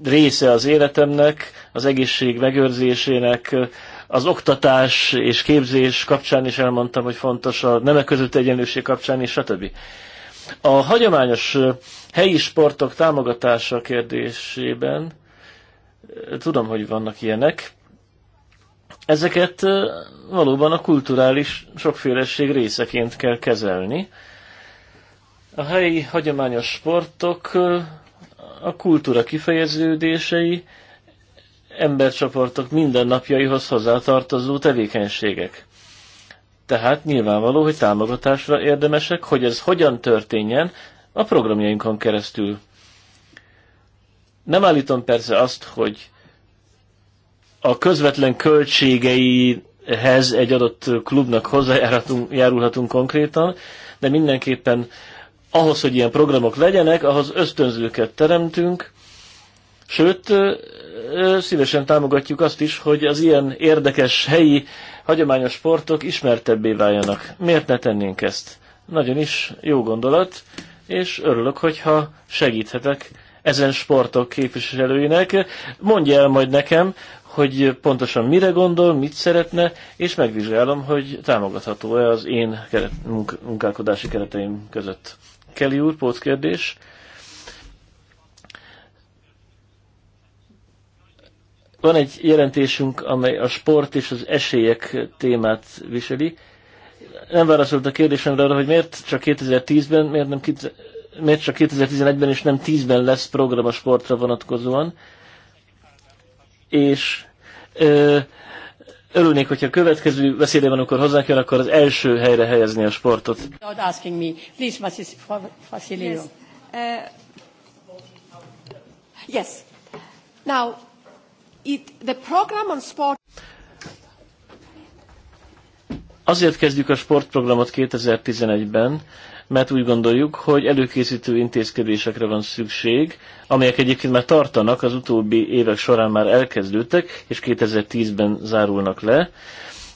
része az életemnek, az egészség megőrzésének, az oktatás és képzés kapcsán is elmondtam, hogy fontos a nemek között egyenlőség kapcsán is. stb. A hagyományos helyi sportok támogatása kérdésében tudom, hogy vannak ilyenek. Ezeket valóban a kulturális sokféleség részeként kell kezelni. A helyi hagyományos sportok a kultúra kifejeződései, embercsoportok mindennapjaihoz hozzátartozó tevékenységek. Tehát nyilvánvaló, hogy támogatásra érdemesek, hogy ez hogyan történjen a programjainkon keresztül. Nem állítom persze azt, hogy a közvetlen költségeihez egy adott klubnak hozzájárulhatunk konkrétan, de mindenképpen ahhoz, hogy ilyen programok legyenek, ahhoz ösztönzőket teremtünk, Sőt, szívesen támogatjuk azt is, hogy az ilyen érdekes helyi hagyományos sportok ismertebbé váljanak. Miért ne tennénk ezt? Nagyon is jó gondolat, és örülök, hogyha segíthetek ezen sportok képviselőinek. Mondja el majd nekem, hogy pontosan mire gondol, mit szeretne, és megvizsgálom, hogy támogatható-e az én keret, munkálkodási kereteim között. Kelly úr, pótkérdés. kérdés. Van egy jelentésünk, amely a sport és az esélyek témát viseli. Nem válaszolt a kérdésemre arra, hogy miért csak 2010-ben, miért, nem, miért csak 2011-ben és nem 10-ben lesz program a sportra vonatkozóan. És ö, örülnék, hogyha a következő beszédében, amikor hozzánk jön, akkor az első helyre helyezni a sportot. Uh, yes. Now, Azért kezdjük a sportprogramot 2011-ben, mert úgy gondoljuk, hogy előkészítő intézkedésekre van szükség, amelyek egyébként már tartanak, az utóbbi évek során már elkezdődtek, és 2010-ben zárulnak le,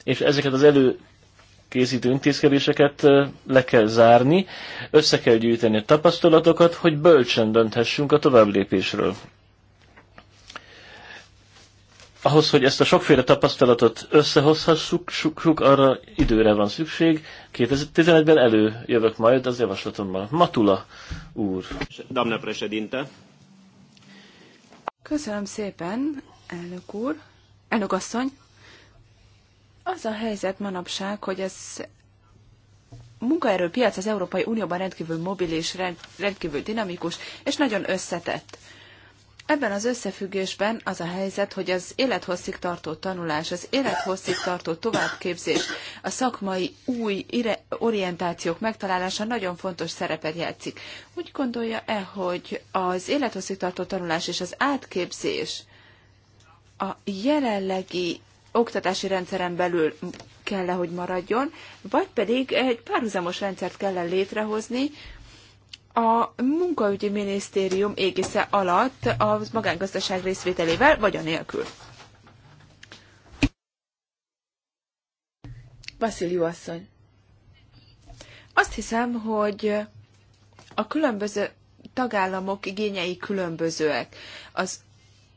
és ezeket az előkészítő intézkedéseket le kell zárni, össze kell gyűjteni a tapasztalatokat, hogy bölcsen dönthessünk a továbblépésről ahhoz, hogy ezt a sokféle tapasztalatot összehozhassuk, suk, suk, arra időre van szükség. 2011-ben előjövök majd az javaslatommal. Matula úr. Damna presedinte. Köszönöm szépen, elnök úr, elnök asszony. Az a helyzet manapság, hogy ez munkaerőpiac az Európai Unióban rendkívül mobilis, rendkívül dinamikus, és nagyon összetett. Ebben az összefüggésben az a helyzet, hogy az élethosszig tartó tanulás, az élethosszig tartó továbbképzés, a szakmai új orientációk megtalálása nagyon fontos szerepet játszik. Úgy gondolja-e, hogy az élethosszig tartó tanulás és az átképzés a jelenlegi oktatási rendszeren belül kell -e, hogy maradjon, vagy pedig egy párhuzamos rendszert kell -e létrehozni, a munkaügyi minisztérium égisze alatt a magángazdaság részvételével, vagy a nélkül. Vasziliu asszony. Azt hiszem, hogy a különböző tagállamok igényei különbözőek. Az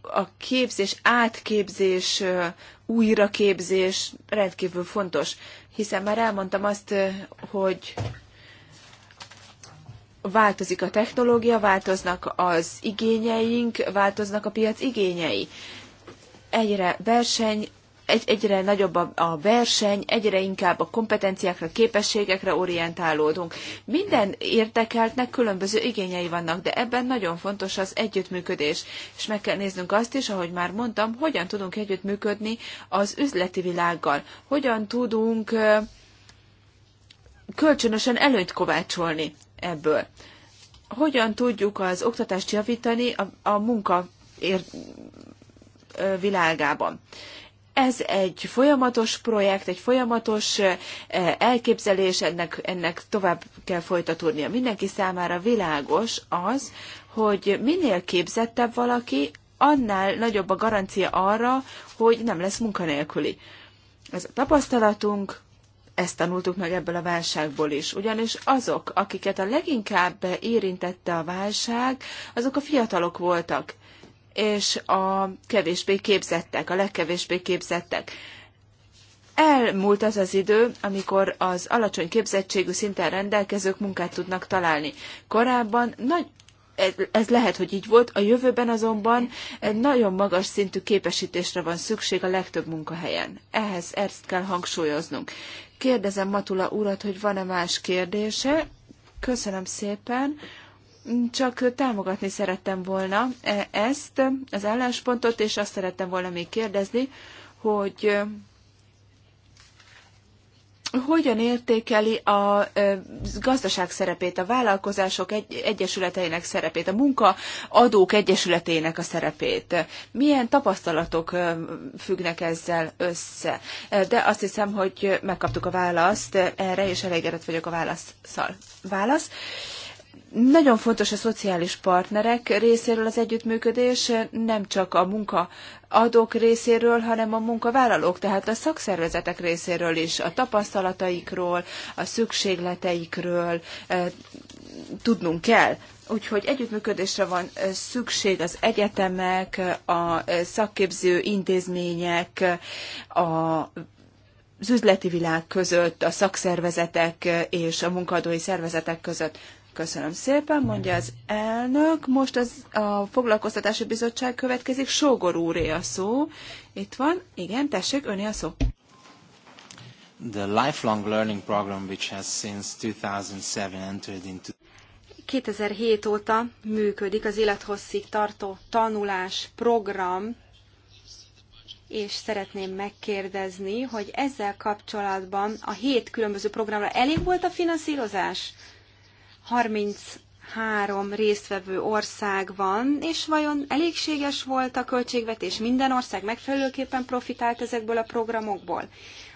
a képzés, átképzés, újraképzés rendkívül fontos, hiszen már elmondtam azt, hogy változik a technológia, változnak az igényeink, változnak a piac igényei. Egyre verseny, egy, egyre nagyobb a, a verseny, egyre inkább a kompetenciákra, képességekre orientálódunk. Minden érdekeltnek különböző igényei vannak, de ebben nagyon fontos az együttműködés. És meg kell néznünk azt is, ahogy már mondtam, hogyan tudunk együttműködni az üzleti világgal, hogyan tudunk kölcsönösen előnyt kovácsolni ebből. Hogyan tudjuk az oktatást javítani a, a munka ér, világában? Ez egy folyamatos projekt, egy folyamatos elképzelés, ennek, ennek tovább kell folytatódnia. Mindenki számára világos az, hogy minél képzettebb valaki, annál nagyobb a garancia arra, hogy nem lesz munkanélküli. Ez a tapasztalatunk, ezt tanultuk meg ebből a válságból is. Ugyanis azok, akiket a leginkább érintette a válság, azok a fiatalok voltak, és a kevésbé képzettek, a legkevésbé képzettek. Elmúlt az az idő, amikor az alacsony képzettségű szinten rendelkezők munkát tudnak találni. Korábban nagy, ez, ez lehet, hogy így volt, a jövőben azonban egy nagyon magas szintű képesítésre van szükség a legtöbb munkahelyen. Ehhez ezt kell hangsúlyoznunk. Kérdezem Matula urat, hogy van-e más kérdése. Köszönöm szépen. Csak támogatni szerettem volna e- ezt, az álláspontot, és azt szerettem volna még kérdezni, hogy hogyan értékeli a gazdaság szerepét, a vállalkozások egy, egyesületeinek szerepét, a munkaadók egyesületének a szerepét? Milyen tapasztalatok függnek ezzel össze? De azt hiszem, hogy megkaptuk a választ erre, és elégedett vagyok a válaszszal. Válasz. Nagyon fontos a szociális partnerek részéről az együttműködés, nem csak a munkaadók részéről, hanem a munkavállalók, tehát a szakszervezetek részéről is, a tapasztalataikról, a szükségleteikről eh, tudnunk kell. Úgyhogy együttműködésre van eh, szükség az egyetemek, a eh, szakképző intézmények, a az üzleti világ között, a szakszervezetek és a munkadói szervezetek között. Köszönöm szépen, mondja az elnök. Most az, a foglalkoztatási bizottság következik. Sógor úré a szó. Itt van. Igen, tessék, öné a szó. The lifelong learning program, which has since 2007 entered into 2007 óta működik az élethosszig tartó tanulás program, és szeretném megkérdezni, hogy ezzel kapcsolatban a hét különböző programra elég volt a finanszírozás? 33 résztvevő ország van, és vajon elégséges volt a költségvetés? Minden ország megfelelőképpen profitált ezekből a programokból?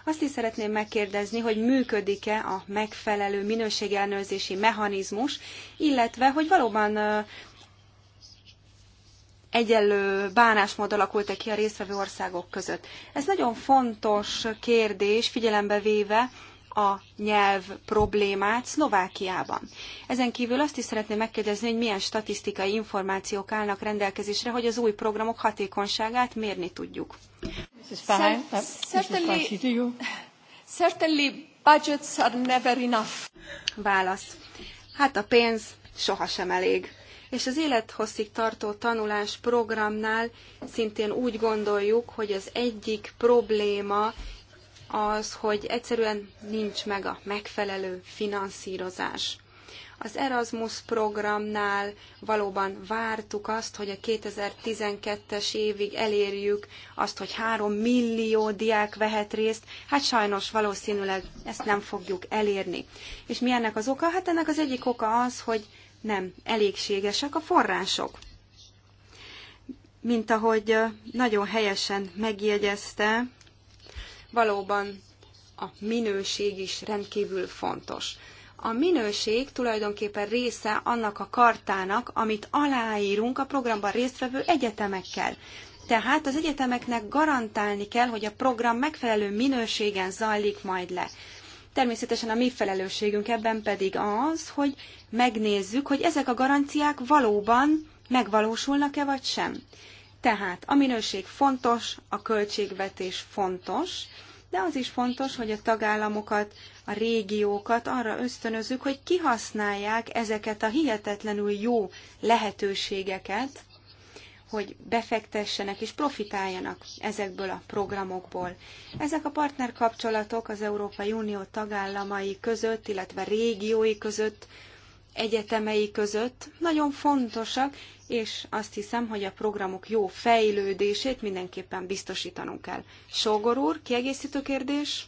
Azt is szeretném megkérdezni, hogy működik-e a megfelelő minőségellenőrzési mechanizmus, illetve hogy valóban egyenlő bánásmód alakult-e ki a résztvevő országok között. Ez nagyon fontos kérdés, figyelembe véve, a nyelv problémát Szlovákiában. Ezen kívül azt is szeretném megkérdezni, hogy milyen statisztikai információk állnak rendelkezésre, hogy az új programok hatékonyságát mérni tudjuk. Certainly, certainly budgets are never enough. Válasz. Hát a pénz sohasem elég és az élethosszig tartó tanulás programnál szintén úgy gondoljuk, hogy az egyik probléma az, hogy egyszerűen nincs meg a megfelelő finanszírozás. Az Erasmus programnál valóban vártuk azt, hogy a 2012-es évig elérjük azt, hogy 3 millió diák vehet részt. Hát sajnos valószínűleg ezt nem fogjuk elérni. És mi ennek az oka? Hát ennek az egyik oka az, hogy nem elégségesek a források. Mint ahogy nagyon helyesen megjegyezte, valóban a minőség is rendkívül fontos. A minőség tulajdonképpen része annak a kartának, amit aláírunk a programban résztvevő egyetemekkel. Tehát az egyetemeknek garantálni kell, hogy a program megfelelő minőségen zajlik majd le. Természetesen a mi felelősségünk ebben pedig az, hogy megnézzük, hogy ezek a garanciák valóban megvalósulnak-e vagy sem. Tehát a minőség fontos, a költségvetés fontos, de az is fontos, hogy a tagállamokat, a régiókat arra ösztönözzük, hogy kihasználják ezeket a hihetetlenül jó lehetőségeket, hogy befektessenek és profitáljanak ezekből a programokból. Ezek a partnerkapcsolatok az Európai Unió tagállamai között, illetve régiói között egyetemei között nagyon fontosak, és azt hiszem, hogy a programok jó fejlődését mindenképpen biztosítanunk kell. Sógor úr, kiegészítő kérdés?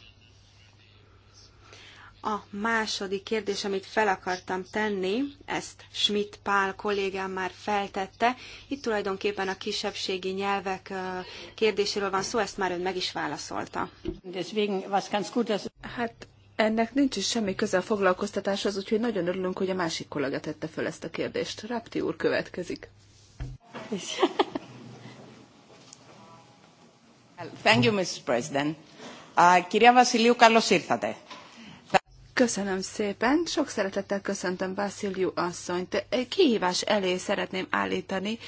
A második kérdés, amit fel akartam tenni, ezt Schmidt Pál kollégám már feltette. Itt tulajdonképpen a kisebbségi nyelvek kérdéséről van szó, ezt már ön meg is válaszolta. Hát ennek nincs is semmi köze a foglalkoztatáshoz, úgyhogy nagyon örülünk, hogy a másik kollega tette föl ezt a kérdést. Rapti úr következik. Thank you, Mrs. President. Kiria Vasiliu, Carlos Irtate. Köszönöm szépen, sok szeretettel köszöntöm Vasiliu asszonyt. Kihívás elé szeretném állítani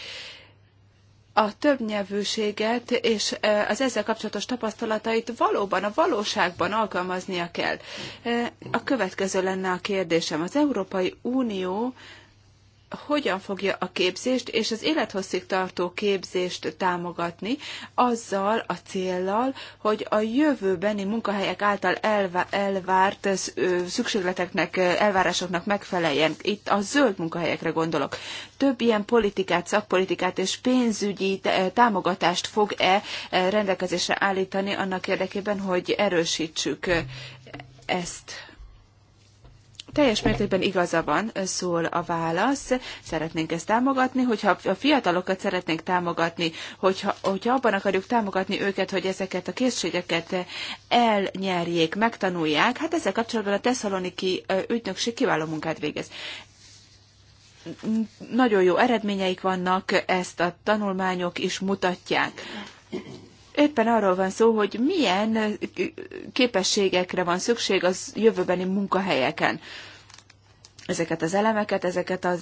a többnyelvűséget és e, az ezzel kapcsolatos tapasztalatait valóban a valóságban alkalmaznia kell. E, a következő lenne a kérdésem. Az Európai Unió hogyan fogja a képzést és az élethosszig tartó képzést támogatni, azzal a céllal, hogy a jövőbeni munkahelyek által elvárt szükségleteknek, elvárásoknak megfeleljen. Itt a zöld munkahelyekre gondolok. Több ilyen politikát, szakpolitikát és pénzügyi támogatást fog-e rendelkezésre állítani annak érdekében, hogy erősítsük ezt teljes mértékben igaza van, szól a válasz. Szeretnénk ezt támogatni, hogyha a fiatalokat szeretnénk támogatni, hogyha, hogyha abban akarjuk támogatni őket, hogy ezeket a készségeket elnyerjék, megtanulják, hát ezzel kapcsolatban a teszaloniki ügynökség kiváló munkát végez nagyon jó eredményeik vannak, ezt a tanulmányok is mutatják. Éppen arról van szó, hogy milyen képességekre van szükség az jövőbeni munkahelyeken. Ezeket az elemeket, ezeket a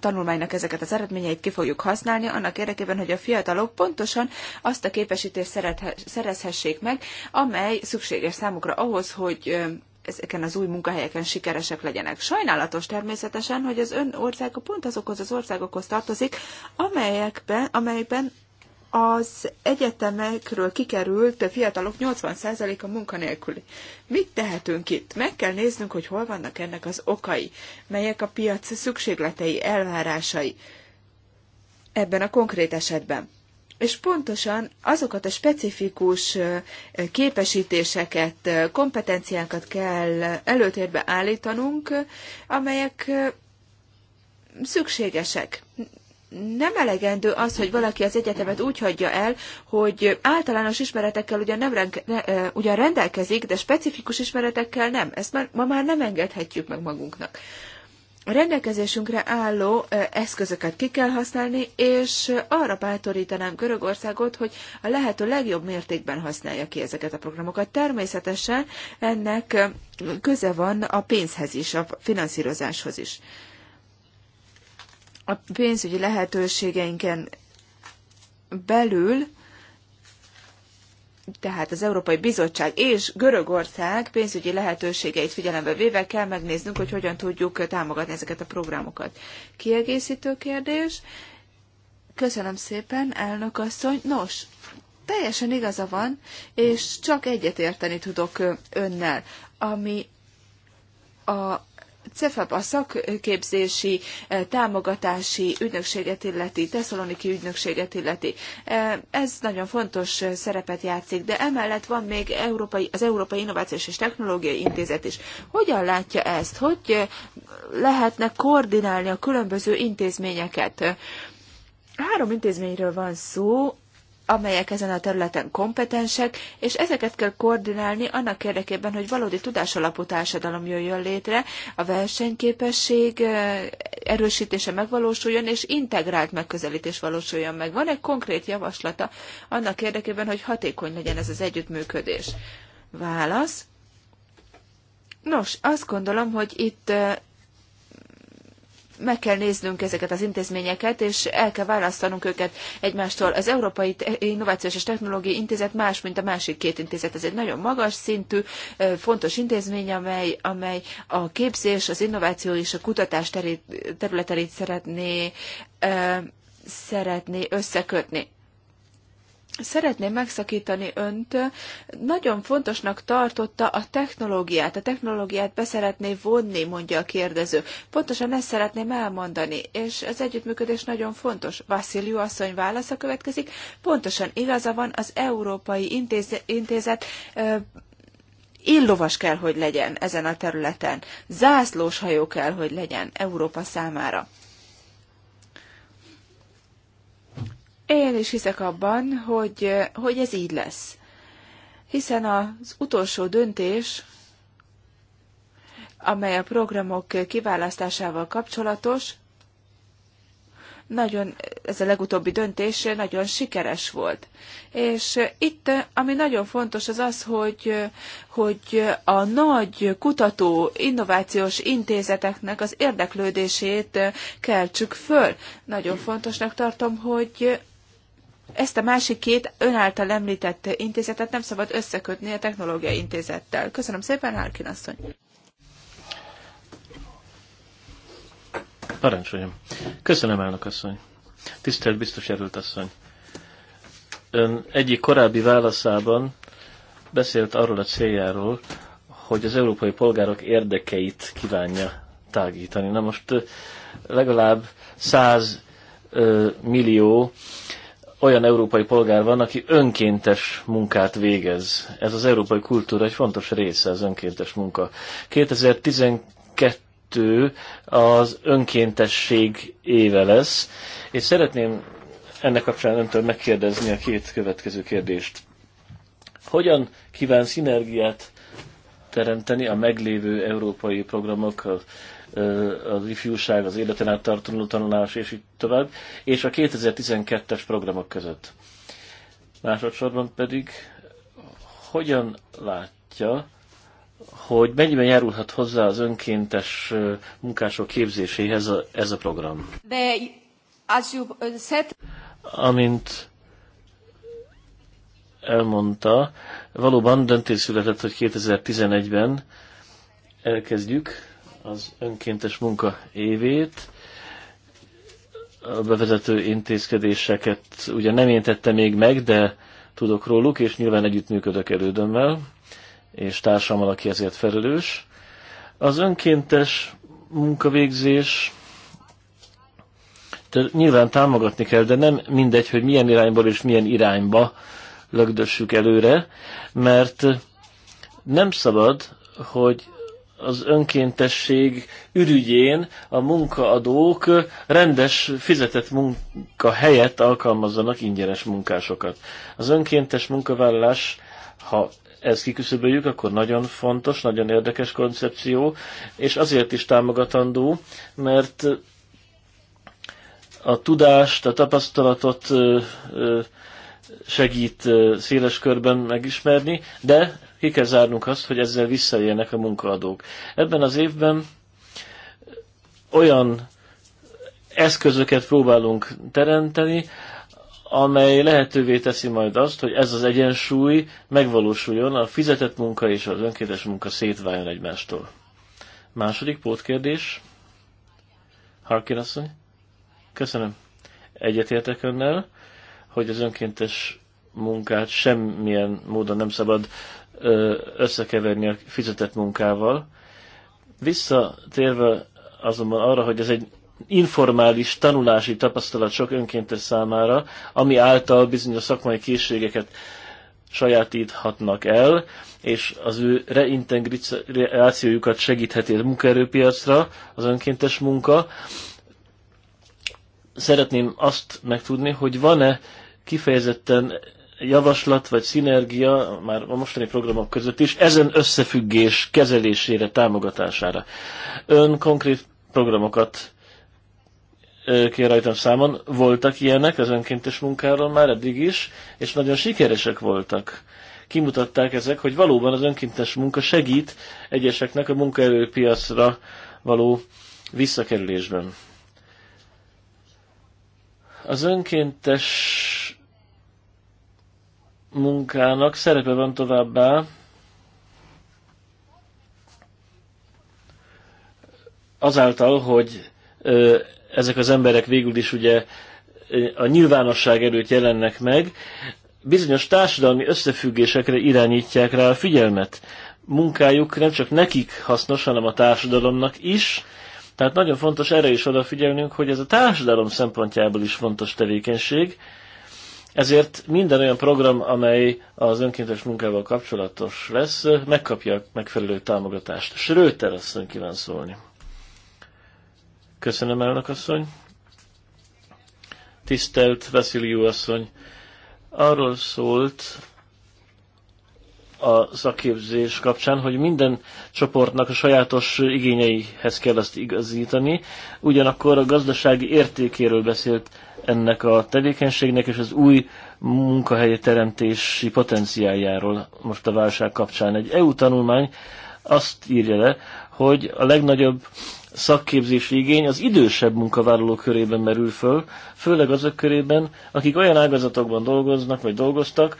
tanulmánynak ezeket az eredményeit ki fogjuk használni, annak érdekében, hogy a fiatalok pontosan azt a képesítést szerezhessék meg, amely szükséges számukra ahhoz, hogy ezeken az új munkahelyeken sikeresek legyenek. Sajnálatos természetesen, hogy az ön országa pont azokhoz az országokhoz tartozik, amelyekben, amelyben az egyetemekről kikerült fiatalok 80%-a munkanélküli. Mit tehetünk itt? Meg kell néznünk, hogy hol vannak ennek az okai, melyek a piac szükségletei, elvárásai ebben a konkrét esetben. És pontosan azokat a specifikus képesítéseket, kompetenciákat kell előtérbe állítanunk, amelyek szükségesek nem elegendő az, hogy valaki az egyetemet úgy hagyja el, hogy általános ismeretekkel ugyan, nem, ne, ugyan rendelkezik, de specifikus ismeretekkel nem. Ezt már, ma már nem engedhetjük meg magunknak. A rendelkezésünkre álló eszközöket ki kell használni, és arra bátorítanám Görögországot, hogy a lehető legjobb mértékben használja ki ezeket a programokat. Természetesen ennek köze van a pénzhez is, a finanszírozáshoz is a pénzügyi lehetőségeinken belül, tehát az Európai Bizottság és Görögország pénzügyi lehetőségeit figyelembe véve kell megnéznünk, hogy hogyan tudjuk támogatni ezeket a programokat. Kiegészítő kérdés. Köszönöm szépen, elnök asszony. Nos, teljesen igaza van, és csak egyetérteni tudok önnel, ami a CEFAP a szakképzési eh, támogatási ügynökséget illeti, Tesszaloniki ügynökséget illeti. Eh, ez nagyon fontos eh, szerepet játszik, de emellett van még Európai, az Európai Innovációs és Technológiai Intézet is. Hogyan látja ezt? Hogy lehetne koordinálni a különböző intézményeket? Három intézményről van szó, amelyek ezen a területen kompetensek, és ezeket kell koordinálni annak érdekében, hogy valódi tudásalapú társadalom jöjjön létre, a versenyképesség erősítése megvalósuljon, és integrált megközelítés valósuljon meg. Van egy konkrét javaslata annak érdekében, hogy hatékony legyen ez az együttműködés? Válasz. Nos, azt gondolom, hogy itt meg kell néznünk ezeket az intézményeket, és el kell választanunk őket egymástól. Az Európai Innovációs és Technológiai Intézet más, mint a másik két intézet. Ez egy nagyon magas szintű, fontos intézmény, amely, amely a képzés, az innováció és a kutatás területeit szeretné, szeretné összekötni. Szeretném megszakítani önt. Nagyon fontosnak tartotta a technológiát. A technológiát beszeretné vonni, mondja a kérdező. Pontosan ezt szeretném elmondani, és az együttműködés nagyon fontos. Vassziliu asszony válasza következik. Pontosan igaza van, az Európai Intéz- Intézet illovas kell, hogy legyen ezen a területen. Zászlós hajó kell, hogy legyen Európa számára. Én is hiszek abban, hogy, hogy ez így lesz. Hiszen az utolsó döntés, amely a programok kiválasztásával kapcsolatos, nagyon, ez a legutóbbi döntés nagyon sikeres volt. És itt, ami nagyon fontos, az az, hogy, hogy a nagy kutató innovációs intézeteknek az érdeklődését keltsük föl. Nagyon fontosnak tartom, hogy ezt a másik két ön által említett intézetet nem szabad összekötni a technológiai intézettel. Köszönöm szépen, Hárkin asszony. Parancsoljam. Köszönöm, elnök asszony. Tisztelt biztos erőlt asszony. Ön egyik korábbi válaszában beszélt arról a céljáról, hogy az európai polgárok érdekeit kívánja tágítani. Na most legalább 100 millió olyan európai polgár van, aki önkéntes munkát végez. Ez az európai kultúra egy fontos része, az önkéntes munka. 2012 az önkéntesség éve lesz, és szeretném ennek kapcsán öntől megkérdezni a két következő kérdést. Hogyan kíván szinergiát teremteni a meglévő európai programokkal, az ifjúság, az életen át tartó tanulás, és így tovább, és a 2012-es programok között. Másodszorban pedig hogyan látja, hogy mennyiben járulhat hozzá az önkéntes munkások képzéséhez a, ez a program? De, as you said... Amint elmondta, valóban döntés született, hogy 2011-ben elkezdjük az önkéntes munka évét. A bevezető intézkedéseket ugye nem én tettem még meg, de tudok róluk, és nyilván együttműködök elődömmel, és társammal, aki ezért felelős. Az önkéntes munkavégzés de nyilván támogatni kell, de nem mindegy, hogy milyen irányból és milyen irányba lögdössük előre, mert nem szabad, hogy az önkéntesség ürügyén a munkaadók rendes fizetett munka helyett alkalmazzanak ingyenes munkásokat. Az önkéntes munkavállalás, ha ezt kiküszöböljük, akkor nagyon fontos, nagyon érdekes koncepció, és azért is támogatandó, mert a tudást, a tapasztalatot segít széles körben megismerni, de ki kell zárnunk azt, hogy ezzel visszaérnek a munkaadók. Ebben az évben olyan eszközöket próbálunk teremteni, amely lehetővé teszi majd azt, hogy ez az egyensúly megvalósuljon, a fizetett munka és az önkéntes munka szétváljon egymástól. Második pótkérdés. Harkin asszony. Köszönöm. Egyetértek önnel, hogy az önkéntes munkát semmilyen módon nem szabad összekeverni a fizetett munkával. Visszatérve azonban arra, hogy ez egy informális tanulási tapasztalat sok önkéntes számára, ami által bizonyos szakmai készségeket sajátíthatnak el, és az ő reintegrációjukat segítheti a munkaerőpiacra az önkéntes munka. Szeretném azt megtudni, hogy van-e kifejezetten javaslat vagy szinergia már a mostani programok között is ezen összefüggés kezelésére, támogatására. Ön konkrét programokat kér rajtam számon. Voltak ilyenek az önkéntes munkáról már eddig is, és nagyon sikeresek voltak. Kimutatták ezek, hogy valóban az önkéntes munka segít egyeseknek a munkaerőpiacra való visszakerülésben. Az önkéntes munkának szerepe van továbbá azáltal, hogy ezek az emberek végül is ugye a nyilvánosság előtt jelennek meg, bizonyos társadalmi összefüggésekre irányítják rá a figyelmet. Munkájuk nem csak nekik hasznos, hanem a társadalomnak is, tehát nagyon fontos erre is odafigyelnünk, hogy ez a társadalom szempontjából is fontos tevékenység, ezért minden olyan program, amely az önkéntes munkával kapcsolatos lesz, megkapja a megfelelő támogatást. Schröter asszony kíván szólni. Köszönöm, elnök asszony. Tisztelt Vesziliú asszony, arról szólt a szakképzés kapcsán, hogy minden csoportnak a sajátos igényeihez kell azt igazítani, ugyanakkor a gazdasági értékéről beszélt ennek a tevékenységnek és az új munkahelyi teremtési potenciáljáról most a válság kapcsán. Egy EU tanulmány azt írja le, hogy a legnagyobb szakképzési igény az idősebb munkavállalók körében merül föl, főleg azok körében, akik olyan ágazatokban dolgoznak vagy dolgoztak,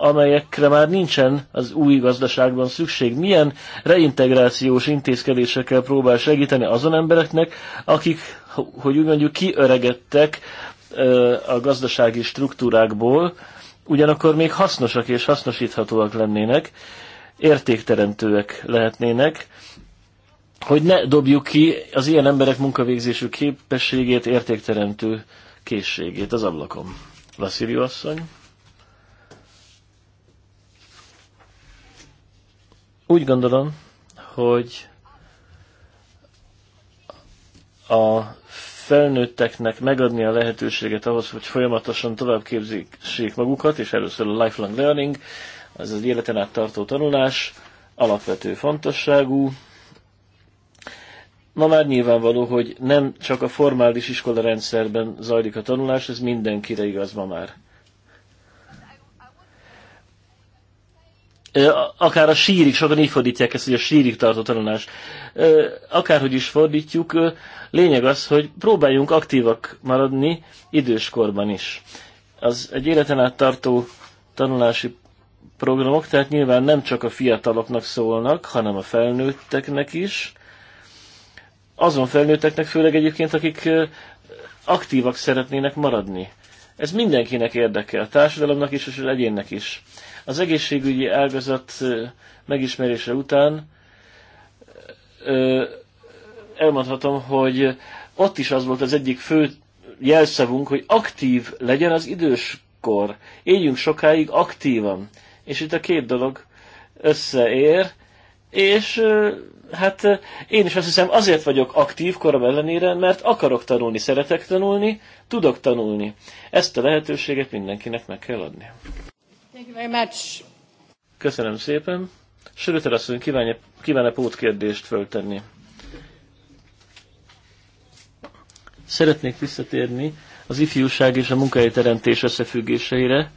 amelyekre már nincsen az új gazdaságban szükség. Milyen reintegrációs intézkedésekkel próbál segíteni azon embereknek, akik, hogy úgy mondjuk kiöregedtek, a gazdasági struktúrákból, ugyanakkor még hasznosak és hasznosíthatóak lennének, értékteremtőek lehetnének, hogy ne dobjuk ki az ilyen emberek munkavégzésű képességét, értékteremtő készségét az ablakom. Vasszilió asszony. Úgy gondolom, hogy a felnőtteknek megadni a lehetőséget ahhoz, hogy folyamatosan továbbképzésék magukat, és először a lifelong learning, az az életen át tartó tanulás, alapvető fontosságú. Ma már nyilvánvaló, hogy nem csak a formális iskolarendszerben zajlik a tanulás, ez mindenkire igaz ma már. akár a sírik, sokan így fordítják ezt, hogy a sírik tartó tanulás. Akárhogy is fordítjuk, lényeg az, hogy próbáljunk aktívak maradni időskorban is. Az egy életen át tartó tanulási programok, tehát nyilván nem csak a fiataloknak szólnak, hanem a felnőtteknek is. Azon felnőtteknek főleg egyébként, akik aktívak szeretnének maradni. Ez mindenkinek érdekel, társadalomnak is és az egyénnek is az egészségügyi ágazat megismerése után elmondhatom, hogy ott is az volt az egyik fő jelszavunk, hogy aktív legyen az időskor. Éljünk sokáig aktívan. És itt a két dolog összeér, és hát én is azt hiszem azért vagyok aktív korom ellenére, mert akarok tanulni, szeretek tanulni, tudok tanulni. Ezt a lehetőséget mindenkinek meg kell adni very much. Köszönöm szépen. Söröter asszony, kívánja, kívánja pótkérdést föltenni. Szeretnék visszatérni az ifjúság és a munkahelyteremtés összefüggéseire.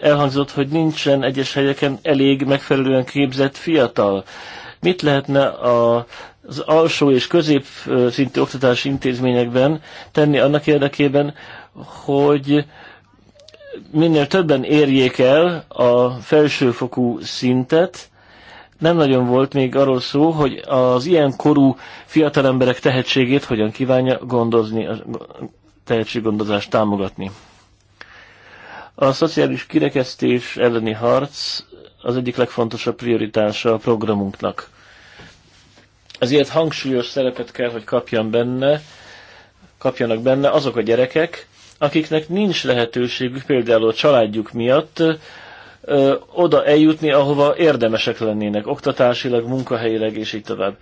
Elhangzott, hogy nincsen egyes helyeken elég megfelelően képzett fiatal. Mit lehetne a, az alsó és középszintű oktatási intézményekben tenni annak érdekében, hogy minél többen érjék el a felsőfokú szintet, nem nagyon volt még arról szó, hogy az ilyen korú fiatalemberek tehetségét hogyan kívánja gondozni, a tehetséggondozást támogatni. A szociális kirekesztés elleni harc az egyik legfontosabb prioritása a programunknak. Ezért hangsúlyos szerepet kell, hogy kapjan benne, kapjanak benne azok a gyerekek, akiknek nincs lehetőségük például a családjuk miatt ö, oda eljutni, ahova érdemesek lennének, oktatásilag, munkahelyileg és így tovább.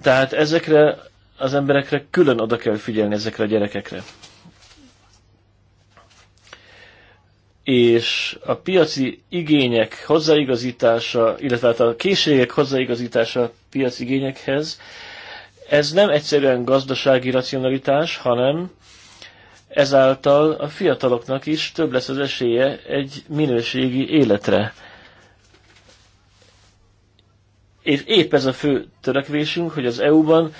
Tehát ezekre az emberekre külön oda kell figyelni, ezekre a gyerekekre. És a piaci igények hozzáigazítása, illetve hát a készségek hozzáigazítása a piaci igényekhez, ez nem egyszerűen gazdasági racionalitás, hanem ezáltal a fiataloknak is több lesz az esélye egy minőségi életre. És épp ez a fő törekvésünk, hogy az EU-ban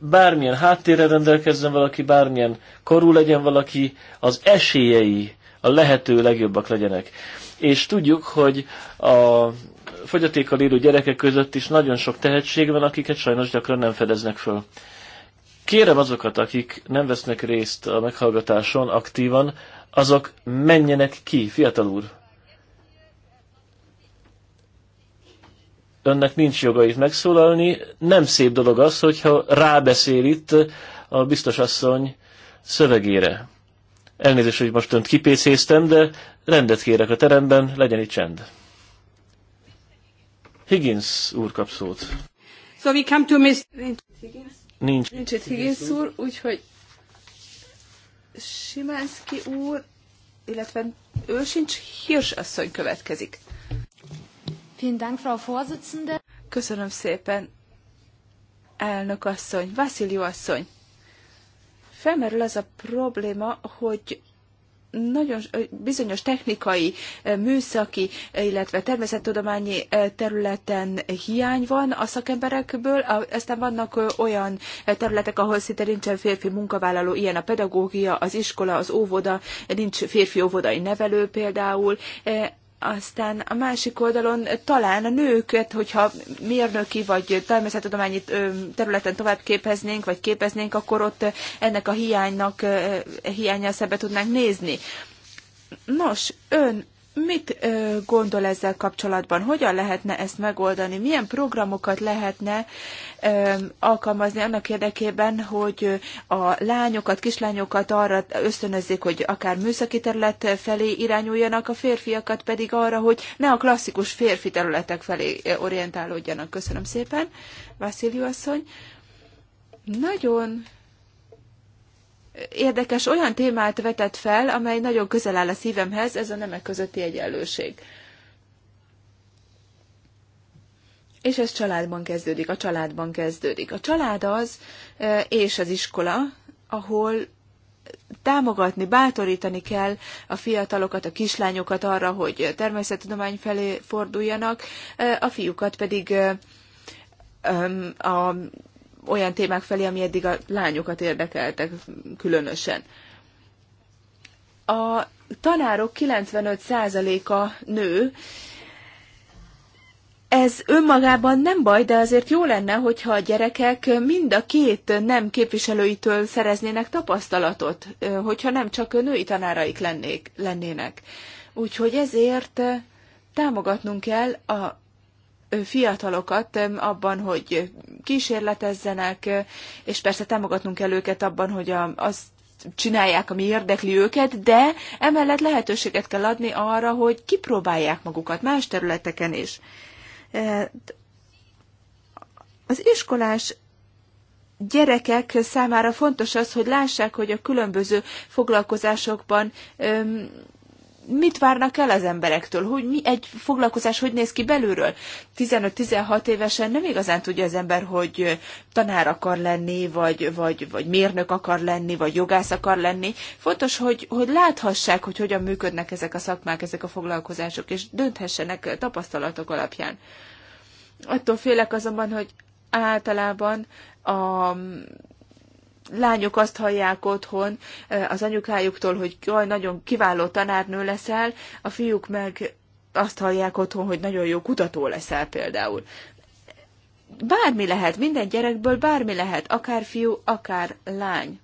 bármilyen háttérrel rendelkezzen valaki, bármilyen korú legyen valaki, az esélyei a lehető legjobbak legyenek. És tudjuk, hogy a fogyatékkal élő gyerekek között is nagyon sok tehetség van, akiket sajnos gyakran nem fedeznek föl. Kérem azokat, akik nem vesznek részt a meghallgatáson aktívan, azok menjenek ki, fiatal úr. Önnek nincs joga itt megszólalni. Nem szép dolog az, hogyha rábeszél itt a biztos asszony szövegére. Elnézést, hogy most önt kipécéztem, de rendet kérek a teremben, legyen itt csend. Higgins úr kap szót. So we come to Miss... Nincs Higgins. Nincs. Nincs itt Higgins úr, úgyhogy Simánszki úr, illetve ő sincs, Hirsch asszony következik. Vielen Dank, Frau Vorsitzende. Köszönöm szépen, elnök asszony, Vasilio asszony. Felmerül az a probléma, hogy nagyon bizonyos technikai, műszaki, illetve természettudományi területen hiány van a szakemberekből, aztán vannak olyan területek, ahol szinte nincsen férfi munkavállaló, ilyen a pedagógia, az iskola, az óvoda, nincs férfi óvodai nevelő például. Aztán a másik oldalon talán a nőket, hogyha mérnöki vagy természettudományi területen tovább képeznénk, vagy képeznénk, akkor ott ennek a hiánynak, hiányjal szembe tudnánk nézni. Nos, ön Mit ö, gondol ezzel kapcsolatban? Hogyan lehetne ezt megoldani? Milyen programokat lehetne ö, alkalmazni annak érdekében, hogy a lányokat, kislányokat arra ösztönözzék, hogy akár műszaki terület felé irányuljanak, a férfiakat pedig arra, hogy ne a klasszikus férfi területek felé orientálódjanak. Köszönöm szépen, Vassziliu asszony. Nagyon érdekes olyan témát vetett fel, amely nagyon közel áll a szívemhez, ez a nemek közötti egyenlőség. És ez családban kezdődik, a családban kezdődik. A család az, e, és az iskola, ahol támogatni, bátorítani kell a fiatalokat, a kislányokat arra, hogy természettudomány felé forduljanak, e, a fiúkat pedig e, a olyan témák felé, ami eddig a lányokat érdekeltek különösen. A tanárok 95%-a nő, ez önmagában nem baj, de azért jó lenne, hogyha a gyerekek mind a két nem képviselőitől szereznének tapasztalatot, hogyha nem csak női tanáraik lennék, lennének. Úgyhogy ezért támogatnunk kell a fiatalokat abban, hogy kísérletezzenek, és persze támogatnunk kell őket abban, hogy azt csinálják, ami érdekli őket, de emellett lehetőséget kell adni arra, hogy kipróbálják magukat más területeken is. E, az iskolás gyerekek számára fontos az, hogy lássák, hogy a különböző foglalkozásokban mit várnak el az emberektől, hogy mi egy foglalkozás hogy néz ki belülről. 15-16 évesen nem igazán tudja az ember, hogy tanár akar lenni, vagy, vagy, vagy mérnök akar lenni, vagy jogász akar lenni. Fontos, hogy, hogy láthassák, hogy hogyan működnek ezek a szakmák, ezek a foglalkozások, és dönthessenek tapasztalatok alapján. Attól félek azonban, hogy általában a lányok azt hallják otthon az anyukájuktól, hogy jaj, nagyon kiváló tanárnő leszel, a fiúk meg azt hallják otthon, hogy nagyon jó kutató leszel például. Bármi lehet, minden gyerekből bármi lehet, akár fiú, akár lány.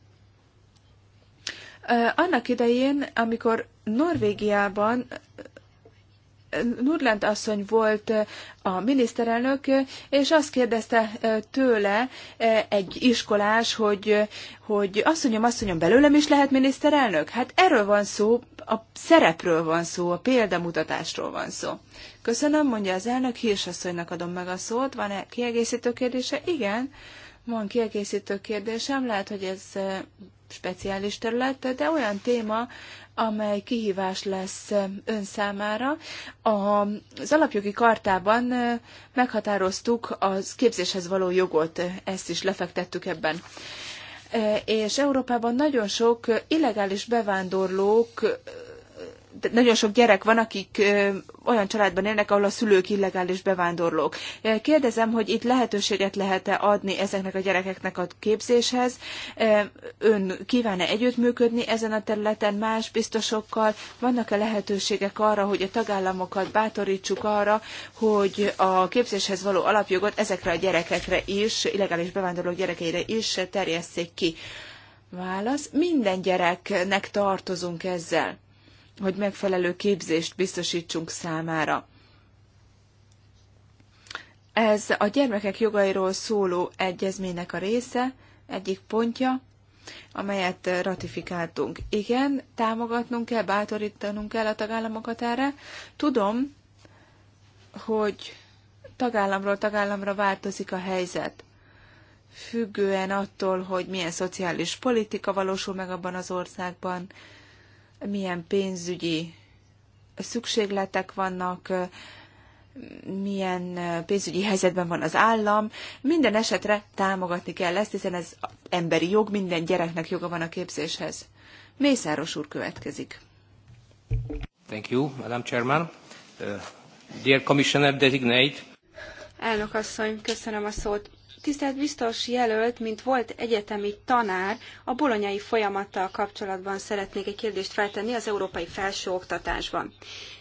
Annak idején, amikor Norvégiában Nurland asszony volt eh, a miniszterelnök, és azt kérdezte eh, tőle eh, egy iskolás, hogy, hogy asszonyom, asszonyom, belőlem is lehet miniszterelnök? Hát erről van szó, a szerepről van szó, a példamutatásról van szó. Köszönöm, mondja az elnök, hírsasszonynak adom meg a szót. Van-e kiegészítő kérdése? Igen, van kiegészítő kérdésem, lehet, hogy ez speciális terület, de olyan téma, amely kihívás lesz ön számára. Az alapjogi kartában meghatároztuk az képzéshez való jogot, ezt is lefektettük ebben. És Európában nagyon sok illegális bevándorlók nagyon sok gyerek van, akik olyan családban élnek, ahol a szülők illegális bevándorlók. Kérdezem, hogy itt lehetőséget lehet-e adni ezeknek a gyerekeknek a képzéshez? Ön kíván-e együttműködni ezen a területen más biztosokkal? Vannak-e lehetőségek arra, hogy a tagállamokat bátorítsuk arra, hogy a képzéshez való alapjogot ezekre a gyerekekre is, illegális bevándorlók gyerekeire is terjesszék ki? Válasz. Minden gyereknek tartozunk ezzel hogy megfelelő képzést biztosítsunk számára. Ez a gyermekek jogairól szóló egyezménynek a része, egyik pontja, amelyet ratifikáltunk. Igen, támogatnunk kell, bátorítanunk kell a tagállamokat erre. Tudom, hogy tagállamról tagállamra változik a helyzet. Függően attól, hogy milyen szociális politika valósul meg abban az országban, milyen pénzügyi szükségletek vannak, milyen pénzügyi helyzetben van az állam. Minden esetre támogatni kell ezt, hiszen ez emberi jog, minden gyereknek joga van a képzéshez. Mészáros úr következik. Thank you, Madam Chairman. Uh, dear Commissioner Designate. Elnök asszony, köszönöm a szót. Tisztelt biztos jelölt, mint volt egyetemi tanár, a bolonyai folyamattal kapcsolatban szeretnék egy kérdést feltenni az európai felsőoktatásban.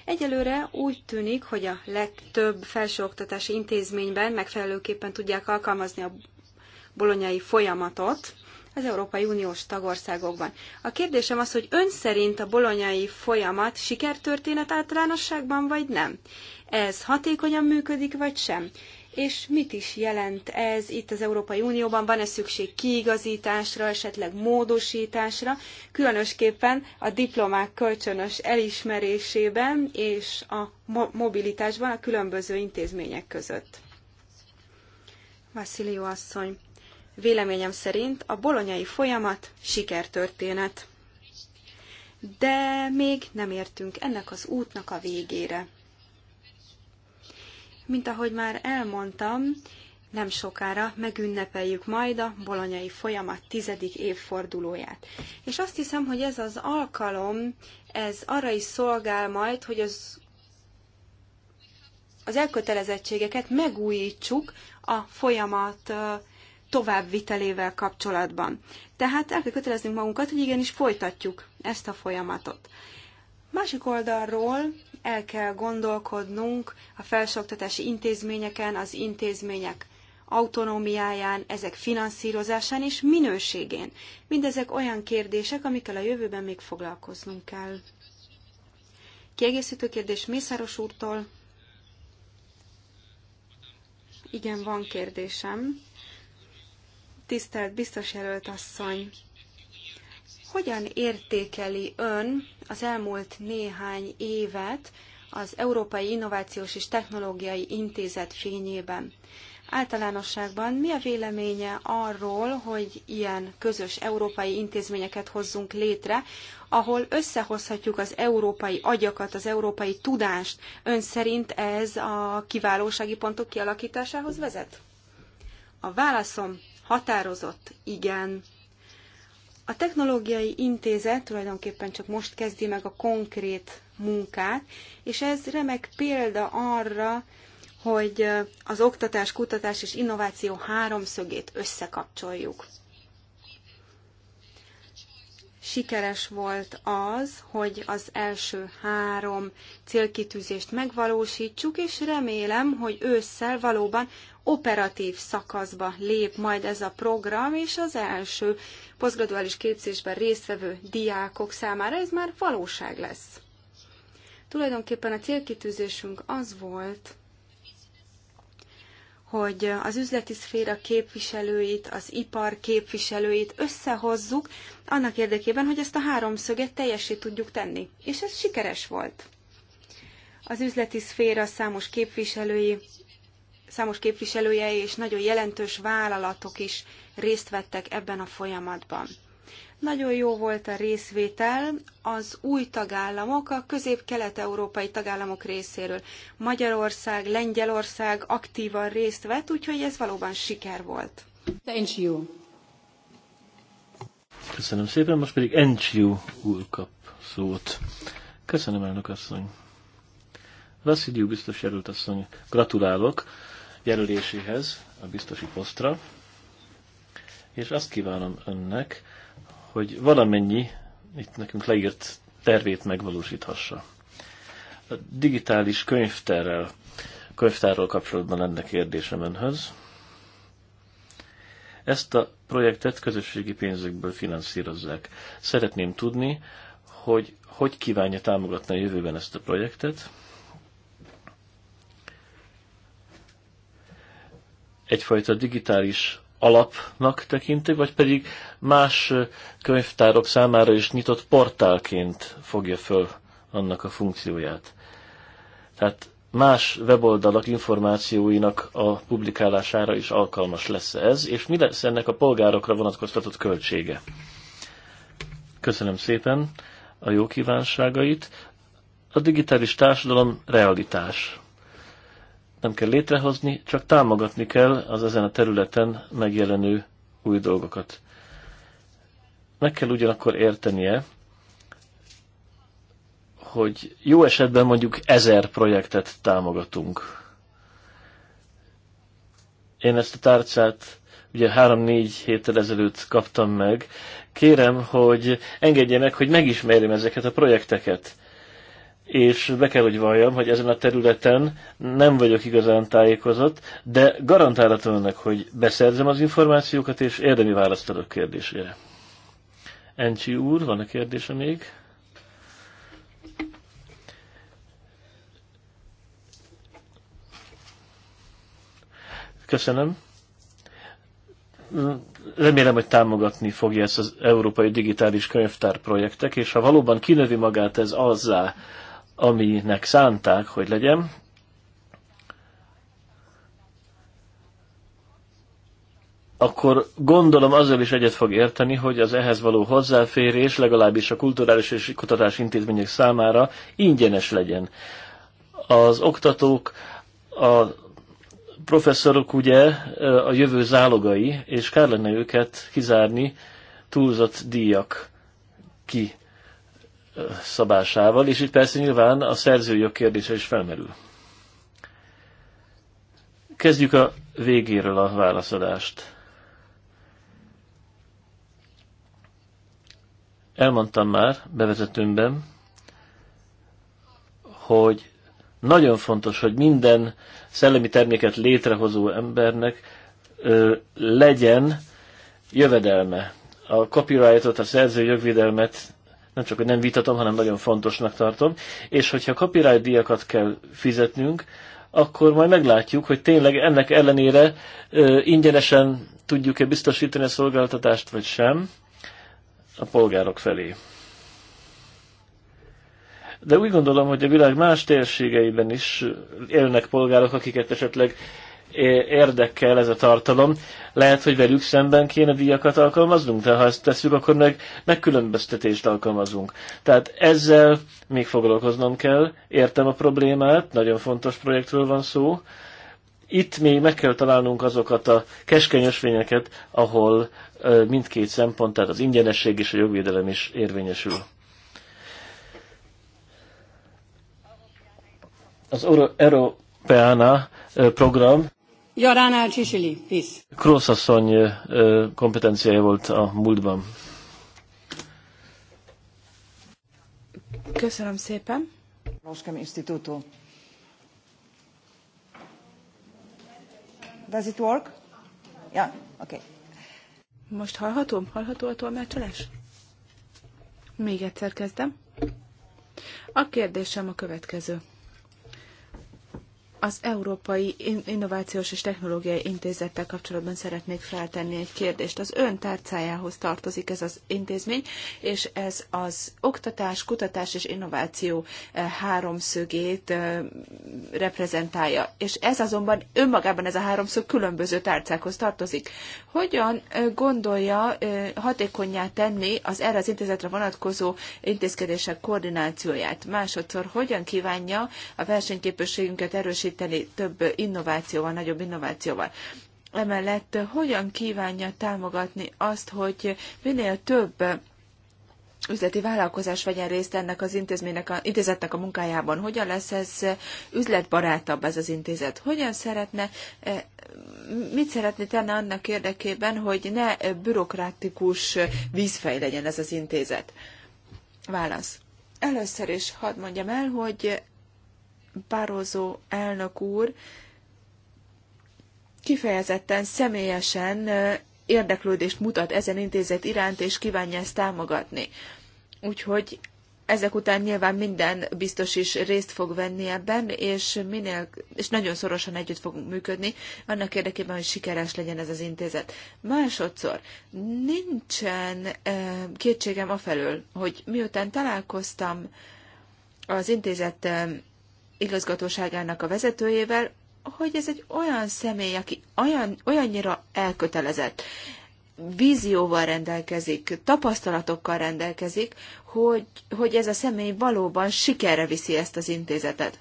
Egyelőre úgy tűnik, hogy a legtöbb felsőoktatási intézményben megfelelőképpen tudják alkalmazni a bolonyai folyamatot az Európai Uniós tagországokban. A kérdésem az, hogy ön szerint a bolonyai folyamat sikertörténet általánosságban, vagy nem? Ez hatékonyan működik, vagy sem? és mit is jelent ez itt az Európai Unióban? Van-e szükség kiigazításra, esetleg módosításra, különösképpen a diplomák kölcsönös elismerésében és a mobilitásban a különböző intézmények között? Vasszilió asszony, véleményem szerint a bolonyai folyamat sikertörténet. De még nem értünk ennek az útnak a végére. Mint ahogy már elmondtam, nem sokára megünnepeljük majd a bolonyai folyamat tizedik évfordulóját. És azt hiszem, hogy ez az alkalom, ez arra is szolgál majd, hogy az, az elkötelezettségeket megújítsuk a folyamat továbbvitelével kapcsolatban. Tehát el kell köteleznünk magunkat, hogy igenis folytatjuk ezt a folyamatot. Másik oldalról el kell gondolkodnunk a felsőoktatási intézményeken, az intézmények autonómiáján, ezek finanszírozásán és minőségén. Mindezek olyan kérdések, amikkel a jövőben még foglalkoznunk kell. Kiegészítő kérdés Mészáros úrtól. Igen, van kérdésem. Tisztelt biztos jelölt asszony! Hogyan értékeli ön az elmúlt néhány évet az Európai Innovációs és Technológiai Intézet fényében? Általánosságban mi a véleménye arról, hogy ilyen közös európai intézményeket hozzunk létre, ahol összehozhatjuk az európai agyakat, az európai tudást? Ön szerint ez a kiválósági pontok kialakításához vezet? A válaszom határozott igen. A Technológiai Intézet tulajdonképpen csak most kezdi meg a konkrét munkát, és ez remek példa arra, hogy az oktatás, kutatás és innováció háromszögét összekapcsoljuk sikeres volt az, hogy az első három célkitűzést megvalósítsuk, és remélem, hogy ősszel valóban operatív szakaszba lép majd ez a program, és az első posztgraduális képzésben résztvevő diákok számára ez már valóság lesz. Tulajdonképpen a célkitűzésünk az volt, hogy az üzleti szféra képviselőit, az ipar képviselőit összehozzuk, annak érdekében, hogy ezt a háromszöget teljesé tudjuk tenni. És ez sikeres volt. Az üzleti szféra számos képviselői, számos képviselője és nagyon jelentős vállalatok is részt vettek ebben a folyamatban. Nagyon jó volt a részvétel az új tagállamok, a közép-kelet-európai tagállamok részéről. Magyarország, Lengyelország aktívan részt vett, úgyhogy ez valóban siker volt. Thank you. Köszönöm szépen, most pedig NGO úr kap szót. Köszönöm, elnök asszony. Vasszidiu biztos jelölt asszony, gratulálok jelöléséhez a biztosi posztra, és azt kívánom önnek, hogy valamennyi itt nekünk leírt tervét megvalósíthassa. A digitális könyvtárral, könyvtárral kapcsolatban lenne kérdésem önhöz. Ezt a projektet közösségi pénzekből finanszírozzák. Szeretném tudni, hogy hogy kívánja támogatni a jövőben ezt a projektet. Egyfajta digitális alapnak tekinti, vagy pedig más könyvtárok számára is nyitott portálként fogja föl annak a funkcióját. Tehát más weboldalak információinak a publikálására is alkalmas lesz ez, és mi lesz ennek a polgárokra vonatkoztatott költsége? Köszönöm szépen a jó kívánságait. A digitális társadalom realitás nem kell létrehozni, csak támogatni kell az ezen a területen megjelenő új dolgokat. Meg kell ugyanakkor értenie, hogy jó esetben mondjuk ezer projektet támogatunk. Én ezt a tárcát ugye három-négy héttel ezelőtt kaptam meg. Kérem, hogy engedjenek, hogy megismerjem ezeket a projekteket és be kell, hogy valljam, hogy ezen a területen nem vagyok igazán tájékozott, de garantálhatom önnek, hogy beszerzem az információkat, és érdemi választ adok kérdésére. Encsi úr, van a kérdése még? Köszönöm. Remélem, hogy támogatni fogja ezt az Európai Digitális Könyvtár projektek, és ha valóban kinövi magát ez azzá, aminek szánták, hogy legyen, akkor gondolom azzal is egyet fog érteni, hogy az ehhez való hozzáférés legalábbis a kulturális és kutatási intézmények számára ingyenes legyen. Az oktatók, a professzorok ugye a jövő zálogai, és kár lenne őket kizárni túlzott díjak ki szabásával, és itt persze nyilván a szerzőjog kérdése is felmerül. Kezdjük a végéről a válaszadást. Elmondtam már bevezetőmben, hogy nagyon fontos, hogy minden szellemi terméket létrehozó embernek ö, legyen jövedelme. A copyrightot, a szerzői jogvédelmet nem csak, hogy nem vitatom, hanem nagyon fontosnak tartom, és hogyha copyright díjakat kell fizetnünk, akkor majd meglátjuk, hogy tényleg ennek ellenére ö, ingyenesen tudjuk-e biztosítani a szolgáltatást, vagy sem a polgárok felé. De úgy gondolom, hogy a világ más térségeiben is élnek polgárok, akiket esetleg érdekel ez a tartalom. Lehet, hogy velük szemben kéne díjakat alkalmaznunk, de ha ezt tesszük, akkor meg megkülönböztetést alkalmazunk. Tehát ezzel még foglalkoznom kell, értem a problémát, nagyon fontos projektről van szó. Itt még meg kell találnunk azokat a keskeny ösvényeket, ahol mindkét szempont, tehát az ingyenesség és a jogvédelem is érvényesül. Az Europeana program Jarana Csisili, kompetenciája volt a múltban. Köszönöm szépen. Roskem Instituto. Does it work? Yeah, okay. Most hallhatom? Hallható a tolmácsolás? Még egyszer kezdem. A kérdésem a következő. Az Európai Innovációs és Technológiai Intézettel kapcsolatban szeretnék feltenni egy kérdést. Az ön tárcájához tartozik ez az intézmény, és ez az oktatás, kutatás és innováció eh, háromszögét eh, reprezentálja. És ez azonban önmagában ez a háromszög különböző tárcákhoz tartozik. Hogyan eh, gondolja hatékonyá tenni az erre az intézetre vonatkozó intézkedések koordinációját? Másodszor, hogyan kívánja a versenyképességünket erősíteni segíteni több innovációval, nagyobb innovációval. Emellett eh, hogyan kívánja támogatni azt, hogy minél több eh, üzleti vállalkozás vegyen részt ennek az intézménynek a, intézetnek a munkájában? Hogyan lesz ez eh, üzletbarátabb ez az intézet? Hogyan szeretne, mit szeretne tenni annak érdekében, hogy ne bürokratikus vízfej legyen ez az intézet? Válasz. Először is hadd mondjam el, hogy Barroso elnök úr kifejezetten személyesen érdeklődést mutat ezen intézet iránt, és kívánja ezt támogatni. Úgyhogy ezek után nyilván minden biztos is részt fog venni ebben, és, minél, és nagyon szorosan együtt fogunk működni, annak érdekében, hogy sikeres legyen ez az intézet. Másodszor, nincsen kétségem afelől, hogy miután találkoztam az intézet igazgatóságának a vezetőjével, hogy ez egy olyan személy, aki olyan, olyannyira elkötelezett, vízióval rendelkezik, tapasztalatokkal rendelkezik, hogy, hogy ez a személy valóban sikerre viszi ezt az intézetet.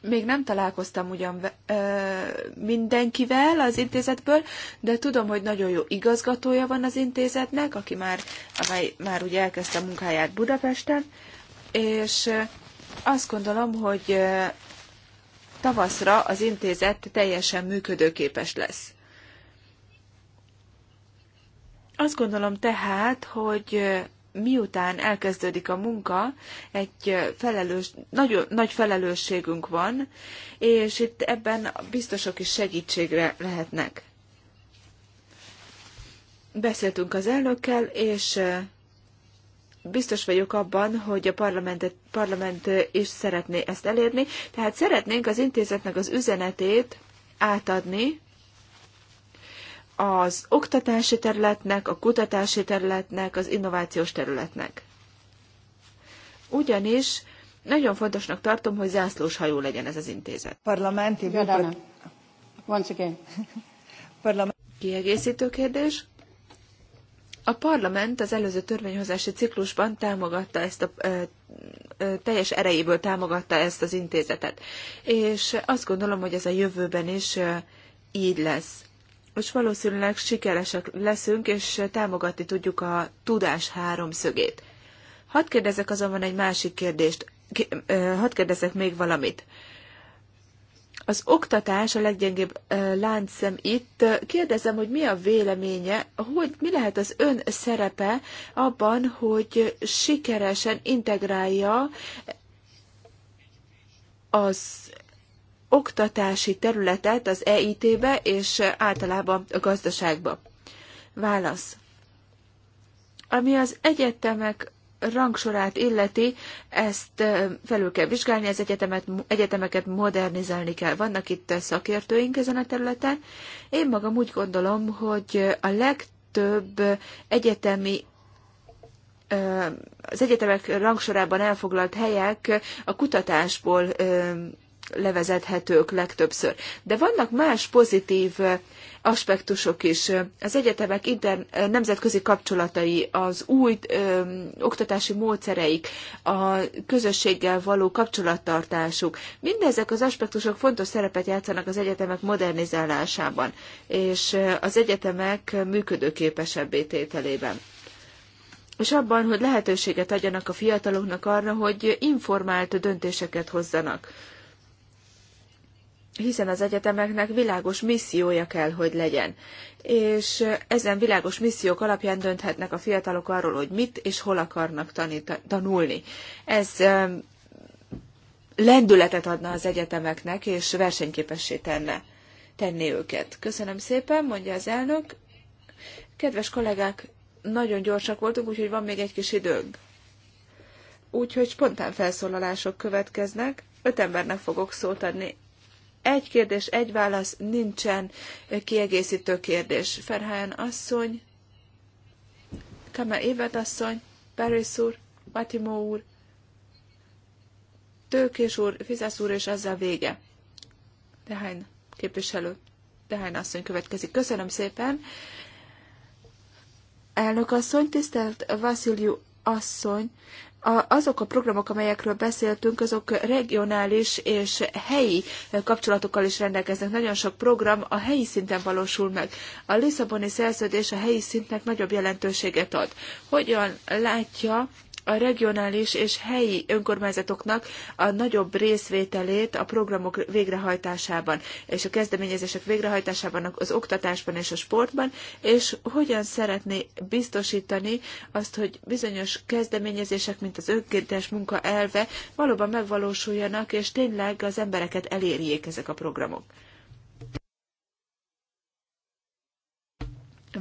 Még nem találkoztam ugyan ö, mindenkivel az intézetből, de tudom, hogy nagyon jó igazgatója van az intézetnek, aki már, amely már ugye elkezdte a munkáját Budapesten, és azt gondolom, hogy tavaszra az intézet teljesen működőképes lesz. Azt gondolom tehát, hogy miután elkezdődik a munka, egy felelős, nagy, nagy felelősségünk van, és itt ebben a biztosok is segítségre lehetnek. Beszéltünk az elnökkel, és biztos vagyok abban, hogy a parlament, parlament is szeretné ezt elérni, tehát szeretnénk az intézetnek az üzenetét átadni az oktatási területnek, a kutatási területnek, az innovációs területnek. Ugyanis nagyon fontosnak tartom, hogy zászlós hajó legyen ez az intézet. Parlamenti Once again. Parlament. Kiegészítő kérdés? A parlament az előző törvényhozási ciklusban támogatta ezt a teljes erejéből támogatta ezt az intézetet. És azt gondolom, hogy ez a jövőben is így lesz. Most valószínűleg sikeresek leszünk, és támogatni tudjuk a tudás háromszögét. Hadd kérdezek azonban egy másik kérdést. Hadd kérdezek még valamit. Az oktatás a leggyengébb láncszem itt. Kérdezem, hogy mi a véleménye, hogy mi lehet az ön szerepe abban, hogy sikeresen integrálja az oktatási területet az EIT-be és általában a gazdaságba. Válasz. Ami az egyetemek rangsorát illeti, ezt felül kell vizsgálni, az egyetemet, egyetemeket modernizálni kell. Vannak itt szakértőink ezen a területen. Én magam úgy gondolom, hogy a legtöbb egyetemi az egyetemek rangsorában elfoglalt helyek a kutatásból levezethetők legtöbbször. De vannak más pozitív eh, aspektusok is. Az egyetemek inter, eh, nemzetközi kapcsolatai, az új ö, eh, oktatási módszereik, a közösséggel való kapcsolattartásuk, mindezek az aspektusok fontos szerepet játszanak az egyetemek modernizálásában, és az egyetemek működőképesebbé tételében és abban, hogy lehetőséget adjanak a fiataloknak arra, hogy informált döntéseket hozzanak hiszen az egyetemeknek világos missziója kell, hogy legyen. És ezen világos missziók alapján dönthetnek a fiatalok arról, hogy mit és hol akarnak tanít, tanulni. Ez lendületet adna az egyetemeknek, és versenyképessé tenne, tenni őket. Köszönöm szépen, mondja az elnök. Kedves kollégák, nagyon gyorsak voltunk, úgyhogy van még egy kis időnk. Úgyhogy spontán felszólalások következnek. Öt embernek fogok szót adni egy kérdés, egy válasz, nincsen kiegészítő kérdés. Ferhelyen asszony, Kamel Évet asszony, Paris úr, Matimó úr, Tőkés úr, Fizász úr, és ezzel vége. Dehány képviselő, Dehány asszony következik. Köszönöm szépen. Elnök asszony, tisztelt Vasziliu asszony, a, azok a programok, amelyekről beszéltünk, azok regionális és helyi kapcsolatokkal is rendelkeznek. Nagyon sok program a helyi szinten valósul meg. A Lisszaboni szerződés a helyi szintnek nagyobb jelentőséget ad. Hogyan látja a regionális és helyi önkormányzatoknak a nagyobb részvételét a programok végrehajtásában és a kezdeményezések végrehajtásában, az oktatásban és a sportban, és hogyan szeretné biztosítani azt, hogy bizonyos kezdeményezések, mint az önkéntes munka elve valóban megvalósuljanak, és tényleg az embereket elérjék ezek a programok.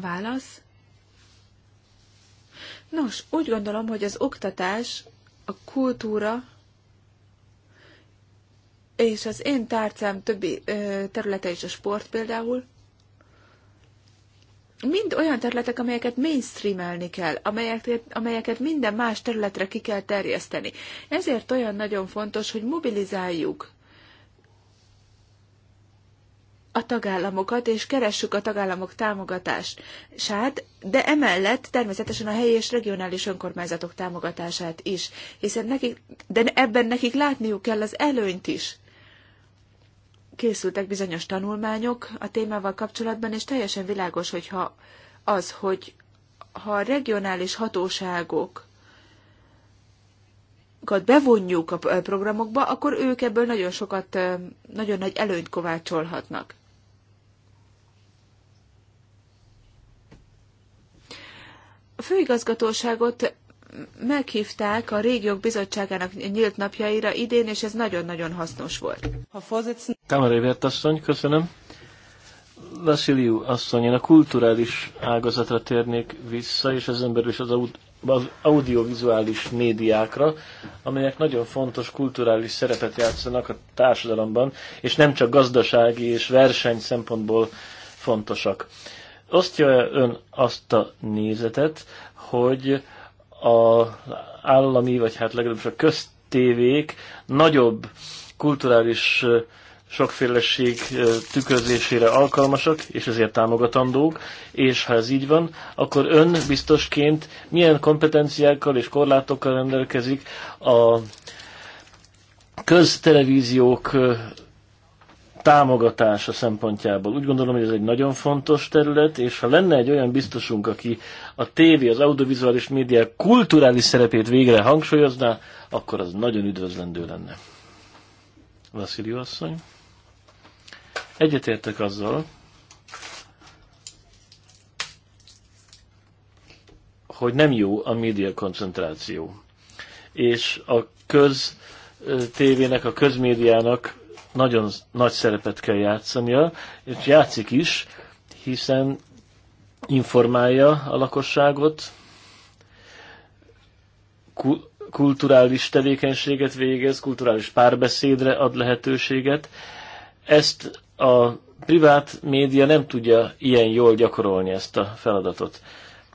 Válasz. Nos, úgy gondolom, hogy az oktatás, a kultúra és az én tárcám többi területe is a sport például, mind olyan területek, amelyeket mainstreamelni kell, amelyeket, amelyeket minden más területre ki kell terjeszteni. Ezért olyan nagyon fontos, hogy mobilizáljuk a tagállamokat, és keressük a tagállamok támogatását, de emellett természetesen a helyi és regionális önkormányzatok támogatását is, hiszen nekik, de ebben nekik látniuk kell az előnyt is. Készültek bizonyos tanulmányok a témával kapcsolatban, és teljesen világos, hogyha az, hogy ha a regionális hatóságok bevonjuk a programokba, akkor ők ebből nagyon sokat, nagyon nagy előnyt kovácsolhatnak. főigazgatóságot meghívták a régiók bizottságának nyílt napjaira idén, és ez nagyon-nagyon hasznos volt. Kamerévért asszony, köszönöm. Vasiliu asszony, én a kulturális ágazatra térnék vissza, és ezen belül is az, aud- az audiovizuális médiákra, amelyek nagyon fontos kulturális szerepet játszanak a társadalomban, és nem csak gazdasági és verseny szempontból fontosak osztja -e ön azt a nézetet, hogy az állami, vagy hát legalábbis a köztévék nagyobb kulturális sokféleség tükrözésére alkalmasak, és ezért támogatandók, és ha ez így van, akkor ön biztosként milyen kompetenciákkal és korlátokkal rendelkezik a köztelevíziók támogatása szempontjából. Úgy gondolom, hogy ez egy nagyon fontos terület, és ha lenne egy olyan biztosunk, aki a tévé, az audiovizuális média kulturális szerepét végre hangsúlyozná, akkor az nagyon üdvözlendő lenne. Vasszilió asszony. Egyetértek azzal, hogy nem jó a média koncentráció. És a köz tévének, a közmédiának nagyon nagy szerepet kell játszania, és játszik is, hiszen informálja a lakosságot, kulturális tevékenységet végez, kulturális párbeszédre ad lehetőséget. Ezt a privát média nem tudja ilyen jól gyakorolni ezt a feladatot.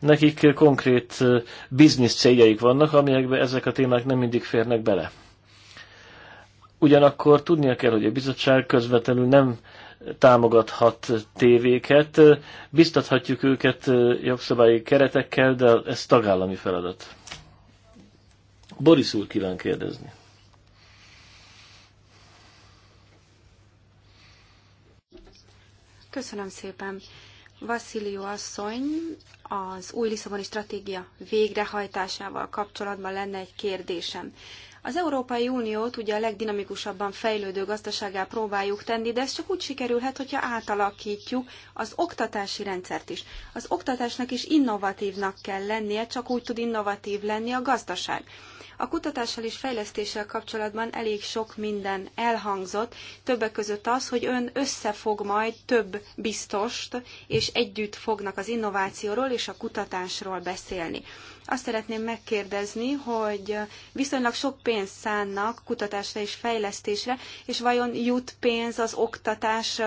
Nekik konkrét biznisz céljaik vannak, amelyekbe ezek a témák nem mindig férnek bele. Ugyanakkor tudnia kell, hogy a bizottság közvetlenül nem támogathat tévéket, biztathatjuk őket jogszabályi keretekkel, de ez tagállami feladat. Boris úr kíván kérdezni. Köszönöm szépen. Vasilio asszony, az új Lisszaboni stratégia végrehajtásával kapcsolatban lenne egy kérdésem. Az Európai Uniót ugye a legdinamikusabban fejlődő gazdaságá próbáljuk tenni, de ez csak úgy sikerülhet, hogyha átalakítjuk az oktatási rendszert is. Az oktatásnak is innovatívnak kell lennie, csak úgy tud innovatív lenni a gazdaság. A kutatással és fejlesztéssel kapcsolatban elég sok minden elhangzott, többek között az, hogy ön összefog majd több biztost, és együtt fognak az innovációról és a kutatásról beszélni. Azt szeretném megkérdezni, hogy viszonylag sok pénzt szánnak kutatásra és fejlesztésre, és vajon jut pénz az oktatás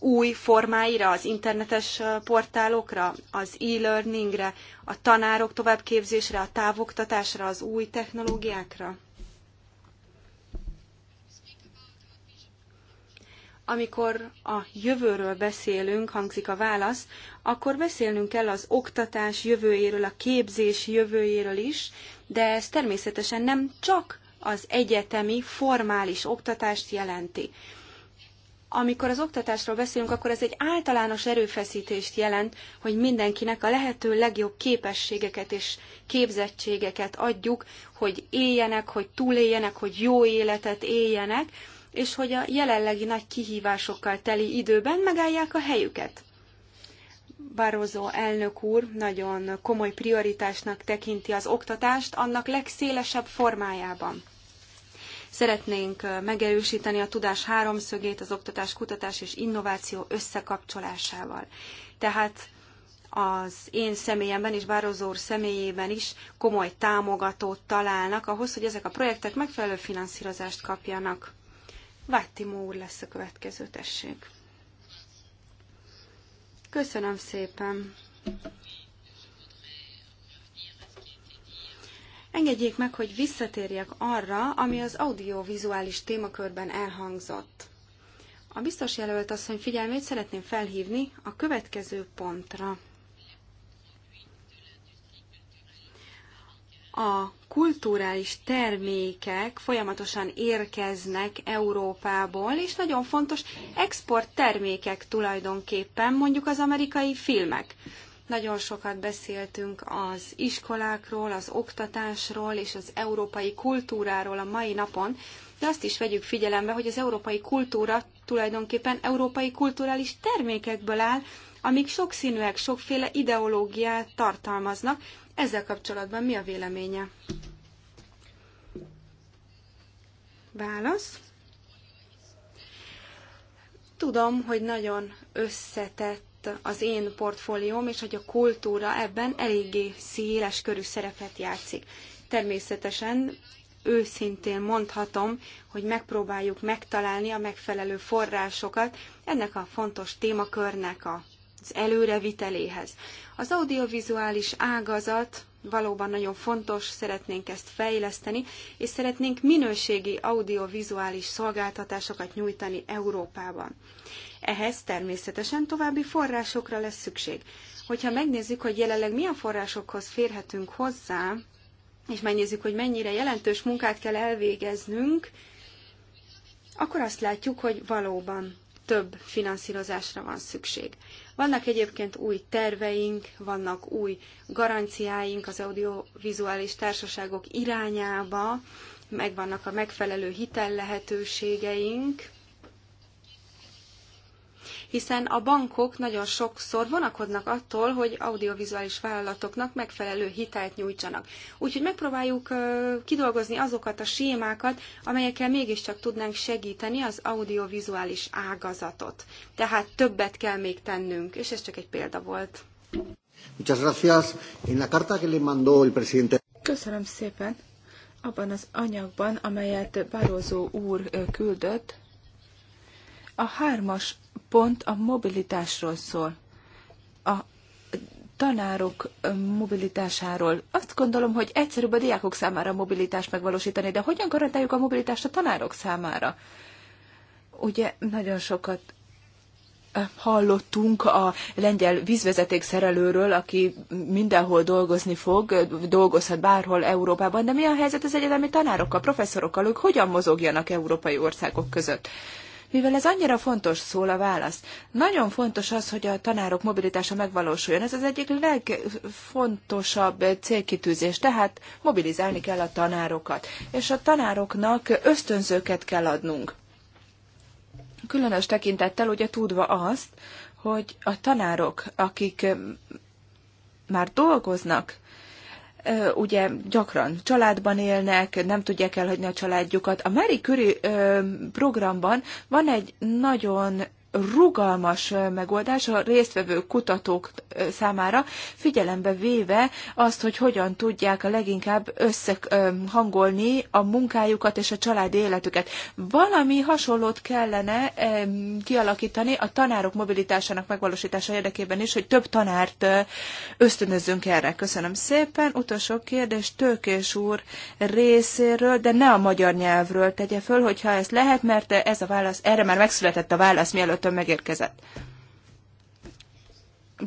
új formáira, az internetes portálokra, az e-learningre, a tanárok továbbképzésre, a távoktatásra, az új technológiákra? Amikor a jövőről beszélünk, hangzik a válasz, akkor beszélnünk kell az oktatás jövőjéről, a képzés jövőjéről is, de ez természetesen nem csak az egyetemi formális oktatást jelenti amikor az oktatásról beszélünk, akkor ez egy általános erőfeszítést jelent, hogy mindenkinek a lehető legjobb képességeket és képzettségeket adjuk, hogy éljenek, hogy túléljenek, hogy jó életet éljenek, és hogy a jelenlegi nagy kihívásokkal teli időben megállják a helyüket. Barroso elnök úr nagyon komoly prioritásnak tekinti az oktatást annak legszélesebb formájában. Szeretnénk megerősíteni a tudás háromszögét az oktatás, kutatás és innováció összekapcsolásával. Tehát az én személyemben és Bározó úr személyében is komoly támogatót találnak ahhoz, hogy ezek a projektek megfelelő finanszírozást kapjanak. Váttimó úr lesz a következő, tessék. Köszönöm szépen. Engedjék meg, hogy visszatérjek arra, ami az audiovizuális témakörben elhangzott. A biztos jelölt asszony figyelmét szeretném felhívni a következő pontra. a kulturális termékek folyamatosan érkeznek Európából, és nagyon fontos export termékek tulajdonképpen, mondjuk az amerikai filmek. Nagyon sokat beszéltünk az iskolákról, az oktatásról és az európai kultúráról a mai napon, de azt is vegyük figyelembe, hogy az európai kultúra tulajdonképpen európai kulturális termékekből áll, amik sokszínűek, sokféle ideológiát tartalmaznak. Ezzel kapcsolatban mi a véleménye? Válasz. Tudom, hogy nagyon összetett az én portfólióm és hogy a kultúra ebben eléggé széles körű szerepet játszik. Természetesen őszintén mondhatom, hogy megpróbáljuk megtalálni a megfelelő forrásokat ennek a fontos témakörnek az előreviteléhez. Az audiovizuális ágazat valóban nagyon fontos, szeretnénk ezt fejleszteni, és szeretnénk minőségi audiovizuális szolgáltatásokat nyújtani Európában. Ehhez természetesen további forrásokra lesz szükség. Hogyha megnézzük, hogy jelenleg milyen forrásokhoz férhetünk hozzá, és megnézzük, hogy mennyire jelentős munkát kell elvégeznünk, akkor azt látjuk, hogy valóban több finanszírozásra van szükség. Vannak egyébként új terveink, vannak új garanciáink az audiovizuális társaságok irányába, megvannak a megfelelő hitellehetőségeink, hiszen a bankok nagyon sokszor vonakodnak attól, hogy audiovizuális vállalatoknak megfelelő hitelt nyújtsanak. Úgyhogy megpróbáljuk kidolgozni azokat a sémákat, amelyekkel mégiscsak tudnánk segíteni az audiovizuális ágazatot. Tehát többet kell még tennünk, és ez csak egy példa volt. Muchas gracias. En la carta que le mandó el presidente. Köszönöm szépen. Abban az anyagban, amelyet Barroso úr küldött, a hármas pont a mobilitásról szól. A tanárok mobilitásáról. Azt gondolom, hogy egyszerűbb a diákok számára a mobilitást megvalósítani, de hogyan garantáljuk a mobilitást a tanárok számára? Ugye nagyon sokat eh, hallottunk a lengyel vízvezeték szerelőről, aki mindenhol dolgozni fog, dolgozhat bárhol Európában, de mi a helyzet az egyetemi tanárokkal, professzorokkal, ők hogyan mozogjanak európai országok között? mivel ez annyira fontos, szól a válasz. Nagyon fontos az, hogy a tanárok mobilitása megvalósuljon. Ez az egyik legfontosabb célkitűzés, tehát mobilizálni kell a tanárokat, és a tanároknak ösztönzőket kell adnunk. Különös tekintettel ugye tudva azt, hogy a tanárok, akik már dolgoznak ugye gyakran családban élnek, nem tudják elhagyni a családjukat. A Marie Curie programban van egy nagyon rugalmas megoldás a résztvevő kutatók számára, figyelembe véve azt, hogy hogyan tudják a leginkább összehangolni a munkájukat és a családi életüket. Valami hasonlót kellene kialakítani a tanárok mobilitásának megvalósítása érdekében is, hogy több tanárt ösztönözzünk erre. Köszönöm szépen. Utolsó kérdés Tőkés úr részéről, de ne a magyar nyelvről tegye föl, hogyha ez lehet, mert ez a válasz, erre már megszületett a válasz, mielőtt Belföldtől megérkezett.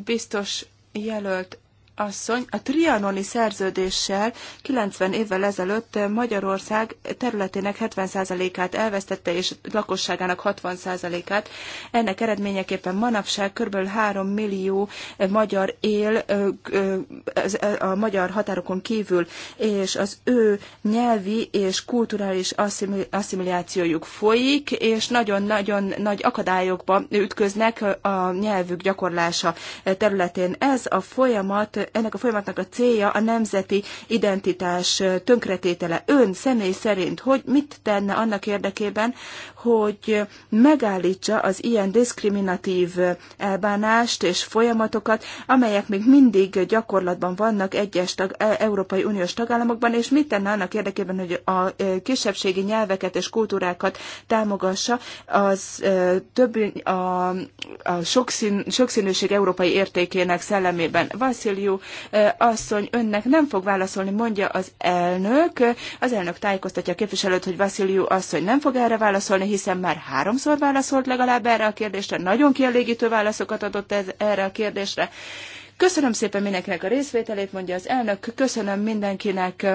Biztos jelölt asszony, a trianoni szerződéssel 90 évvel ezelőtt Magyarország területének 70%-át elvesztette, és lakosságának 60%-át. Ennek eredményeképpen manapság kb. 3 millió magyar él a magyar határokon kívül, és az ő nyelvi és kulturális asszimilációjuk folyik, és nagyon-nagyon nagy akadályokba ütköznek a nyelvük gyakorlása területén. Ez a folyamat ennek a folyamatnak a célja a nemzeti identitás tönkretétele. Ön személy szerint, hogy mit tenne annak érdekében, hogy megállítsa az ilyen diszkriminatív elbánást és folyamatokat, amelyek még mindig gyakorlatban vannak egyes tag, e, Európai Uniós tagállamokban, és mit tenne annak érdekében, hogy a kisebbségi nyelveket és kultúrákat támogassa az többi, a, a sokszín, sokszínűség európai értékének szellemében. Vassziliu Vasiliu asszony önnek nem fog válaszolni, mondja az elnök. Az elnök tájékoztatja a képviselőt, hogy Vasiliu asszony nem fog erre válaszolni, hiszen már háromszor válaszolt legalább erre a kérdésre, nagyon kielégítő válaszokat adott ez, erre a kérdésre. Köszönöm szépen mindenkinek a részvételét, mondja az elnök, köszönöm mindenkinek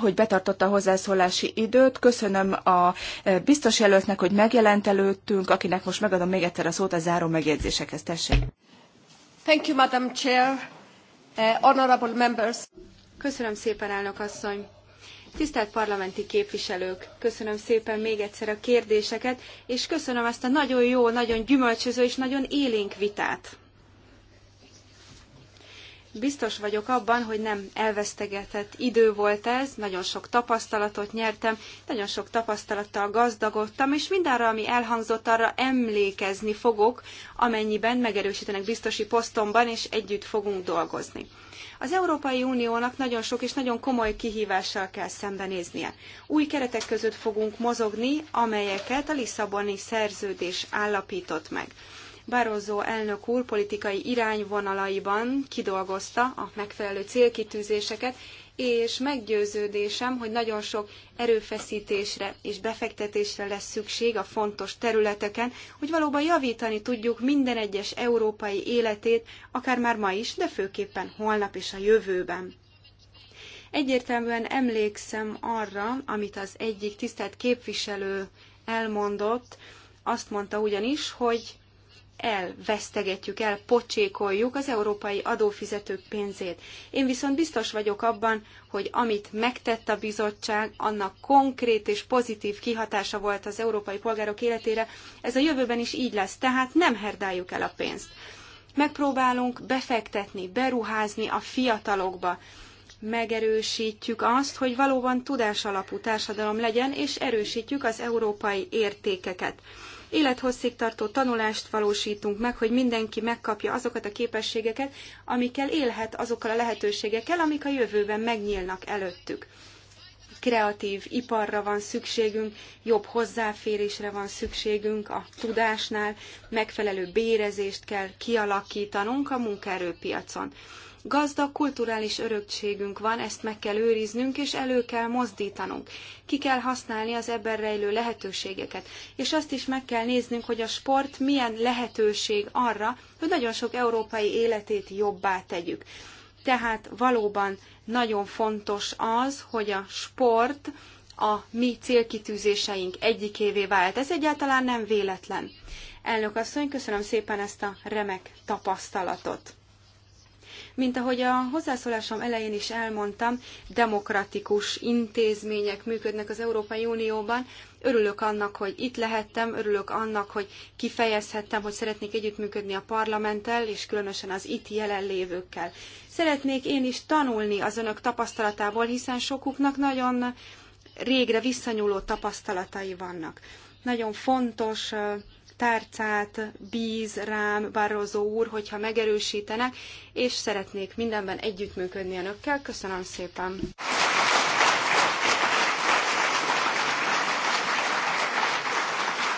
hogy betartotta a hozzászólási időt. Köszönöm a biztos jelöltnek, hogy megjelent előttünk, akinek most megadom még egyszer a szót a záró megjegyzésekhez. Tessék! Thank you, Madam Chair. Eh, honorable members. Köszönöm szépen, elnök asszony. Tisztelt parlamenti képviselők, köszönöm szépen még egyszer a kérdéseket, és köszönöm ezt a nagyon jó, nagyon gyümölcsöző és nagyon élénk vitát. Biztos vagyok abban, hogy nem elvesztegetett idő volt ez, nagyon sok tapasztalatot nyertem, nagyon sok tapasztalattal gazdagodtam, és mindarra, ami elhangzott, arra emlékezni fogok, amennyiben megerősítenek biztosi posztomban, és együtt fogunk dolgozni. Az Európai Uniónak nagyon sok és nagyon komoly kihívással kell szembenéznie. Új keretek között fogunk mozogni, amelyeket a Lisszaboni szerződés állapított meg. Barroso elnök úr politikai irányvonalaiban kidolgozta a megfelelő célkitűzéseket, és meggyőződésem, hogy nagyon sok erőfeszítésre és befektetésre lesz szükség a fontos területeken, hogy valóban javítani tudjuk minden egyes európai életét, akár már ma is, de főképpen holnap és a jövőben. Egyértelműen emlékszem arra, amit az egyik tisztelt képviselő elmondott, azt mondta ugyanis, hogy elvesztegetjük, elpocsékoljuk az európai adófizetők pénzét. Én viszont biztos vagyok abban, hogy amit megtett a bizottság, annak konkrét és pozitív kihatása volt az európai polgárok életére, ez a jövőben is így lesz, tehát nem herdáljuk el a pénzt. Megpróbálunk befektetni, beruházni a fiatalokba, megerősítjük azt, hogy valóban tudásalapú társadalom legyen, és erősítjük az európai értékeket élethosszig tartó tanulást valósítunk meg, hogy mindenki megkapja azokat a képességeket, amikkel élhet, azokkal a lehetőségekkel, amik a jövőben megnyílnak előttük. Kreatív iparra van szükségünk, jobb hozzáférésre van szükségünk a tudásnál, megfelelő bérezést kell kialakítanunk a munkaerőpiacon Gazdag kulturális örökségünk van, ezt meg kell őriznünk, és elő kell mozdítanunk. Ki kell használni az ebben rejlő lehetőségeket. És azt is meg kell néznünk, hogy a sport milyen lehetőség arra, hogy nagyon sok európai életét jobbá tegyük. Tehát valóban nagyon fontos az, hogy a sport a mi célkitűzéseink egyikévé vált. Ez egyáltalán nem véletlen. Elnök asszony, köszönöm szépen ezt a remek tapasztalatot. Mint ahogy a hozzászólásom elején is elmondtam, demokratikus intézmények működnek az Európai Unióban. Örülök annak, hogy itt lehettem, örülök annak, hogy kifejezhettem, hogy szeretnék együttműködni a parlamenttel, és különösen az itt jelenlévőkkel. Szeretnék én is tanulni az önök tapasztalatából, hiszen sokuknak nagyon régre visszanyúló tapasztalatai vannak. Nagyon fontos tárcát bíz rám Barroso úr, hogyha megerősítenek, és szeretnék mindenben együttműködni önökkel. Köszönöm szépen!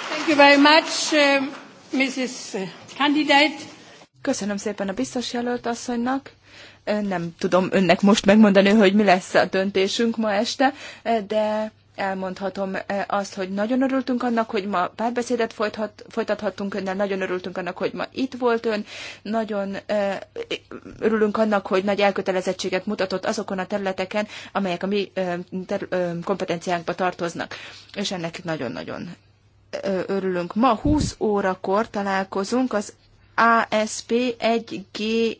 Thank you very much, uh, Mrs. Candidate. Köszönöm szépen a biztos jelölt asszonynak. Nem tudom önnek most megmondani, hogy mi lesz a döntésünk ma este, de elmondhatom eh, azt, hogy nagyon örültünk annak, hogy ma párbeszédet folythat, folytathattunk önnel, nagyon örültünk annak, hogy ma itt volt ön, nagyon eh, örülünk annak, hogy nagy elkötelezettséget mutatott azokon a területeken, amelyek a mi eh, kompetenciánkba tartoznak. És ennek nagyon-nagyon örülünk. Ma 20 órakor találkozunk az ASP 1G